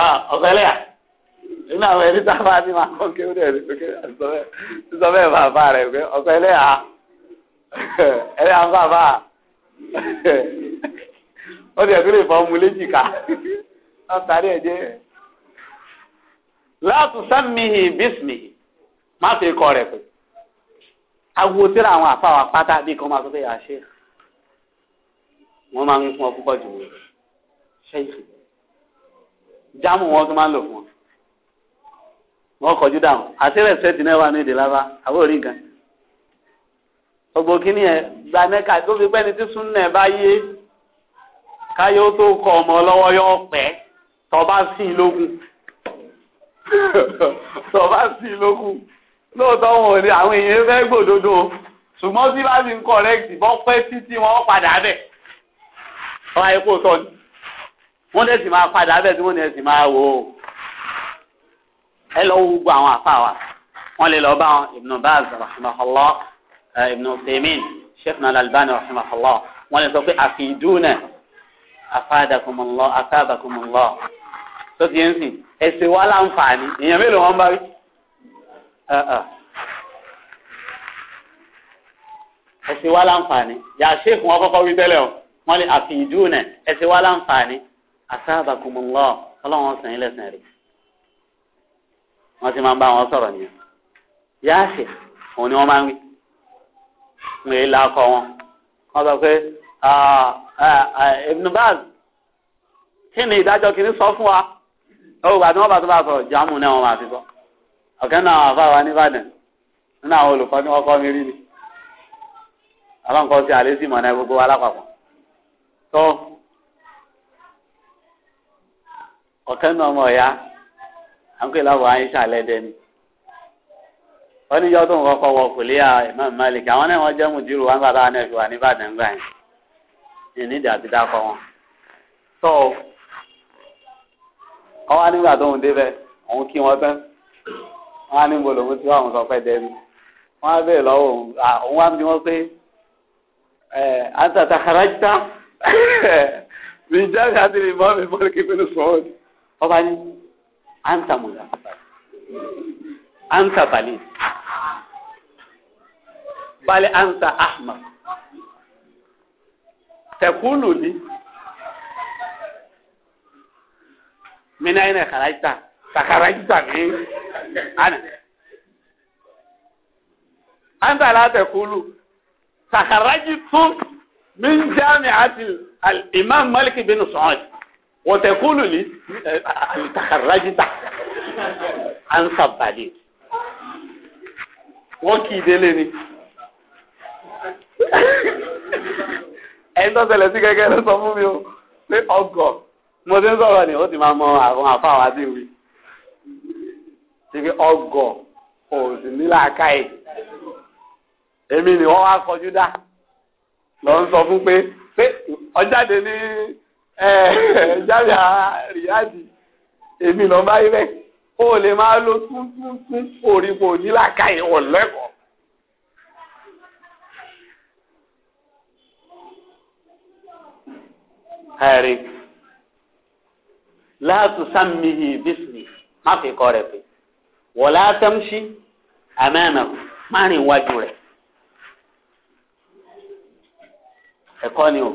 ẹsẹ̀ ni ó nínú àwọn ẹni tá a bá ní máa kọ́ kí ó dẹ̀ ní pé sọ bẹ́ẹ̀ bàbá rẹ̀ pé ọ̀pẹ ẹlẹ́yà ẹlẹ́yà bàbá ó dẹ̀ tó lè fọ́ mu léjìká látàrí ẹ̀jẹ̀ látùsámihì bísmihì má fi kọ́ rẹ̀ pé awo síra àwọn àfàwà pátá bí kan máa tó fẹ́ yà ṣe wọ́n máa ń fún ọ púpọ̀ jù wọ́n ṣẹ́yìn jámù wọn tó máa ń lò fún ọ wọ́n kọjú dáhùn àti rẹ̀sẹ̀tì náà wà ní èdè lábá àbórí nǹkan. gbogbo kí ni ẹ gba nẹ́ka tó fi pẹ́ni tí súnnà bá yé káyọ̀ tó kọ ọmọ lọ́wọ́ yọ pẹ́ tọba sí i lókun tọba sí i lókun lóòótọ́ wọn ò ní àwọn èèyàn fẹ́ gbòdodo ṣùgbọ́n tí bá ti ń kọ̀rẹ́kì bọ́ pẹ́ títí wọn padà bẹ̀ ọ̀ àìkú tọ́ ni wọ́n dẹ̀ sì máa padà bẹ̀ tí wọ́n dẹ̀ sì máa wò ó ẹ lọ wo gbogbo àwọn àfa wa wọn lè lọ bá wọn ibnu baz rahimahullah ibnu semin sheikh nal albani rahimahullah wọn lè sọ pé àfìdúnà afadakumullah afabakumullah tó ti ń sìn ẹsẹ wa láǹfààní èèyàn mélòó wọn bá rí ẹsẹ wa láǹfààní yà sheikh wọn kọ́kọ́ wí tẹ́lẹ̀ o wọn lè àfìdúnà ẹsẹ wa láǹfààní afabakumullah Ọlọ́run ọsàn yín lẹsàn wọ́n ti máa ń bá wọn sọ̀rọ̀ nìyẹn yáàṣì òun ni wọ́n máa ń wí wọ́n èyí lakọ wọn wọ́n sọ pé Ibn Baz kí ni ìdájọ́ kìíní sọ fún wa ó bàtí wọ́n bá tó bá sọ̀rọ̀ jáàmù náà wọ́n máa fi sọ ọ̀kẹ́ náà àfáà wa nìbàdàn nínú àwọn olùkọ́ ni wọ́n kọ́ mi rí ni aláǹkọ́ àlésì mọ̀ náà gbogbo alápapọ̀ tó ọ̀kẹ́ náà ọmọ ọ̀yá àǹkóyè láwọ àyíṣà lẹ́dẹ́ ni wọ́n ní yọ́tò ń kọ́kọ́ wọ kòlíà Imam Malik àwọn náà wọ́n jẹ́ mùdírù wọn bàbá náà fi wà ní Ìbàdàn gbà yẹn ní ìdí àti dákọ̀ wọn. tó ọ wá nígbà tó ń débẹ̀ òun kí wọ́n tán wọ́n á ní gbọ́dọ̀ tí wọ́n sọ fẹ́ dẹ́bi wọ́n á bèèrè lọ́wọ́ òun wá bí wọ́n pé àtàtà kàràjìtà mi jáde àti lè mọ́ mi bọ́ọ̀lù kí pẹ̀lú sọ́ọ̀dì ọba ní. Answer, Mullah. Answer, Bali. Bali, answer, Ahmad. تقول لي من أين خرجت؟ تخرجت من إيه؟ أنا أنت لا تقول تخرجت من جامعة الإمام مالك بن سعود wọtẹkulu ni alitakarajuta ansabali wọn kì í délé ni ẹni tó ṣẹlẹ̀ sí mi o pé ọgọ mo ti ń sọ̀rọ̀ ni ó ti máa mọ àwọn àfáwà sí wí ti fi ọgọ kò sì ní làákà yìí èmi ni wọn wá kọjú dá lọ ń pé pé ọjáde ní jáde àríyájì èmi lọ bá ibẹ̀ o lè máa lo túntúntún òrìpò nílàkà ìwọ̀n lẹ́kọ̀ọ́. ẹ̀rí láti sàmìhì bísí má fi kọ́ rẹ̀ pé wọ́n látẹ̀mṣí àmẹ́nà márìn wájú rẹ̀ ẹ̀kọ́ ni o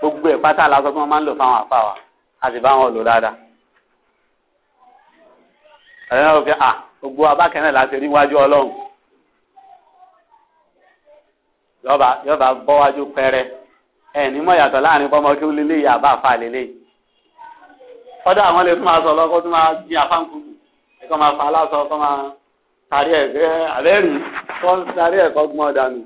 gbogbo ẹ̀ pátá la sọ pé wọ́n máa ń lò fáwọn àfa wa a sì bá wọn lò dáadáa. ẹ̀rọ náà fi à gbogbo abákẹ́rẹ́ láti rí wájú ọlọ́run yọba yọba bọ́ wájú pẹrẹ ẹ̀ ní mọ̀ yàtọ̀ láàrin pọ́mọ kí ó lélẹ̀ yìí àbá àfa lélẹ̀ yìí. fọ́dọ̀ àwọn lè tún máa sọ lọ́kọ́ tún máa jí afáǹkùkù ẹ̀kọ́ máa fa aláṣọ kọ́ máa tarí ẹ̀ abẹ́rù kọ́ tarí ẹ̀kọ́ gbọ́n dànù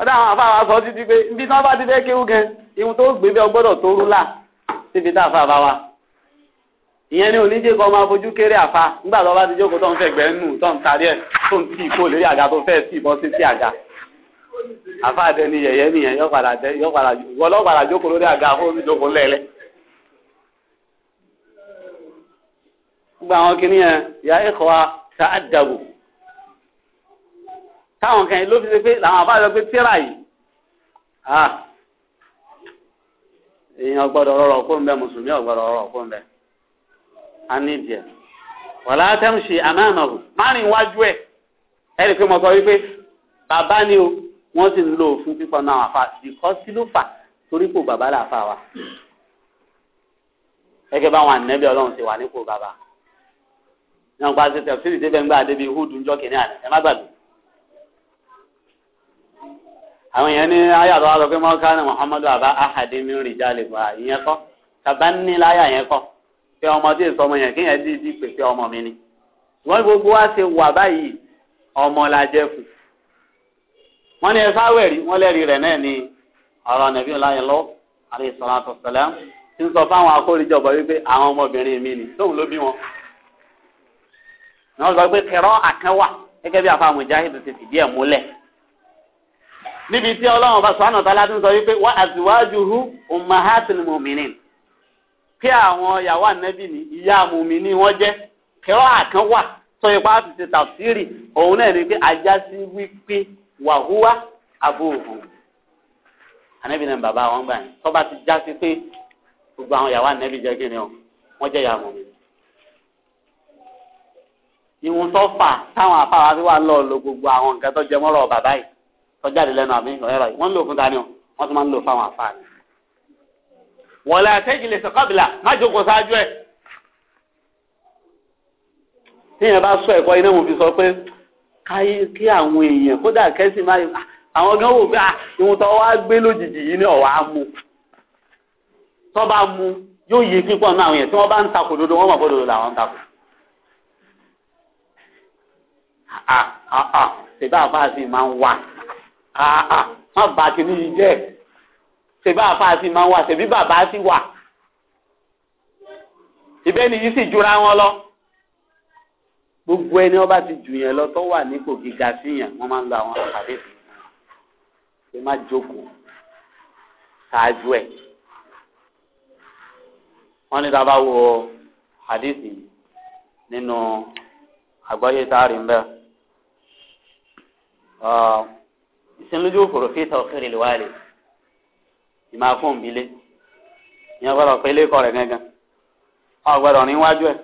ọ̀dà àwọn afáwa sọ títí pé ibi tí wọ́n bá ti fẹ́ kéwú gan ihun tó gbé bẹ́ẹ̀ gbọ́dọ̀ tó rú là síbi tá àfa bá wa ìyẹn ni oníjẹ kan máa fojú kéré àfa nígbà tó bá ti jókòó tó ń fẹ̀gbẹ́ nù tó ń tarí ẹ̀ tó ń tì kó lórí àga tó fẹ́ tì bọ́ sí sí àga àfa àdẹni yẹ̀yẹ́ nìyẹn yọ padà wọ́n lọ́ padà jókòó lórí àga fún oníjókòó lẹ́lẹ́. gbogbo àwọn kìnìyàn yà ẹ̀kọ́ wa ta àdàbò táwọn kan ló fi ṣe pé làwọn àbá yọ pé tíra yìí èèyàn gbọ́dọ̀ rọrọ kó ń bẹ mùsùlùmí ọgbọ́dọ̀ rọrọ kó ń bẹ a ní ìdíyẹ wọlá tẹmṣì àmàmàwò márùn iwájú ẹ ẹni pé mo sọ wípé bàbá ni o wọ́n sì ń lo òfin pípọ náà àfa bìkọ́ sí ló fà torí kò bàbá là fà wá gẹ́gẹ́ báwọn ànẹbí Ọlọ́run ti wà nípò bàbá ní wọn pa ṣe tẹfsiri débẹ ń gbà débi húdù ńjọ kìnìún àná ẹ má gbàgbé àwọn èèyàn ní ayàtọ̀ wa sọ pé mọ́kánì muhammadu àbá ahadi min rijalikum ìyẹn kọ́ tàbánì láyà yẹn kọ́ pé ọmọ tí èso ọmọ yẹn kéèyàn dì í pè pé ọmọ mi ni wọ́n gbogbo wa ṣe wà báyìí ọmọ la jẹ́ fún wọ́n ní ẹ̀fá wẹ̀rí wọ́n lẹ́rìí rẹ̀ náà ni ọ̀rọ̀ nàbí ọláyẹn lọ alayhi ti ń sọ fáwọn akórìjọba wípé àwọn ọmọbìnrin mi ni tóun ló bí wọn ni wọ́n sọ pé kẹrọ àkẹwà gẹ́gẹ́ bí àfa mujahid ti fìdí ẹ̀ múlẹ̀ níbi tí ọlọ́run bá sọ́nà tálá tó ń sọ wípé wá azwajuhu ummahatul mu'minin kí àwọn ìyàwó ànẹ́bì ní ìyá mùmíní wọ́n jẹ́ kẹ́rọ́ àkán wà tó ipa ti ṣe tàfsírì òun náà ni pé ajá sí wípé wàhúwá àbúrò ànẹ́bì náà bàbá wọn gbà yẹn tọ́ba ti já sí pé gbogbo àwọn ìyàwó ànẹ́bì jẹ́ kí ni ọ wọ́n jẹ́ ìyá mùmíní. ìwọ̀n tó fà táwọn afáwa fi wà lọ́ọ̀ lo gbogbo àwọn nǹkan tó jẹ mọ́rọ̀ bàbá yìí tọ́jáde lẹ́nu àbí ọ̀rẹ́rọ̀ yìí wọ́n ń lò fún dání o wọ́n tún máa ń lò fáwọn àfáàní. wọ̀lá àtẹ́jìlẹ̀ sọ̀kọ́bìlà má jókòó ṣáájú ẹ̀. téèyàn bá sọ ẹ̀kọ́ iná mo fi sọ pé káyé kí àwọn èèyàn kódà kẹ́sì máa àwọn gan wò pé ìwọ̀n ah, tó wá gbé lójijì yìí ni ọ̀wá mu tó bá mu yóò yí pípọ̀ náà àwọn èèyàn tí wọ́n bá ń takò dodo wọ́n mọ̀ pé dodo làwọn ń takò ah, ah, ṣèbá àfáàsì máa ń wà àà má bà kìíní yìí jẹ́ ṣèbá àfáàsì máa wà ṣèbí bàbá sì wà ìbẹ́ni yìí sì jura wọn lọ gbogbo ẹni ọba ti jù yẹn lọ tó wà nípò gíga sí yẹn wọ́n máa ń lo àwọn àkàdé fún un ṣe má jókòó ṣáájú ẹ̀ wọ́n ní tá a bá wo hadith nínú àgbáyé tá a rí ń bẹ́ẹ̀. ìsinlójú òkòrò fi tọ̀ kiri lè wáyé ìmọ̀ afọ́n bílé ìyẹn gbọ́dọ̀ pé ilé kọ́ rẹ̀ gangan ọ̀ gbọ́dọ̀ níwájú ẹ̀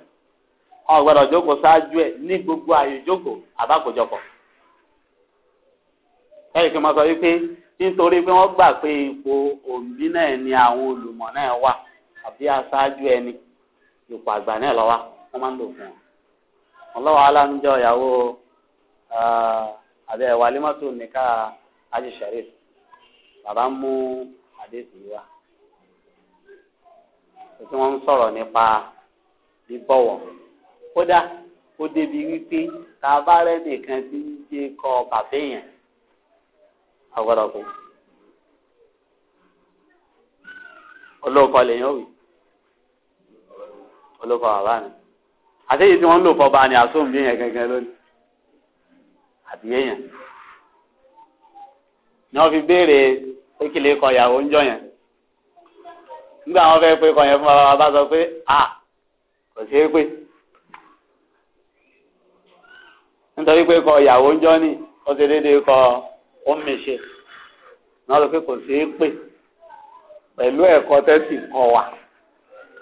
ní gbogbo ààyè jókòó pé wọ́n gbà pé ipò náà ni àwọn olùmọ̀ náà wà àbí aṣáájú ẹni ipò àgbà náà lọ́wọ́ wọ́n máa ń lò fún wọn ọlọ́wọ́ aláǹjọ ìyàwó ah, nìkan hajj sharif bàbá ń mú hadith yìí wá tí wọ́n ń sọ̀rọ̀ nípa bíbọ̀wọ̀ kódà ó débi wípé tá a bá rẹ́ nìkan tí ń gbé kọ bàbá èèyàn agbọ́dọ̀ kú olóòkọ lèyàn wì olóòkọ bàbá mi àtẹ̀yìn tí wọ́n ń lò fọba ni àsóhùn bí èèyàn gẹ́gẹ́ lónìí àbí èèyàn. ni wọ́n fi béèrè ekele kọ ìyàwó ń jọ nígbà wọn fẹ́ pé kọ fún bàbá bá sọ pé a kò ṣeé pé nítorí pé kọ ìyàwó ń jọ ni ó déédéé kọ sọ pé kò kọ wa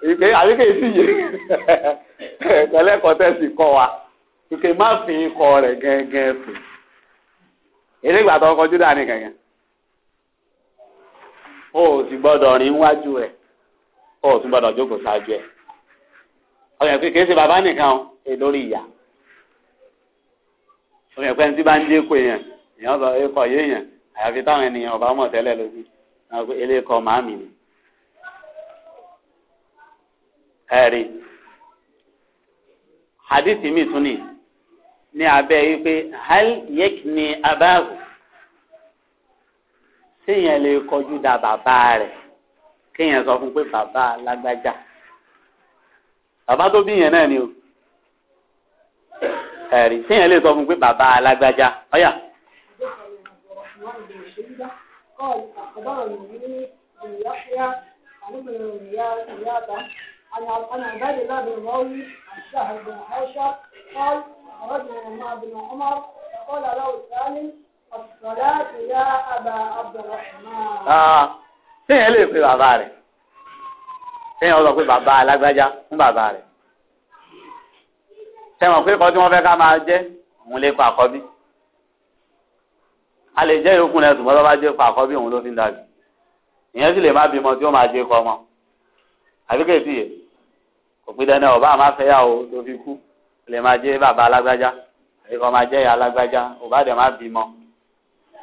ìpè àríkè sì yé kọ wa ìpè má fi pè tó kọjú o ò sì rìn wájú rẹ̀ o ò jókòó ṣáájú ẹ̀ ọ̀yàn pé kìí ṣe bàbá nìkan o èdórí e ọ̀yàn pé ẹni tí bá ń dé èèyàn èèyàn sọ yé èèyàn àyàfi táwọn ènìyàn ọba mọ̀ tẹ́lẹ̀ lójú màámi ni ẹ̀rí hadithi mi tún ni ní abẹ́ yìí pé hal abáhùn. téèyàn lè kọjú da bàbá rẹ kéèyàn sọ fún pé bàbá lágbájá bàbá tó bí náà ni o téèyàn lè sọ fún pé bàbá lágbájá Ah, téèyàn lè pe bàbá rẹ̀. Téèyàn sọ pé bàbá alágbájá fún bàbá rẹ̀. Tẹ̀wọ̀n pé kọ́ tí wọ́n fẹ́ ká máa jẹ́, òun lè pa àkọ́bí. A lè jẹ́ ìyókùn rẹ̀ ṣùgbọ́n tó bá jẹ́ pa àkọ́bí òun ló fi ń dàgbé. Ìyẹn sì lè má bímọ tí ó máa jẹ́ kọ́ ọmọ. Àbí kèsì yẹ. Kò pín dandan ọ̀bá àmá fẹ́ yà ó tó fi kú. Lè máa jẹ́ bàbá alágbájá. Àbí máa jẹ́ ìyá alágbájá. Òbá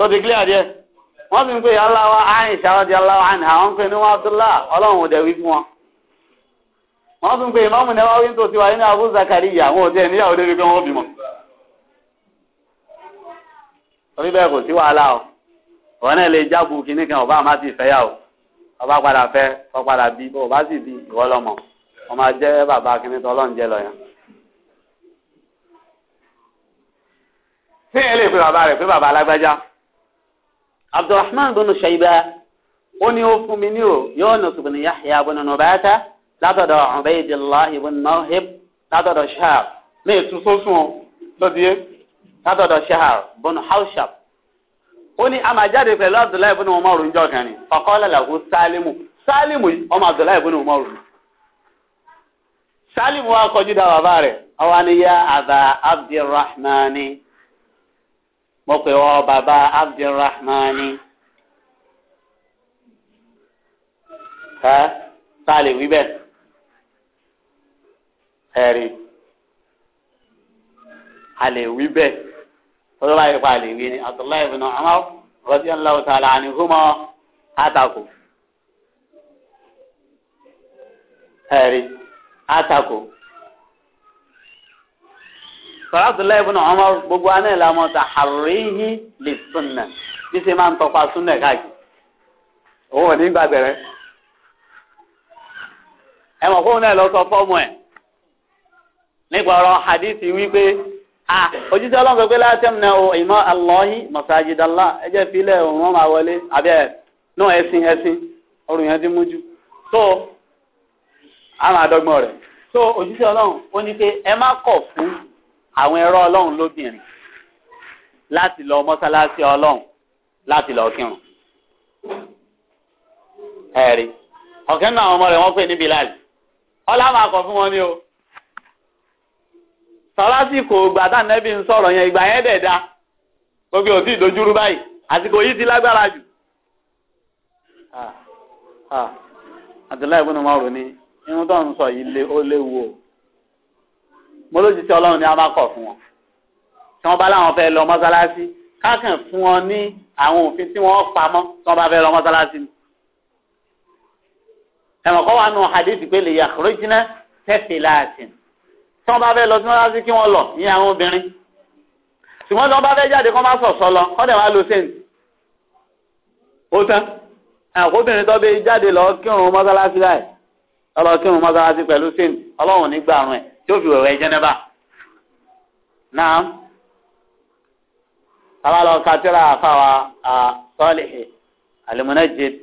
tó ti clear díẹ̀ wọ́n sì ń pè aláwa àyìn ṣàwọ́dì aláwa àyìn àwọn ń pè ní wọn abdullah ọlọ́run ò dẹ̀ wí fún wọn. wọ́n sì ń pè ìmáàmù náà wáwí tó ti wà nínú abu zakariya àwọn òtí ẹ̀ níyàwó débi pé wọ́n bímọ. torí bẹ́ẹ̀ kò sí wàhálà o wọn náà lè jábù kínní kan ọba àmà ti fẹ́ yà o ọba padà fẹ́ ọ padà bí ọba sì bí ìwọ lọmọ ọmọ jẹ́ bàbá kínní tó ọlọ́run jẹ́ lọ tí ẹ lè pe bàbá rẹ̀ pé bàbá alágbájá abdulrahman bin shayba ó ní ó fún mi ní o yunus bin yahya bin nubata látọ̀dọ̀ ubaydillah bin nawhib látọ̀dọ̀ shahab ní ìtúnṣọ́sùn o lọ́díyé látọ̀dọ̀ shahab bin hawshab ó ní a máa jáde pẹ̀lú abdullahi bin umar njọ́ kan ni faqala lahu sálímù sálímù yìí ọmọ abdullahi bin umar sálímù wa kọjú da bàbá rẹ̀ ọwọ́ ni yá abdulrahman ni mo pè ọ bàbá abdulrahmani ẹ tá a lè wí bẹ́ẹ̀ ẹ̀rí a lè wí bẹ́ẹ̀ tọ́jú báyìí pa a lè wí ni abdullahi ibn umar radiyallahu ta'ala anhuma àtàkù ẹ̀rí sọlátùlá ibùn Umar gbogbo aná ìlà ọmọ ta àríyí lè súnà bí ṣe máa ń tọpa súnà káàkiri òun ò ní gbàgbẹrẹ ẹ mọ̀ náà lọ sọ hadith wípé a ojúṣe ọlọ́run pé láti ẹ̀mú náà ìmọ̀ àlọ́hí mọ̀sáàjìdálá ẹjẹ́ òun wọn máa wọlé náà ẹ̀sìn ẹ̀sìn ọrùn yẹn ti tó a máa dọ́gbọ́n rẹ̀ tó ojúṣe ọlọ́run ó ní àwọn ẹ̀rọ ọlọ́run lóbìnrin láti lọ mọ́sálásí ọlọ́run láti lọ kírun ẹ̀rí ọ̀kẹ́ náà àwọn ọmọ rẹ̀ wọ́n pè ní Bilal ọlá máa kọ̀ fún wọn ni o sọlásìkò ìgbà tá nẹ́bí ń sọ̀rọ̀ yẹn ìgbà yẹn dẹ̀ da gbogbo òsì ìdójúrú báyìí àsìkò yìí ti lágbára jù. Ah, ah. Abdullahi ibùdó máa rò ní irun tó ń sọ yìí ó léwu o mo lójú tí ọlọ́run ni a máa kọ̀ fún wọn tí wọ́n bá láwọn fẹ́ lọ mọ́sálásí káàkàn fún wọn ní àwọn òfin tí wọ́n pamọ́ tí wọ́n bá fẹ́ lọ mọ́sálásí ni. ẹ̀wọ̀n kọ́ wa nù hadith pé lè yàkúrò jiná tẹ̀sí láàtì tí wọ́n bá fẹ́ lọ sí mọ́sálásí kí wọ́n lọ ní àwọn obìnrin ṣùgbọ́n tí wọ́n bá fẹ́ jáde kọ́ máa sọ̀sọ́ lọ kọ́ dẹ̀ wá lo sẹ́ǹtì ó tán àkóbìnrin tó bẹ jáde lọ kírun mọ́sálásí láì lọ kírun mọ́sálásí pẹ̀lú sẹ́ǹtì ọlọ́run nígbà rún ẹ̀ tí ó fi wẹ̀wẹ̀ jẹ́nẹ́bà náà sábà lọ kátìrà àfàwà àtọ́lìhì al-Munajjid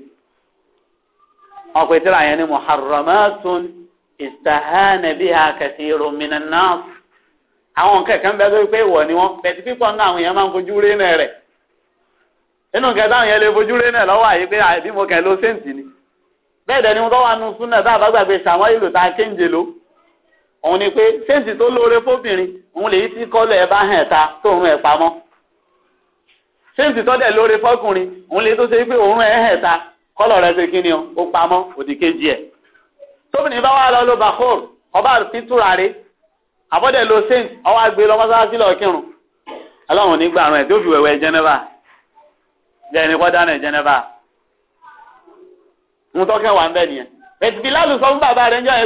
wọn pe tírà yẹn ní muharramatun istahana biha kathirun minan nas àwọn kẹ̀kẹ́ bẹ́ẹ̀ tó pé ìwọ̀ ni wọ́n bẹ̀tí pípọ̀ náà àwọn èèyàn máa ń fojú rí náà rẹ̀ inú kẹta àwọn èèyàn lè fojú rí náà lọ́wọ́ àyè pé àbí mo kẹ̀ ló séǹtì ni bẹ́ẹ̀ dẹ̀ ni mo tọ́wọ́ anú súnà tá a bá gbàgbé sàwọn ìlú tá a kéńjẹ lóò òun ni pé séǹtì tó lóore fóbìnrin òun lè ti kọ́ lọ ẹ bá hàn ta tó òun ẹ̀ pamọ́ séǹtì tó dẹ̀ lóore fọkùnrin òun lè tó ṣe pé òun ẹ̀ hàn ta kọ́lọ̀ rẹ̀ ṣe kí ni ó pamọ́ òdì kejì ẹ̀ tóbìnrin bá wà lọ ló bá kóòrò ọba àti túrarí àbọ̀dẹ̀ lo séǹtì ọwọ́ àgbè lọ mọ́sálásí lọ kírun ọlọ́run nígbà àrùn ẹ̀ tó fi wẹ̀wẹ̀ jẹ́nẹ́bà jẹ́ni kọ́ dáná jẹ́nẹ́bà ń tọ́kẹ́ wà ń bẹ̀ nìyẹn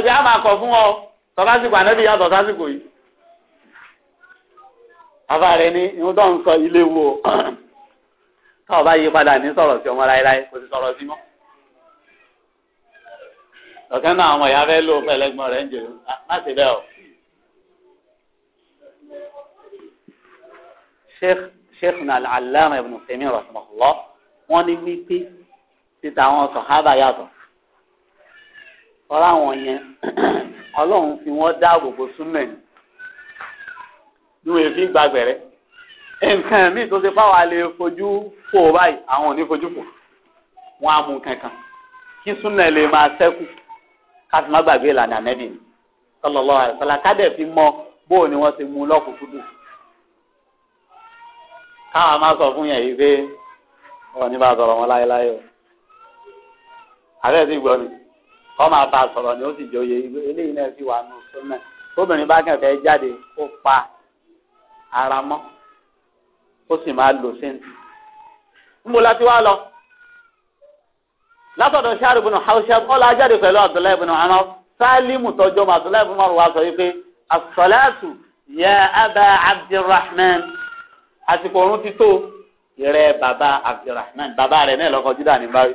ẹ̀ tọ́lásìkò ànábì yàtọ̀ sásìkò yìí bàbá ní ìwọ́n tó ń sọ ilé wo tá ọba yí padà ní sọ̀rọ̀ sí ọmọ láéláé kò sì sọ̀rọ̀ sí mọ́ ọ̀kẹ́ náà àwọn ìyá fẹ́ lò pẹ̀lẹ́gbọ́n rẹ̀ ń jèrò láti ah, bẹ́ẹ̀ o. sheikh sheikh na alama ibn Uthaymeen rahimahullah wọ́n ní wípé títa àwọn sọ̀hábà yàtọ̀ tọ́lá àwọn yẹn ọlọ́run fi wọ́n dáàbò bò súnmẹ̀ ni ní wọ́n fi ń gba gbẹ̀rẹ́ nǹkan míì tó ṣe fáwọn alẹ́ fojú fò báyìí àwọn ò ní fojú fò wọ́n á mú kankan kí súnmẹ̀ lè máa ṣẹ́kù ká sì má gbàgbé ìlànà nẹ́bì ni sallallahu alaihi wasallam kádẹ̀ fi mọ bóò ni wọ́n ti mú lọ́kùnkúndùn káwọn máa sọ fún yẹn yìí pé wọn ní bá a sọ̀rọ̀ wọn láéláé o àbẹ́ẹ̀ sì gbọ́ mi kọ́ máa bá a sọ̀rọ̀ ni ó sì jẹ́ oyè eléyìí náà sì wà nù sọ́nà tóbìnrin bá kàn fẹ́ jáde kó pa ara mọ́ ó sì máa lò sẹ́ńtì. ń bo láti wá lọ látọ̀dọ̀ Shahr ibn Hawshab ọ̀la ajáde pẹ̀lú Abdullahi ibn Umar sálímù tọjọ́ mọ́ Abdullahi ibn Umar wá sọ wípé as-salatu ya aba Abdurrahman àsìkò ọ̀run ti tó ìrẹ́ bàbá Abdurrahman bàbá rẹ̀ náà lọ́kọ̀ jídà ní báyìí.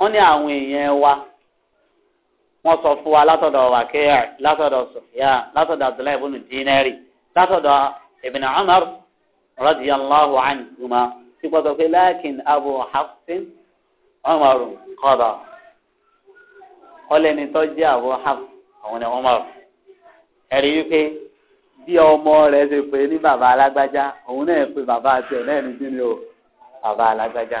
wọ́n ní àwọn wa wọ́n sọ fún wa látọ̀dọ̀ wàkẹ́yà látọ̀dọ̀ sọ̀fìyà látọ̀dọ̀ abdullahi ibùnú dínẹ́rì látọ̀dọ̀ ibn umar radiyallahu anhuma tí sọ pé láàkín abu hafsin umar qada ọlẹ́ni tó jẹ́ abu hafs àwọn ni umar ẹ̀rí wípé bí ọmọ rẹ̀ ṣe pé ní bàbá alágbájá òun náà pé bàbá àti ẹ̀ náà ní ni o baba alágbájá.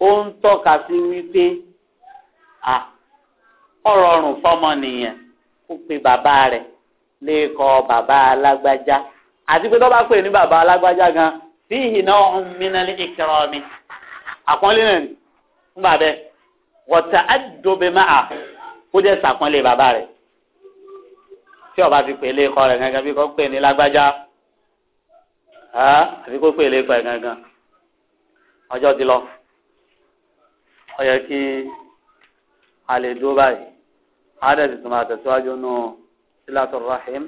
ó ń tọ́ka sí wípé à ọ̀rọ̀ ọ̀rùn fọmọ nìyẹn kó pe bàbá rẹ̀ lẹ́ẹ̀kọ́ bàbá alágbájá àti pé tó bá pè ní bàbá alágbájá gan sí ìhìnà ọ̀hún mìíràn ìkẹrọ mi àpọ́nlé náà ní fún bàbá ẹ̀ wọ̀tá àdóbe máa kó jẹ́ sàpọ́nlé bàbá rẹ̀ tí ọba ti pè lẹ́ẹ̀kọ́ rẹ̀ gangan bí kò pè ní lágbájá àbí kò pè lẹ́ẹ̀kọ́ rẹ̀ gangan ọjọ́ ti lọ ó yẹ kí a lè dúró báyìí àádẹ́ sì tún máa tẹ̀síwájú nù sílátọ̀ rahim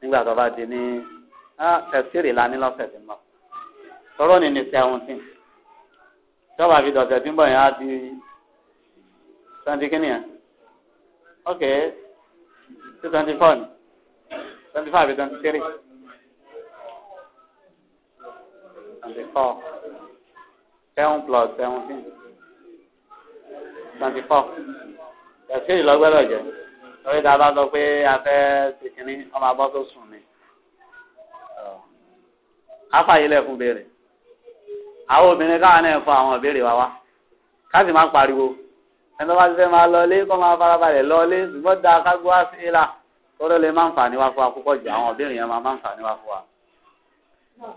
nígbà tó bá di ní tẹ̀sírì lání lọ́sẹ̀ tí ń bọ̀ tọ́rọ́ ni ní seventeen tọ́ba fi dọ̀sẹ̀ tí ń bọ̀ yẹn á di twenty kínní ok two twenty four ni twenty five àbí twenty three twenty four seven plus seventeen twenty four tẹ̀síìrì lọ́gbẹ́dọ̀ jẹ́ lórí ta bá sọ pé a fẹ́ tìkínní ọmọ abọ́ tó sùn ni afàyílẹ̀ fún béèrè àwọn obìnrin káwọn náà fọ àwọn ìbéèrè wa wá ká sì máa pariwo ẹni tó bá ti fẹ́ máa lọlé kó máa farabalẹ̀ lọlé ṣùgbọ́n da kágbó àfihàn kóró lè máa ń fàní wá fún wa púpọ̀ jù àwọn ìbéèrè yẹn máa ń fàní wá fún wa.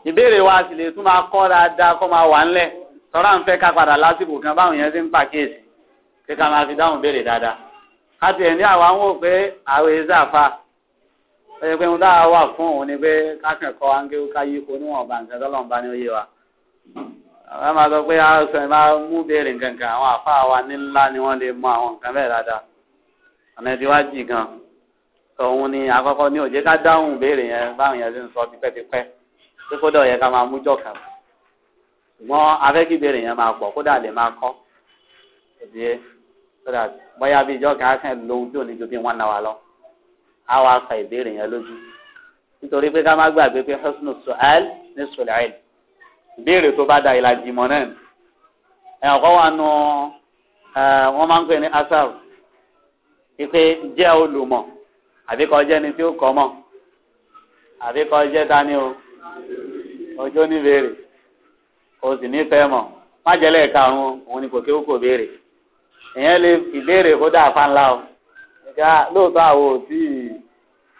ìbéèrè wa sì lè tún máa kọ́ dáadáa kó máa wà ńlẹ̀ tọ́ra ń fẹ́ ká padà lásìkò kan báwọn yẹn ti ń pàkíyèsí kí máa fi dáhùn béèrè dáadáa ká tiẹ̀ àwa ń wò pé àwọn èyí sàfà ó pé mo dáa wà fún òun ni pé ká kàn kọ́ ká yí ko níwọ̀n bá nǹkan tó lọ́n bá ní oyè wa àwọn máa sọ pé àṣọ ìmá mú béèrè nǹkankan àwọn àfa wa ní ńlá ni wọ́n lè mọ àwọn nǹkan bẹ́ẹ̀ dáadáa ọ̀nà ìdíwájì gan tòun ni àkọ́kọ́ ní òjé ká dáhùn béèrè yẹn báwọn yẹn ti sọ tipẹ́tipẹ́ pé kódà ọ̀yẹ́ ká máa mújọ́ kàn ṣùgbọ́n afẹ́kí béèrè yẹn máa pọ̀ kódà lè máa kọ́ òdìyẹ sódà bóyá bí ìjọ kan á kàn lo ohun tí ò ní ju bí one hour lọ á wá fa ìbéèrè yẹn lójú nítorí pé ká má gbàgbé pé husnu su'al ní sùlẹ̀ẹ́l ìbéèrè tó bá da ìlàjì mọ̀ náà ẹ̀ ọ̀kọ́ wa nu wọ́n máa ń pè ní asaf ìpè jẹ́ olùmọ̀ àbíkọ́ jẹ́ ni tí ó kọ́ mọ̀ àbíkọ́ jẹ́ dání o ọjọ́ ní béèrè o sì ní fẹ́ mọ̀ má jẹ́ lẹ́ẹ̀ka òun ni kò kéwú kò béèrè èèyàn lè ìbéèrè kó dà fa ńlá o ìjà lóòótọ́ àwọn ò tí ì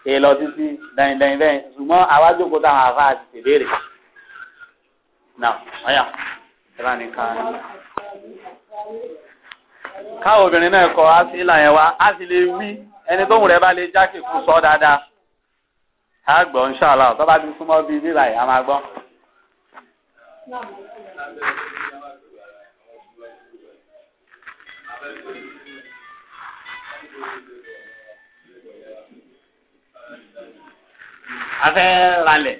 ṣe lọ títí dẹ̀yìndẹ̀yìn bẹ́ẹ̀ ṣùgbọ́n àwájú kó dà wọn àfa àti ìbéèrè náà ọ̀yà ìlànà nìkan ni. káwọn obìnrin náà kọ á sí ìlànà yẹn wá á sì lè wí ẹni tó ń rẹ bá lè jákè kú sọ dáadáa a gbọ́ nṣàlá tó bá ti súnmọ́ bíi bíbáyìí a máa gbọ́ afẹ́ ralẹ̀.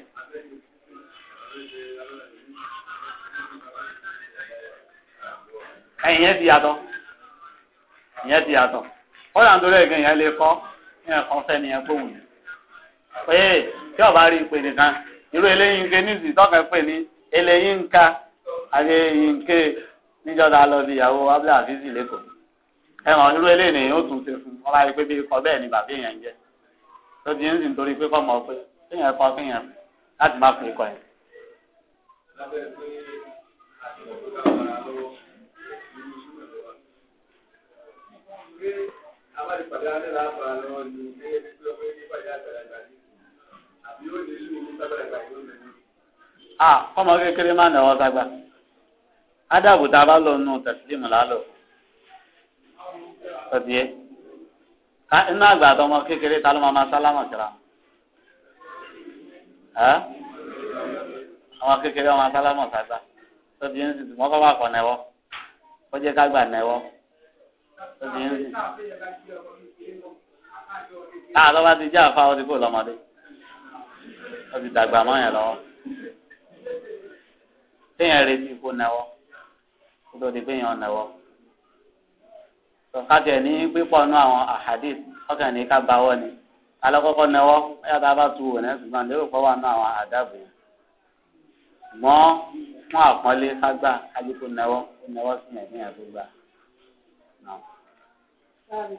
ẹ̀yìn yẹn ti yàtọ̀ yẹn ti yàtọ̀ ó yàn tó lẹ́gàn yẹn lè kọ́ yẹn kàn fẹ́ nìyẹn pé wùn. pé tí ọba rí ìpè nìkan irú eléyìí nké níìsì tọ́kẹ́ pè ní eléyìí nka àti eléyìí nké níjọba lọ sí ìyàwó abdul aziz lẹ́kọ̀ọ́ ẹ̀wọ̀n irú eléyìí ni yóò tún ṣe fún wọn láyé pé bí ikọ̀ bẹ́ẹ̀ ni bàbá èèyàn jẹ́ tó di ẹ̀ńsìn torí pé kọ́ mọ̀ pé kéèyàn kọ́ kéèyàn láti má pè é kọ́ yẹn. Ah, kọ́mọ kékeré máa ń dẹ̀wọ́ sagbá. Ádàbò tá a bá lọ nù tẹ̀sílímù lálọ́ tọ́tí yẹ inú àgbàdo ọmọ kékeré ta ló máa ma sálámà kíra ọmọ kékeré ọmọ sálámà sàgbà tọ́tí yẹn sì wọ́n kọ́ máa kọ̀ nẹ́wọ́ ó jẹ́ ká gbà nẹ́wọ́ tọ́tí yẹn sì. táà lọ́ba ti jẹ́ àfa ọdún kò lọ́mọdé ó ti dàgbà mọ́ yẹn lọ́wọ́ téèyàn retí kó nẹ́wọ́ kó kájẹ ní pípọ̀ nú àwọn àhàdìs ọkàn ní ká ni alákọ̀ọ́kọ́ náwó yàtọ̀ bá tu wò náà ṣùgbọ́n lérò pọ̀ wà nú àwọn àdáàbò yẹn mọ́ fún àpọ́nlé kágbà kájíkó náwó náwó sí ẹ̀mí ẹ̀ tó gbà. Thank you.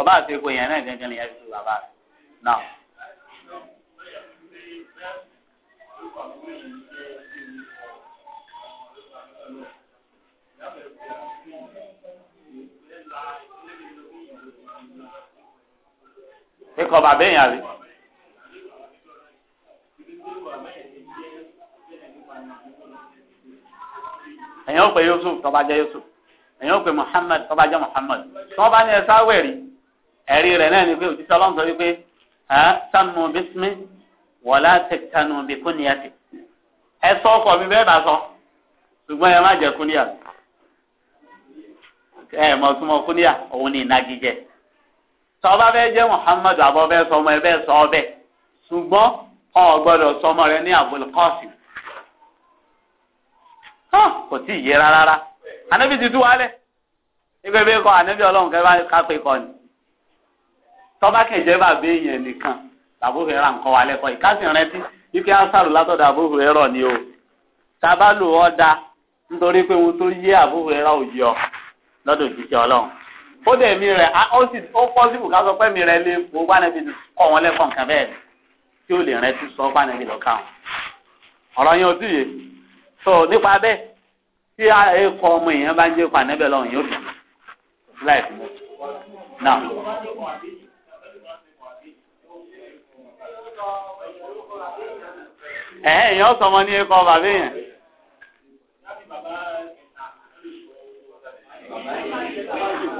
ọba àti epo yẹn náà gẹ́gẹ́ ni ẹ fi bàbá rẹ̀ náà. ikọ̀ bàbá èèyàn rí. èèyàn ó pe Yusuf tó jẹ́ Yusuf èèyàn ó pe Muhammad tó jẹ́ Muhammad tó bá ní ẹ sáwẹ̀rì ẹ̀rí rẹ̀ náà ni pé òjíṣẹ́ ọlọ́run sọ wípé sanu bísímì wọlá tẹkanu bíkú ni ẹsẹ̀ ẹ sọ ọkọ mi bẹ́ẹ̀ bá sọ ṣùgbọ́n ẹ má jẹ kúníyà ẹ mọ̀ súnmọ́ kúníyà òun ni ìnagijẹ tọ́ba bẹ́ẹ̀ jẹ́ Muhammadu abọ́ bẹ́ẹ̀ sọ ọmọ ẹ bẹ́ẹ̀ sọ ọ bẹ́ẹ̀ ṣùgbọ́n ọ gbọ́dọ̀ sọ ọmọ rẹ ní Abul Qasim kò tí ì yé rárá anábì ti tú wálẹ̀ ibẹ̀ bẹ́ẹ̀ kọ́ anábì ọlọ́run kẹ́ bá kápẹ́ kọ́ ni. tọ́ba kẹ̀jẹ́ bá bẹ́ èèyàn nìkan àbúrò ẹ̀rọ nǹkan wà lẹ́kọ̀ọ́ ìkásí rántí ike ásàrò látọ̀dọ̀ àbúrò ẹ̀rọ ni o tábà lò ọ́ da nítorí pé ohun tó yé àbúrò ẹ̀rọ ọ lọ́dọ̀ òjijì ọlọ́run ó dẹ̀ mi rẹ̀ ó sì ó ká sọ pé mi rẹ̀ lé gbànẹ́bí kọ́ wọn nǹkan bẹ́ẹ̀ tí ó lè rántí sọ gbànẹ́bí ọ̀rọ̀ yẹn ò tí yé so nípa bẹ́ẹ̀ tí ẹ̀kọ́ ọmọ èèyàn bá ń jẹ́ lọ́run ẹ̀hẹ́ èèyàn sọmọ ní ẹkọ bàbá yẹn.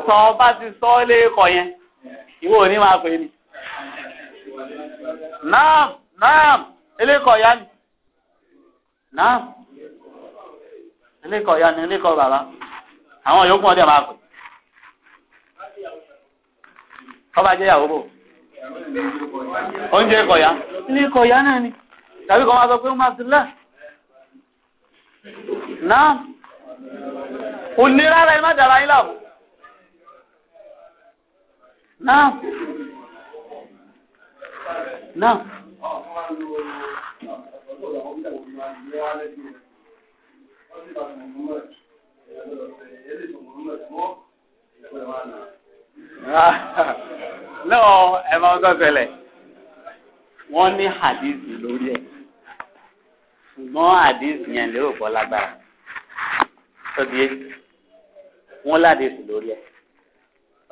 sọ bá ti sọ ọ́ lé ẹkọ yẹn ìwọ ò ní máa pè é ni. naam naam elékọ̀ ya ni naam elékọ̀ ya ni elékọ̀ bàbá àwọn yòókù ọdẹ máa pè. tọ́ba jẹ́ ìyàwó bò. oúnjẹ kọ̀yá ilé kọ̀yá náà ni tàbí kọ́ máa sọ pé máa ti lẹ̀ náà kò ní rárá ẹ má dára yín láàbù náà náà. Thank you. náà ẹ máa ń sọ̀tẹ̀lẹ̀ wọ́n ní hadithi lórí ẹ̀ ṣùgbọ́n hadithi yẹn lérò pọ̀ lágbára tóbi wọ́n ládìsí lórí ẹ̀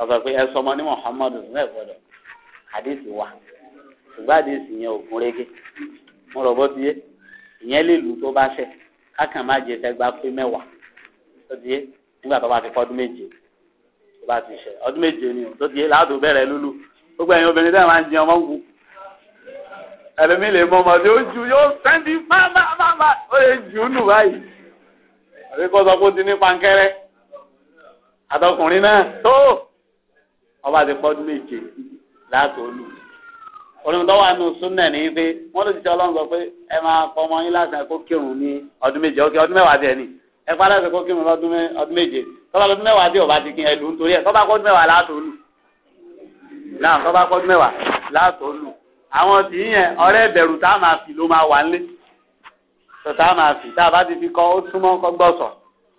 ọ̀sọ̀ pé ẹ sọmọ ní Muhammadu ṣùgbọ́n ẹ̀ gbọ́dọ̀ hadithi wà ṣùgbọ́n hadithi yẹn ò gún régé mo rọ̀ bọ́ bíyé ìyẹn lè lù tó bá ṣẹ̀ kákan má jẹ fẹ́ gbá pé mẹ́wàá tóbi nígbà tó bá fi kọ́dún méje tó bá ti ṣe ọdún méje ni tó ti láàdó bẹ̀rẹ̀ lulu gbogbo ẹ̀yin obìnrin tẹ́lẹ̀ máa ń jẹun ọmọ wù ẹlẹ́mi lè mọ ọmọdé ó ju yóò sẹ́ndí fáfáfáfá ó lè jù ú nù báyìí àbí kó sọ kó ti ní pankẹ́rẹ́ àtọkùnrin náà tó ọba ti pọ́dún méje láàtó lù olùdó wa nù súnà ní pé wọ́n lè ti sọ ọlọ́run sọ pé ẹ máa pọ́ ọmọ yín láti ẹ̀kọ́ kírun ní ọdún méje ọkẹ́ ọdún mẹ́wàá tẹ̀ ni ẹ padà sí kó kí wọn ọdún méje tọ́ba lọ́dún mẹ́wàá dé ọba ti kí ẹ lù nítorí ẹ tọ́ba kọ́ ọdún mẹ́wàá látò lù náà tọ́ba kọ́ ọdún mẹ́wàá látò lù àwọn tì í yẹn ọ̀rẹ́ ìbẹ̀rù tá a máa fi ló máa wà nílé tó tá a máa fi tá a bá ti fi kọ́ ó túmọ̀ kọ́ gbọ̀sọ̀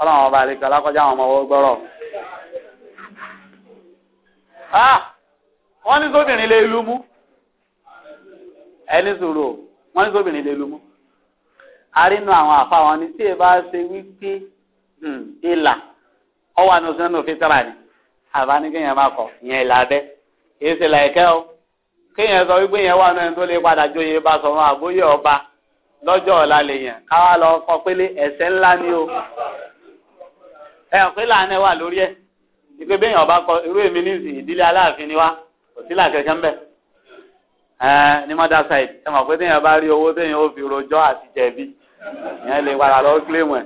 ọlọ́run ọba àlekọ́ alákọ́jà àwọn ọmọ gbọ́rọ̀. Ah! wọ́n ní sóbìnrin lè lu ẹni sòrò wọ́n ní sóbìnrin lè lu arínú àwọn àfàwọn ni tí ẹ bá ṣe wípé hmm, ìlà ọwọ́ àna oṣù náà fi ni àbá ní kéèyàn máa kọ̀ ìyẹn ìlà abẹ́ kì í ṣe làìkẹ́ o kéèyàn sọ wípé ìyẹn wà náà tó lè padà jóye bá sọ wọn àgbóyè ọba lọ́jọ́ ọ̀la lèèyàn káwá lọ kọ pélé ẹ̀ṣẹ̀ ńlá ni o ẹ̀yàn pé làánẹ̀ wà lórí ẹ̀ ìpè bẹ́ẹ̀ ọba kọ irú èmi ní ìsìn ìdílé aláàfin ni wá kò sí làkẹ́kẹ́ ń bẹ̀ ní mother side ẹ mọ̀ pé téèyàn bá rí owó téèyàn ó fi rojọ́ àti jẹ̀bi yẹn lè padà lọ kílèmù ẹ̀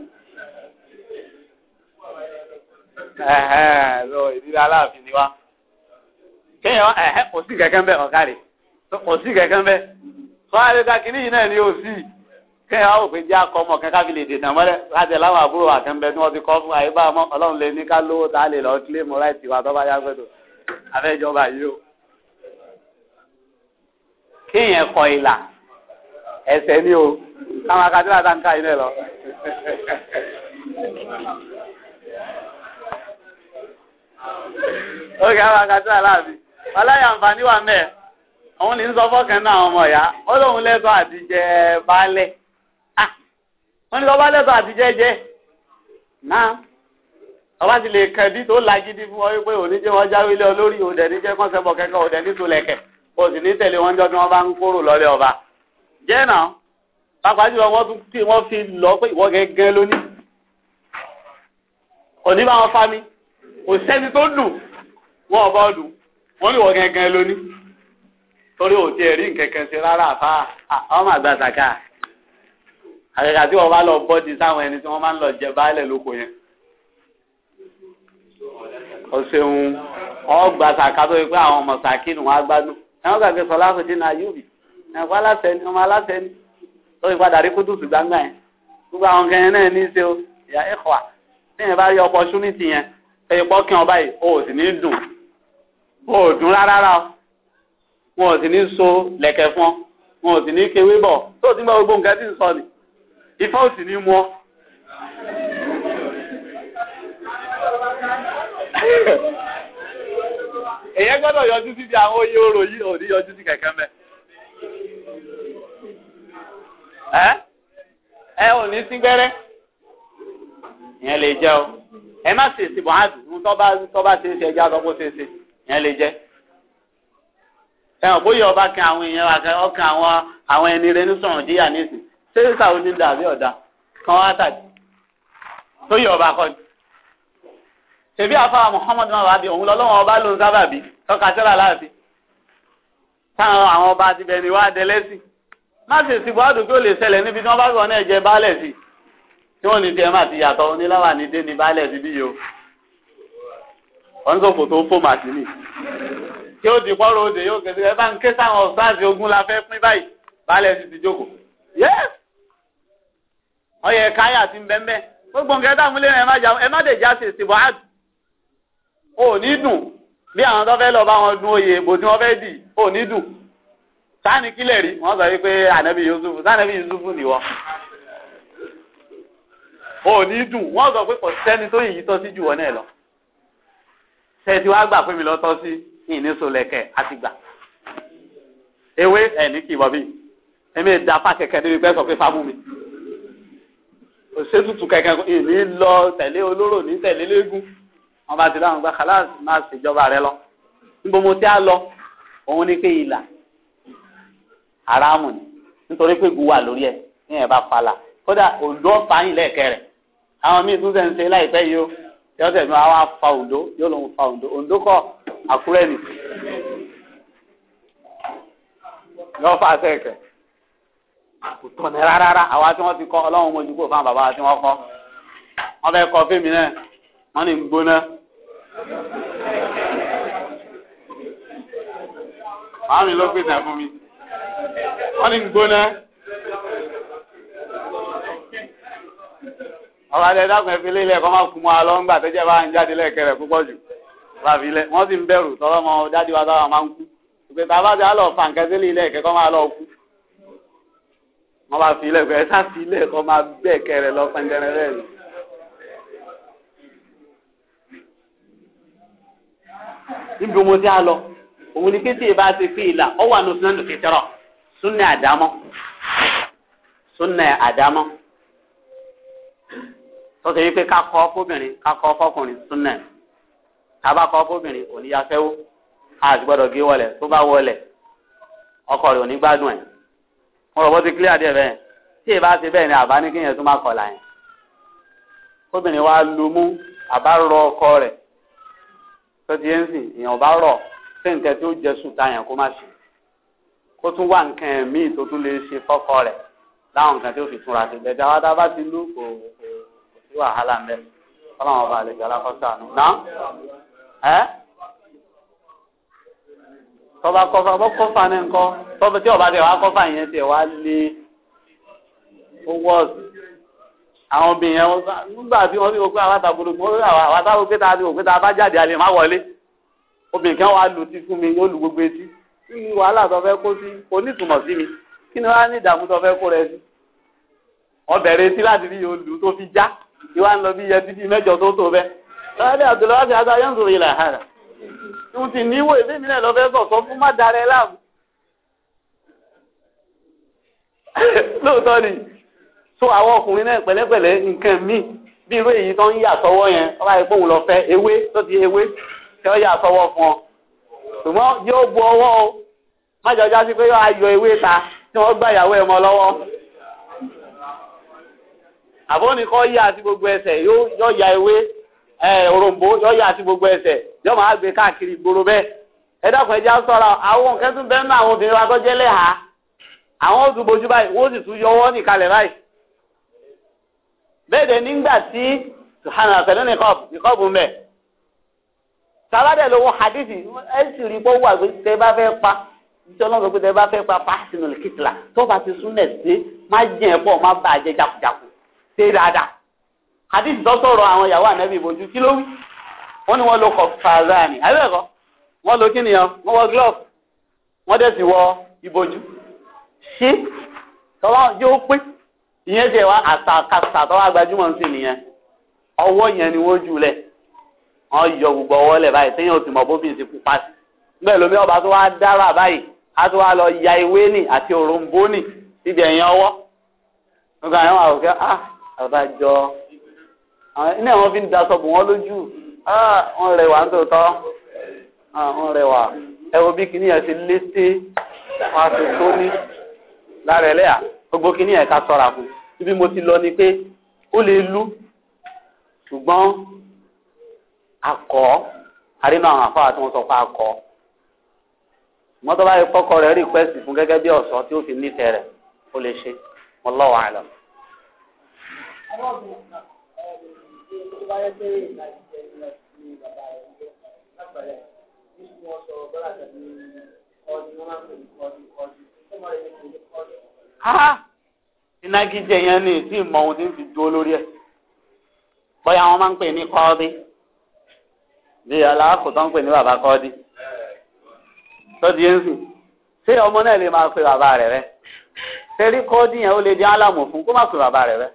lọ ìdílé aláàfin ni wá kéèyàn ẹ̀hẹ́ kò sí kẹ̀kẹ́ mbẹ́ ọ̀gá rẹ̀ kò sí kẹ̀kẹ́ mbẹ́ sọ́wọ́n ká kínní yìí náà ni ó sí kéèyàn ó pè jẹ́ akọ́mọ kẹ́kẹ́ fi lè dènà mọ́lẹ̀ láti láwọn àbúrò àkẹ́mbẹ́ ni wọ́n ti kọ́ fún àyè bá ọmọ ọlọ́run lè ní ká lówó tá a lè lọ kílèmù láìsí wa tó bá yá gbẹ́dọ̀ abẹ́jọba yìí o kéèyàn kọ ìlà ese ni o kama akadé náà dáńkà yín lọ. oge kama akadé náà láàbí ọlọ́yà òun náà ọmọ ya O lóun lẹ́tọ̀ọ́ àtijẹ́ balẹ̀ wọ́n ní lọ́ba ọba ti lè kàn bí tó lagidi fún ọ òní jáwé lé ọ lórí òsì ní wọn jẹ́ náà pàápàá jùlọ wọ́n tún tí wọ́n fi lọ pé ìwọ gẹ́gẹ́ lónìí òní bá wọn fa mi kò sẹ́ni tó dùn wọn ò bá dùn wọ́n ní ìwọ gẹ́gẹ́ lónìí torí ò tiẹ̀ rí nkẹ̀kẹ́ sí rárá àfa ọmọ àgbà sàkà àgàgà tí wọ́n bá lọ bọ́dì sáwọn ẹni tí wọ́n máa ń lọ jẹ baálẹ̀ lóko yẹn ọ̀sẹ̀ òun ọgbà sàkà tó yẹ pé àwọn ọmọ sàkínù wọn á gbádùn ẹ̀wọ̀n gbàgbé sọlá kò dín yóò bì ẹ̀kọ́ aláṣẹ ni ọmọ aláṣẹ ni ó fi padà rí kúdùsù gbangba yẹn gbogbo àwọn kẹyìn náà ní í ṣe o ìyá ẹ̀kọ́ à tíyẹn bá rí opportunity yẹn ẹ̀yìnpọ̀ kí wọn báyìí o ò sì ní dùn o ò dùn rárá rà wọn ò sì ní so lẹ̀kẹ̀ fún ọ wọn ò sì ní kéwé bọ̀ tó o ti gbọ́ gbogbo nǹkan tí ń sọ ni ìfọ́ ò sì ní mú ọ. èyẹ gbọ́dọ̀ yọjú síbi àwọn oyè orò yìí ò ní yọjú sí kẹ̀kẹ́ mẹ́. ẹ ẹ ò ní sí gbẹ́rẹ́ ìyẹn lè jẹ́ o ẹ má ṣe ìsìnbọn àdùn tọ́ba tọ́ba ṣe é ṣe ẹja àtọ́kọ́ ṣe é ṣe ìyẹn lè jẹ́ ẹ ò bóyá ọba kan àwọn èèyàn ọkàn àwọn àwọn ẹni rẹ ní sọ̀rọ̀ díyà nísìn ṣé sàwọ́dí dà bí ọ̀dà kan wá tàbí tó yẹ ọba kọ́ ni ṣèbí àfáà Muhammadu mahabi òun lọ́lọ́wọ́ ọba ló ń sábàbí tọ́ka tẹ́lá láàbí táwọn àwọn ọba ti bẹ̀rẹ̀ wá dẹlẹ́sìn. má sì sí buhari kí ó lè ṣẹlẹ̀ níbi tí wọ́n bá sọ náà jẹ baálẹ̀ sí tí wọ́n ní tiẹ̀ má ti yàtọ̀ oníláwà ní dé ní baálẹ̀ sí bí yìí o wọ́n sọ fòtò ó fò màtínì tí ó di pọ́rọ̀ òde yóò kẹsí ẹ bá ń ké sáwọn ọ̀sáàsì ogun la fẹ́ pín báyìí baálẹ̀ sí ti jókòó yes ọyẹ káyà ti ń bẹ́ńbẹ́ gbogbo nǹkan tá a múlẹ̀ ẹ má dè já sí sí buhari ò ní dùn bí àwọn tó fẹ́ lọ bá wọn dún oyè ìbò tí wọ́n fẹ́ dì ò ní dùn sáàni kílẹ̀ rí wọ́n sọ wípé ànábì yusuf sáànábì yusuf nìwọ ò ní dùn wọ́n sọ pé kò sẹ́ni tó yìí tọ́ sí jù wọ́n náà lọ tẹ̀sí wá gbà fún mi lọ tọ́ sí ìní sọlẹ̀kẹ̀ àti gbà ewé ẹ̀ní kì í wọ́bí ẹ̀mí ẹ̀dá apá kẹ̀kẹ́ níbi pẹ́ sọ pé fábù mi òṣètùtù kẹ̀kẹ́ ìní lọ tẹ̀lé olóró ní tẹ̀lé léegun wọn bá ti láwọn gba kàláàsì máa ṣèjọba rẹ lọ níbo mo ti á lọ òun ní pé ìlà haramu ni nítorí pé wà lórí ẹ̀ ní ẹ̀ bá falà kódà òdó ọ̀pá yìí lẹ́ẹ̀kẹ́ àwọn míì tún sẹ́ńsẹ́ láìpẹ́ yìí ó yọ tẹ̀sí fa òdó yóò lòun fa òdó òdó kọ àkúrẹ́ nì sẹ́ẹ̀kẹ́ àkùtọ̀ ní àwa tí wọ́n ti kọ́ ọlọ́run mojú kó fáwọn bàbá wa tí wọ́n kọ́ wọ́n fẹ́ fíìmù náà wọ́n ní gbóná. mi. wọ́n ní gbóná. ọ̀rọ̀ adé dákun ẹ̀fín lé ilé ẹ̀kọ́ máa kú mọ́ alọ́ ńgbà tẹ́jẹ́ bá ń jáde lẹ́ẹ̀kẹrẹ púpọ̀ jù ràbí wọ́n sì ń bẹ̀rù tọ́lọ́ mọ wa táwọn máa ń kú ìpè tá a bá ti á lọ fà ń kẹsí lé ilé ẹ̀kẹ́kọ́ máa lọ kú wọ́n bá fi ilé ẹ̀kọ́ ẹ̀ sá fi ilé ẹ̀kọ́ máa bẹ́ẹ̀ kẹrẹ lọ pẹ́ńtẹ́rẹ́ rẹ̀ ni. níbi mo ti á lọ òun ni pété bá ti fi ìlà ọ wà nù sínú kìtìrọ̀ súnà adama, súnà adama. tọ́tẹ̀ wípé ká kọ́ fóbìnrin ká kọ́ fọkùnrin súnà Taba kọ́ fóbìnrin kò ní yafẹ́wó àti gbọ́dọ̀ gé wọlé tó bá wọlé ọkọ rẹ̀ ò ní gbádùn ẹ̀ mo rọ̀ bọ́ ti clear díẹ̀ bẹ́ẹ̀ tí ì bá ti bẹ́ẹ̀ ni àbá ní kéèyàn tó má kọ̀ọ̀là yẹn kóbìnrin wa lu mú àbá rọ ọkọ rẹ̀ tó ti yẹn sìn èèyàn bá rọ̀ sí nǹkan tí ó jẹ sùn táyà kó má ṣe kó tún wá nǹkan ẹ̀mí tó tún lè ṣe fọ́kọ rẹ̀ láwọn nǹkan tí ó fi túnra sí ìgbẹ́jà wa dá bá ti lú kò kò sí wàhálà ń bẹ fọlọ́wọn ọba àlejò alákọ̀ọ́sà nà ẹ́ tọba kọfà bọ́ kọfà ní nǹkan tọ́bi tí ọba tẹ̀ wá kọfà yẹn tẹ̀ wá lé ó wọ́ọ̀sì àwọn obìnrin yẹn nígbà tí wọ́n fi wọ́n pé alátagbolo pé àwọn àtàwọn pé tá a ti wọ́n pé tá a bá jáde a lè má wọlé obìnrin kan wà lù tí fún mi yóò lù gbogbo etí kí ni wàhálà tó fẹ́ kó sí kò ní ìtumọ̀ sí mi kí ni wàá ní ìdààmú tó fẹ́ kó rẹ sí. ọbẹ̀ retí láti rí olù tó fi já ìwà ń lọ bí yẹtí bí mẹ́jọ tó tó bẹ́ẹ̀. lọ́dẹ àdúrà ti ata yóò ń sòrò ìlà hàrà. mo ti níwò èmi náà lọ fẹ́ sọ̀tọ́ fún má darẹ̀ láàmú. lóòótọ́ ni so àwọn ọkùnrin náà pẹ̀lẹ́pẹ̀lẹ́ nǹkan míì bí irú èyí tó ń yà sọ́wọ́ yẹn ọ ṣùgbọ́n yóò bu ọwọ́ o má jọ pé yóò ayọ ewé ta tí wọ́n gbà ìyàwó ẹ̀ mọ́ lọ́wọ́ àbọ̀nì kọ́ ati àti gbogbo ẹsẹ̀ yóò ya ewé òròǹbó yóò yá àti gbogbo ẹsẹ̀ yóò máa gbé káàkiri ìgboro bẹ́ẹ̀ ẹ dákun ẹja sọ̀rọ̀ àwọn nǹkan bẹ́ẹ̀ nínú àwọn obìnrin wa tó jẹ́ lẹ́hàá àwọn ó tún bojú báyìí wọ́n sì tún yọ ọwọ́ nìkalẹ̀ báyìí bẹ́ẹ̀ dẹ̀ nígbà tí hàn àtẹ̀lẹ́ nìkọ́ọ̀bù sábàdẹ̀ lówó hadithi ẹ sì rí pé ó wà pé tẹ bá fẹ́ pa ìṣe ọlọ́run pé tẹ bá fẹ́ pa fásitì lè kìtìlá tó bá ti súnlẹ̀ sí má jẹ́ ẹ̀ pọ̀ má bàjẹ́ jakujaku ṣe dáadáa hadithi tó sọ̀rọ̀ àwọn ìyàwó ànábì ìbojú kí ló wí wọ́n ní wọ́n lo kọ̀fàzáàní àbẹ́ẹ̀kọ́ wọ́n lo kí nìyẹn wọ́n wọ glove wọ́n dẹ̀ sì wọ ìbojú ṣé tọ́lá yóò pé ìyẹn ṣe wá àṣà kàṣà tọ́lá ń sìn nìyẹn ọwọ́ yẹn ni wọ́n jù wọn yọ gbogbo ọwọ́ lẹ̀ báyìí sẹ́yìn òsì mọ̀ bóbí ti pupa sí bẹ́ẹ̀ lómi ọba tó wá dára báyìí a tó wá lọ ya ewé nì àti òrombó nì síbi ẹ̀yìn ọwọ́ nígbà yẹn wọn ah, àwọn kẹ ah àbájọ iná wọn fi ń daṣọ bò wọn lójú ah wọn rẹwà nítòótọ́ ah wọn rẹwà ẹ wo bí kinní yẹn ti lé sí wọn àti tóní lára ẹlẹ́yà gbogbo kinní ká ṣọ́ra fún ibi mo ti lọ ni pé ó lè lu ṣùgbọ́n. Akọọ, arínú àwọn afáwà tí wọn sọ pé akọ mọtò báyìí fún ọsọ tí o fi nífẹ̀ẹ́ rẹ ó lè ṣe wallahu a'lam. ìnagijẹ yẹn ni tí ìmọ̀ ohun ti fi dúró lórí ẹ̀ bí aláàkó tó ń pè ní bàbá kọ́ọ́dí tọ́jú yẹn sùn ṣé ọmọ náà lè máa pe bàbá rẹ̀ rẹ́ tẹ́rí kọ́ọ́dí yẹn ó lè di álàmù fún kó má pe bàbá rẹ̀ rẹ́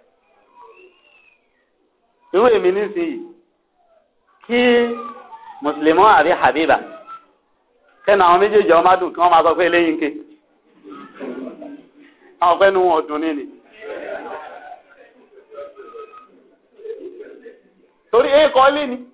irú èmi nísìnyí kí mùsùlùmọ́ àbí habiba kẹ́nu àwọn méjèèjì ọmọ adùn kí wọ́n máa sọ pé eléyìí ń ké àwọn fẹ́ nu wọn ọdún nínú. torí èèkọ́ lé ni.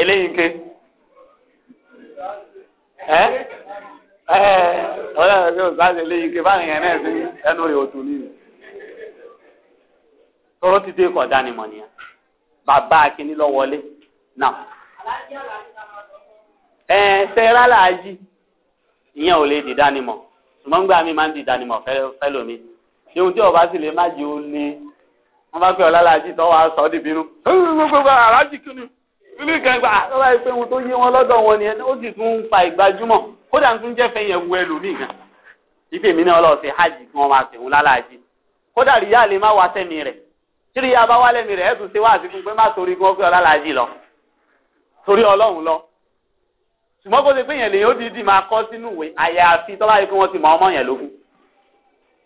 eléyìí ké ẹ ẹ ọ̀rẹ́ rẹ̀ o sáà eléyìí ké báyìí yẹn náà sí ẹnu rẹ̀ òtún ní ìlú tọrọ ti dé kọ̀ dánimọ̀ nìyẹn bàbá akíní lọ wọlé náà ẹ sẹ́ra làájì ìyẹn ò lè dìdánimọ̀ ṣùgbọ́n gbà mí máa ń dìdánimọ̀ fẹ́lòmí ṣé ohun tí ọba sì lè má jẹ́ o lé wọ́n bá pẹ́ ọ lálàájì tó wàá sọ ọ́ dìbínú gbogbo aláàjì kìíní ilé kẹgbà lọ́la ìpè ohun tó yé wọn lọ́dọ̀ wọn ni ó sì tún ń pa ìgbàjúmọ̀ kódà tún jẹ́ fẹ́ yẹn wu ẹlòmíì gan ìpè mí náà lọ sí hajj kí wọ́n máa tẹ̀wọ́n lálàájì kódà ríyá lè má wá sẹ́mi rẹ̀ tí ríyá bá wá lẹ́mi rẹ̀ ẹ̀ ṣe wá àti fún pé má torí kí wọ́n pé ọlálàájì lọ torí ọlọ́run lọ ṣùgbọ́n kó ṣe pé yẹn lèyìn ó dìídì máa kọ́ sínú ìwé àyàfi tọ́lá yìí pé wọ́n ti mọ ọmọ yẹn lógún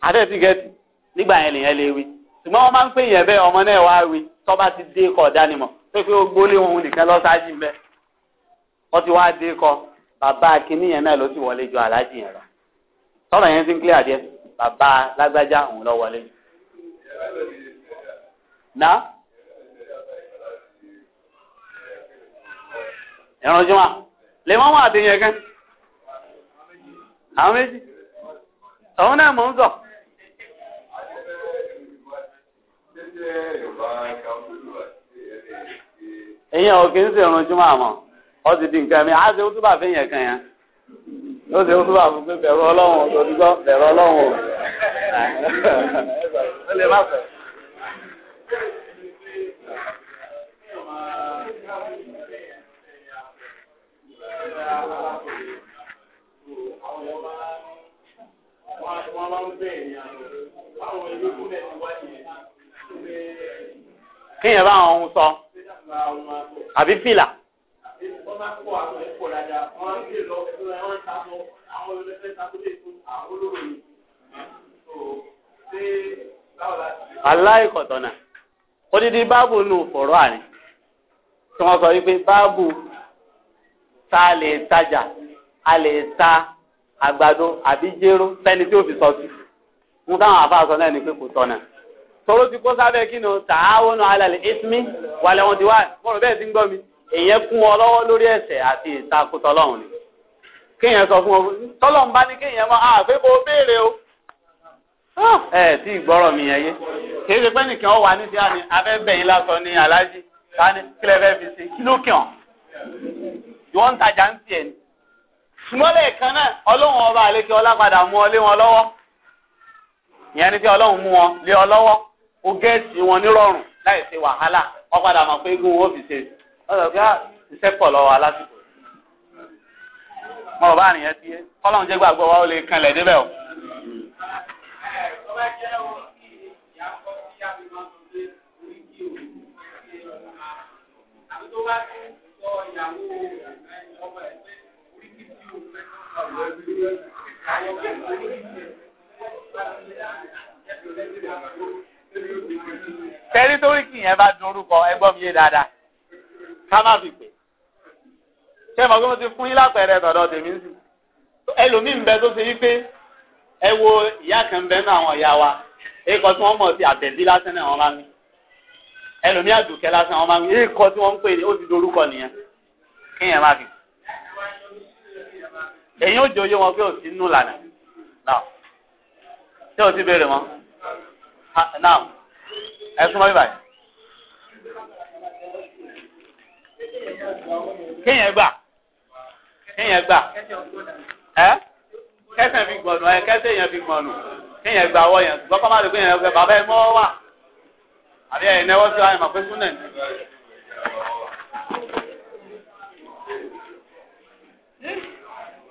àtẹ̀tí gẹ̀ẹ́tì nígbà yẹn lèyìn ẹ lè wí ṣùgbọ́n wọ́n máa ń pè yẹn bẹ́ẹ̀ ọmọ náà wá wí tọ́ bá ti dé kọ̀ dánimọ̀ pé pé ó gbólé wọn nìkan lọ́sáájì ń bẹ́ wọ́n ti wá dé kọ bàbá akínní yẹn náà ló ti wọlé ju aláàjì yẹn lọ sọ̀rọ̀ yẹn ti ń clear díẹ̀ bàbá lágbájá òun lọ wọlé jù. ná ìrànjú wa lè mọ́ wọn àtẹ̀yìn ẹ̀kẹ́ àwọn méjì òun náà mò ń sọ. Ṣé ṣe Yorùbá èyàn ò kì í ṣèrun júmọ̀ àmọ́ ọ ti di nǹkan mi á ṣe òtúbà fi yẹn kan yẹn ó ṣe òtúbà fún pé bẹ̀rù ọlọ́run ò ti bẹ̀rù ọlọ́run ò ó lè bá àwọn sọ àbí fìlà. aláìkọ̀tọ̀nà odidi báàbù nù fọ̀rọ̀ àárín tí wọ́n sọ wípé báàbù tá a lè tajà a lè ta àgbàdo àbí jéró fẹ́ni tí ó fi sọ sí. mo táwọn àbá sọ náà ni pé kò tọ̀nà. tọ́lọ́ ti kó sábẹ́ kí ni tààwọnù alàlẹ́ ismi wàlẹ̀ wọn ti wá mọ̀rọ̀ bẹ́ẹ̀ ti ń gbọ́ mi èyàn kún ọ lọ́wọ́ lórí ẹ̀sẹ̀ àti ìtakùtọ̀ ni kéèyàn sọ fún ọ tọ́lọ̀ bá ní kéèyàn mọ́ béèrè o ẹ mi yẹn yé nìkan wà ní lásán ní kílẹ̀ fẹ́ fi ṣe kí ló ń tajà ń tiẹ̀ ó gẹ́ẹ̀sì wọn nírọ̀rùn láì ṣe wàhálà wọ́n padà mọ̀ pé egun wọn fi ṣe ọ̀dọ̀ bí ah, iṣẹ́ pọ̀ lọ́wọ́ alásìkò mọ̀ bá nìyẹn ti yé kọ́lọ́n jẹ́ gbàgbọ́ wa ó lè o. Thank you. tẹ́rí torí kì í yẹn bá dun orúkọ ẹgbọ́n mi yé dáadáa ká má fi pè ṣé mo gbé mo ti fún yín lápẹẹrẹ tọ̀dọ̀ tèmi ń sìn ẹlòmíì ń bẹ tó ṣe wípé ẹ wo ìyá kan ń bẹ náà àwọn ìyá wa èkó tí wọ́n mọ̀ sí àbẹ̀bí lásán náà wọ́n máa ń wí ẹlòmíì àdùkẹ́ lásán wọ́n máa ń wí èkó tí wọ́n ń pè ní ó ti dorúkọ nìyẹn kí má fi èyí ò jòyè wọn pé ò sí nù lànà náà ṣé o ti béèrè wọn naam ẹ súnmọ́ bíbá yìí. kéèyàn gbà kéèyàn gbà ẹ kẹsẹ̀ fi gbọ̀nù ẹ kẹsẹ̀ yẹn fi gbọ̀nù kéèyàn gbà wọ yẹn gbọ́kọ́ má lè gbé yẹn gbẹ bàbá ẹ mọ́ wà àbí ẹ náwó sí wa ẹ mọ̀ pé súnẹ̀ ní.